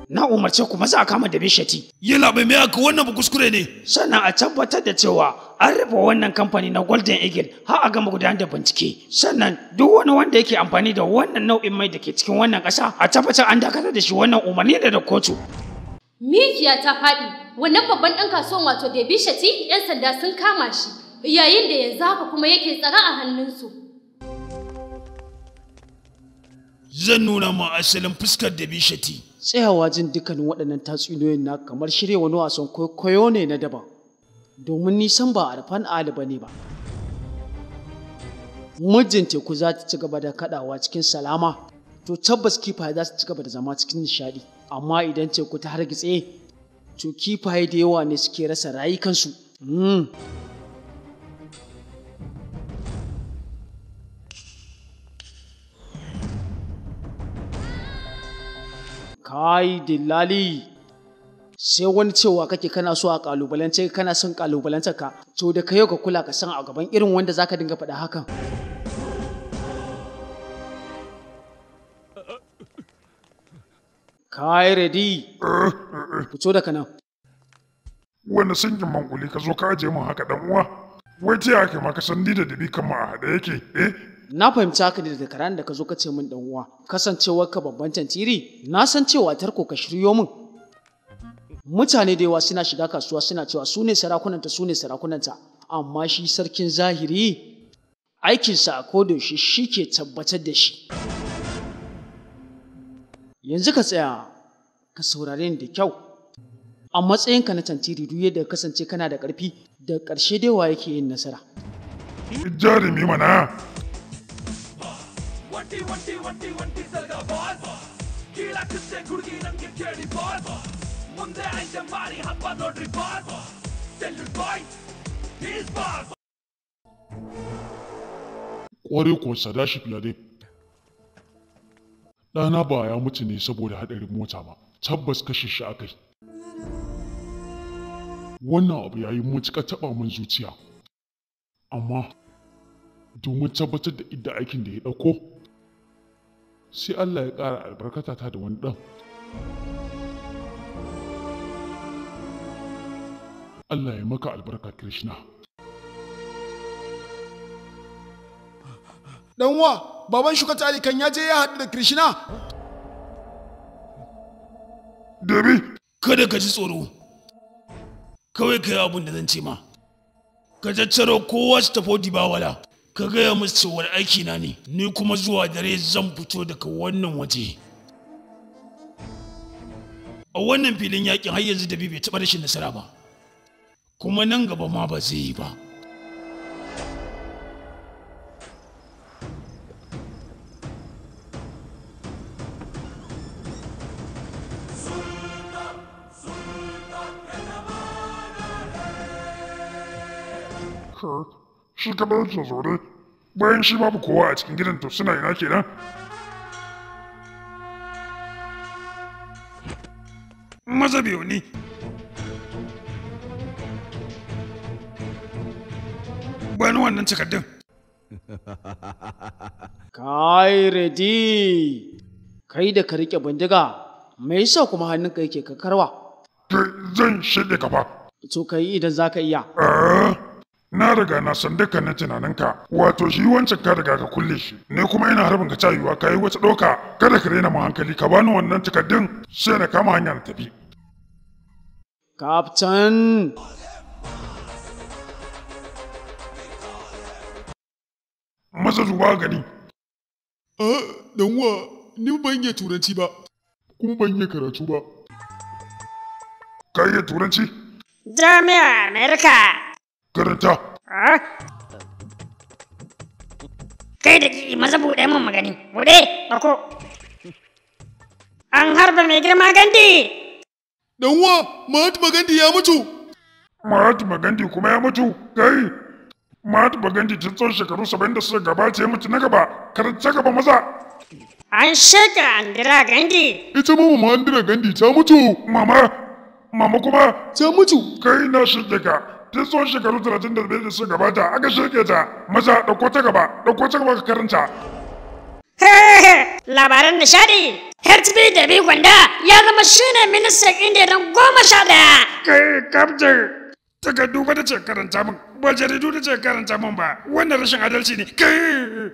na umarce ku za a kama da bishati. Yala bai mai aka wannan ba ne. Sannan a tabbatar da cewa an rufe wannan kamfani na golden eagle har a gama gudanar da bincike sannan duk wani wanda yake amfani da wannan nau'in mai da ke cikin wannan ƙasa a tabbatar an dakatar da shi wannan umarni da da kotu mikiya ta faɗi wannan babban ɗan kasuwan wato debi shati yan sanda sun kama shi yayin da yanzu haka kuma yake tsara a hannunsu zan nuna ma asalin fuskar debi shati tsayawa jin dukkanin waɗannan tatsuniyoyin na kamar shirya wani wasan kwaikwayo ne na daban domin nisan ba a ali ba ne ba mijin teku za ta ci gaba da kadawa cikin salama to tabbas kifaye za su ci gaba da zama cikin nishadi amma idan teku ta hargitse to kifaye da yawa ne suke rasa rayukansu hmm. kai dillali sai wani cewa kake kana so a kalubalance kana son kalubalance ka to da ka ka kula ka san a gaban irin wanda zaka dinga faɗa hakan kai ready fito daga nan wanda singin manguli ka zo ka aje mun haka dan uwa wai ta yake ma ka san ni da dabi kan ma haɗa yake eh na fahimci haka ne daga ran da ka zo ka ce min dan uwa kasancewar ka babban tantiri na san cewa tarko ka shiryo min mutane da yawa suna shiga kasuwa suna cewa su ne sarakunanta su ne sarakunanta amma shi sarkin zahiri aikinsa a kodayaushe shi ke tabbatar da shi yanzu ka tsaya ka saurare ni da kyau a matsayinka na tantiri duk yadda kasance kana da karfi da ƙarshe da yawa yake yin nasara jarumi mana wanti wanti wanti wanti kila kisse gurgi kedi ಮುಂದೆ item ಮಾಡಿ ಹಬ್ಬ ನೋಡ್ರಿ boss salute bye he's boss Ɗana ba ya mutu ne saboda haɗarin mota ba, tabbas kashe shi akai. Wannan abu ya yi matuƙa taɓa min zuciya. Amma domin tabbatar da idda aikin da ya ɗauko, sai Allah ya ƙara albarkata ta da wani ɗan. Allah ya maka albarka Krishna. Ɗanwa, baban Shukat Ali ya je ya haɗu da Krishna? Dabi! Kada ka ji tsoro, kawai ka yi abin da zan ce ma. Ka jaccaro kowa su tafi bawala, ka gaya musu cewar aiki na ne, ni kuma zuwa dare zan fito daga wannan waje. A wannan filin yakin har yanzu Dabi bai taɓa rashin nasara ba. kuma nan gaba ma ba zai yi ba shi kaɗan su zaune bayan shi babu kowa a cikin gidan to suna ina kenan maza biyu ne bani wannan takardun. *laughs* Kai redi, Kai da ka riƙe bindiga, me yasa kuma hannunka yake kakarwa? Zan shirya ka ba. To ka yi idan za ka iya. Ah, na riga na san dukkanin tunaninka, wato shi wancan ka riga ka kulle shi, ne kuma yana harbin ka cayuwa ka yi wata ɗauka, kada ka rena mu hankali ka bani wannan takardun sai na kama hanya na tafi. Captain! masa zuba gani. A dan wa ni ban yi turanci ba. Kuma ban yi karatu ba. Ka iya turanci? Jami'a Amerika. Karanta. Kai da ki maza buɗe mun magani. Buɗe, ɗarko! An harba mai girma gandi. Dan wa, Mahatma Gandhi ya mutu. Mahatma Gandhi kuma ya mutu, kai. Mahat baganti tun tsawon shekaru 70 da suka gabace ya mutu na gaba, karanta gaba maza. An shaƙa Andira Gandhi. Ita mama ma Andira Gandhi ta mutu. Mama, mama kuma. Ta mutu. Kai na shirke ka. Tun tsawon shekaru 35 da suka gabata aka shirke ta. Maza dauko ta gaba, dauko ta gaba ka karanta. *laughs* Labaran nishadi. HB da bi gwanda ya zama shine ministan indiya don goma sha daya Kai ta Takardu ba ta ce karanta min. ba jaridu da ce karanta mun ba wannan rashin adalci ne kai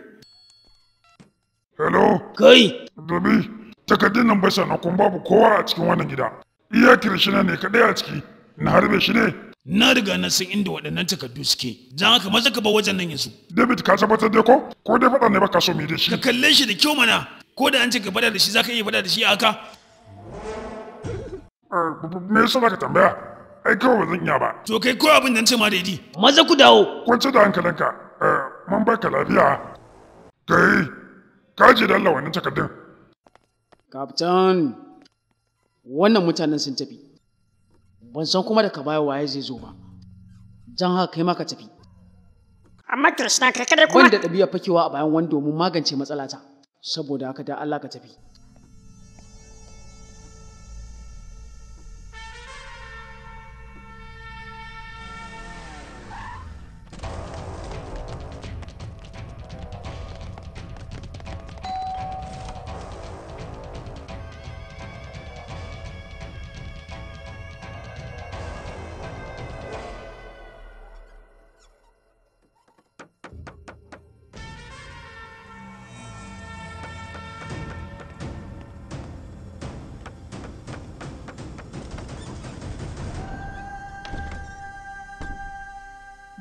hello kai dobi takardun nan bai na kun babu kowa a cikin wannan gida iya Kirishina ne kadai a ciki na harbe shi ne na riga na san inda waɗannan takardu suke za ka maza ka ba wajen nan yanzu david ka tabbatar dai ko ko dai faɗa ne ba ka so mu da shi ka kalle shi da kyau mana ko da an ce ka faɗa da shi za ka iya faɗa da shi a haka eh, me yasa za ka tambaya ai kawai ba zan iya ba. To kai ko abin nan ce ma daidai. Maza ku dawo. Kwance da hankalinka, eh, mun baka lafiya. Kai, ka je da Allah wannan takardun. Kaftan, wannan mutanen sun tafi. Ban san kuma da ka baya waye zai zo ba. Jan haka kai ma ka tafi. Amma Kirishna kai kada kuma. Ban da ɗabi'a fakewa a bayan wani domin magance matsalata. Saboda haka da Allah ka tafi.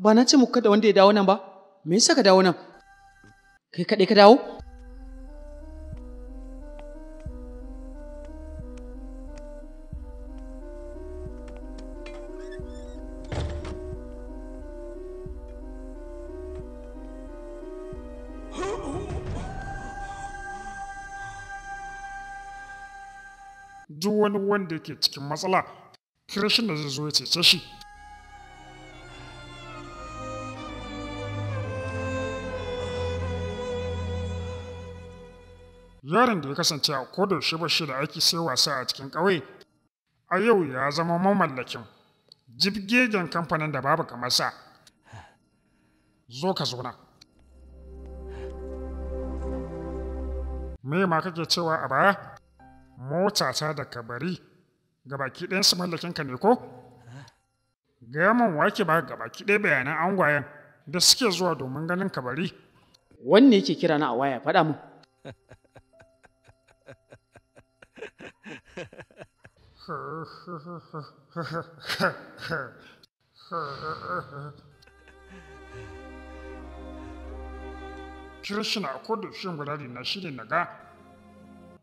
Ba na ce muka da wanda ya dawo nan ba? Me yasa ka dawo nan? Kai kaɗai ka dawo? duk wani wanda ke cikin matsala da zai zo ya cece shi yaron da ya kasance a shi ba shi da aiki sai wasa a cikin ƙauye a yau ya zama mamallakin jibgegen kamfanin da babu kamar sa zo ka zo na me ma kake cewa a baya Motata ta da kabari gabaki ɗayan su ka ne ko gaya min wake ba gabaki ɗaya bayanan angwayen da suke zuwa domin ganin kabari wanne yake kira na a waya faɗa mu *laughs* Kirishina ko da shi murari na shi ne ga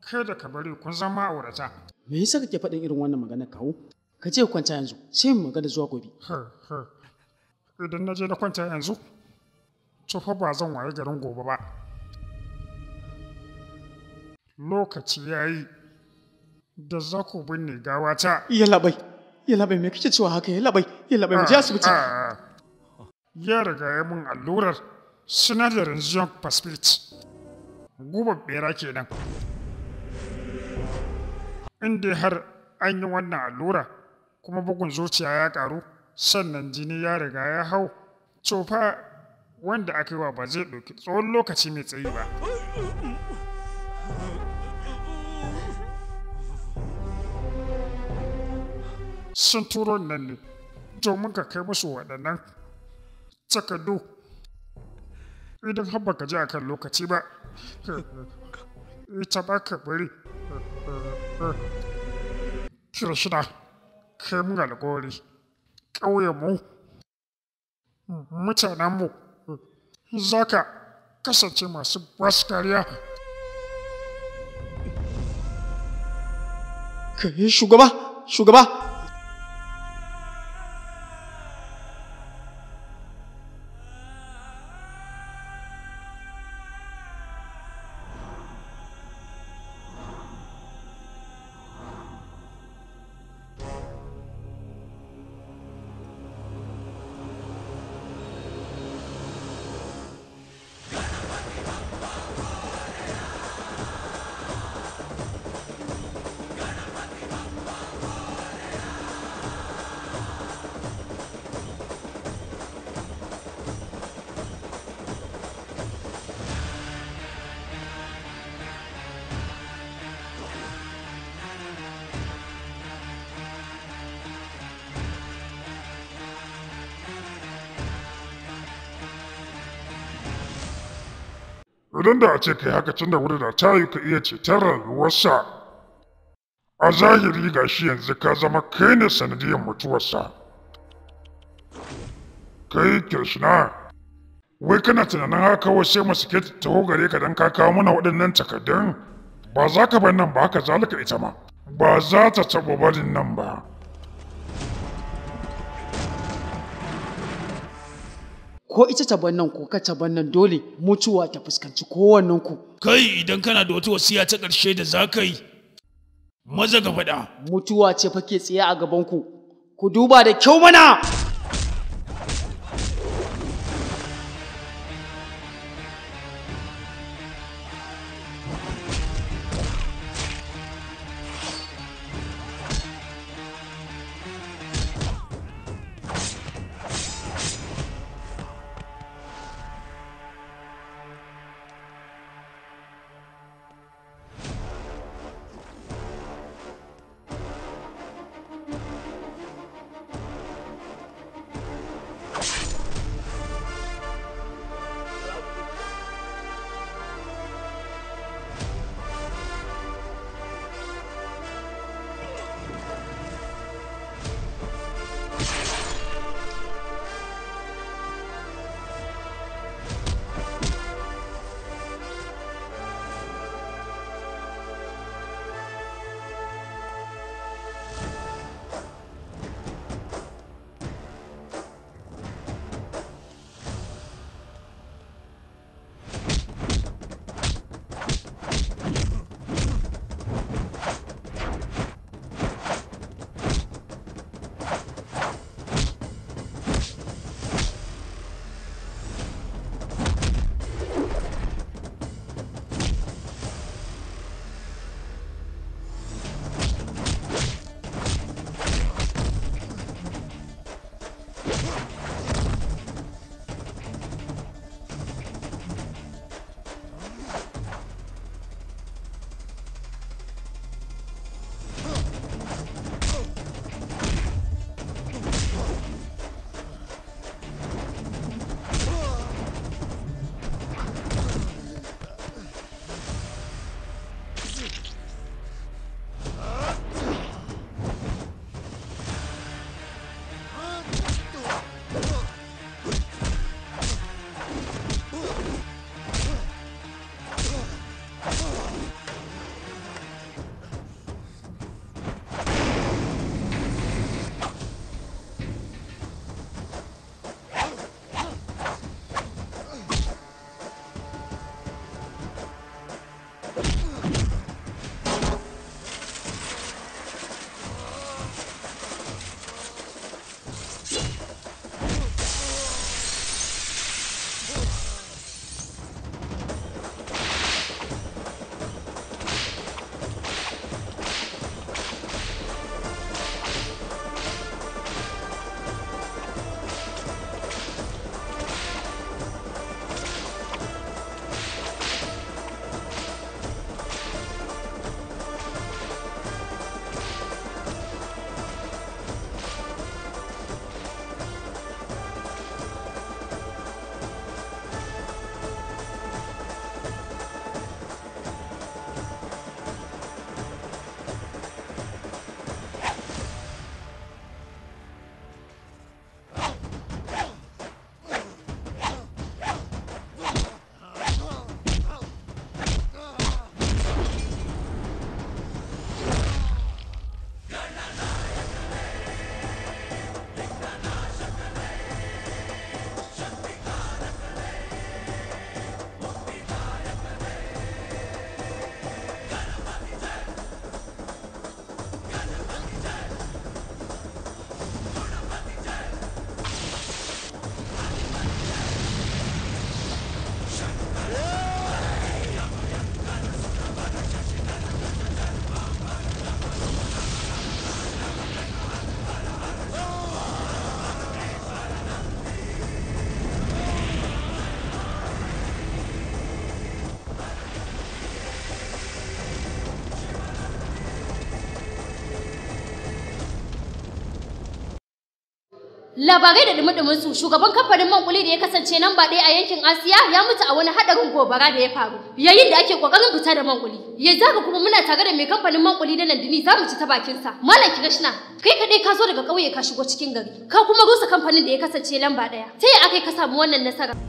kai da ka bari kun zama aurata. Me yasa kake faɗin irin wannan magana kawo? Ka je kwanta yanzu sai mu magana zuwa gobe. Idan na je na kwanta yanzu, to fa ba zan waye garin gobe ba. Lokaci ya yi. da za ku binne gawa ta. Ya labai, ya labai me kake cewa haka ya labai, ya labai mu je ah, asibiti. Ah, ah. Ya riga ya mun allurar sinadarin zinc phosphate. Guba bera kenan. Inda har an yi wannan allura kuma bugun zuciya ya karu sannan jini ya riga ya hau. Cofa wanda aka yi wa ba zai ɗauki tsawon lokaci mai tsayi ba. sun turo nan ne domin ka kai musu waɗannan takardu idan har ka ji kan lokaci ba ita ba ka bari kirishina kai mun alkawari ƙauyenmu mutanenmu za ka kasance masu basu kariya yi shugaba shugaba idan da a ce kai haka tun da wuri da ta yi ka iya ceton rayuwarsa a zahiri ga shi yanzu ka zama kai ne sanadiyar mutuwarsa kai kirshina wai kana tunanin haka wai sai masu ke taho gare ka don ka kawo mana waɗannan takardun ba za ka bar nan ba haka zalika ita ma ba za ta taɓa barin nan ba ko ita taban nan ko ka taban nan dole mutuwa ta fuskanci kowannen ku kai idan kana da wata wasiya ta ƙarshe da za ka yi maza ga faɗa mutuwa ce fa ke tsaye a gaban ku ku duba da kyau mana labarai da dumudumin su shugaban kamfanin man da ya kasance nan ba ɗaya a yankin asiya ya mutu a wani haɗarin gobara da ya faru yayin da ake kokarin fita da man kuli ya kuma muna tare da mai kamfanin man kuli na nandini za mu ci ta bakin sa malam kirishna kai kaɗai ka zo daga ƙauye ka shigo cikin gari ka kuma rusa kamfanin da ya kasance lamba ɗaya ta ya aka ka samu wannan nasara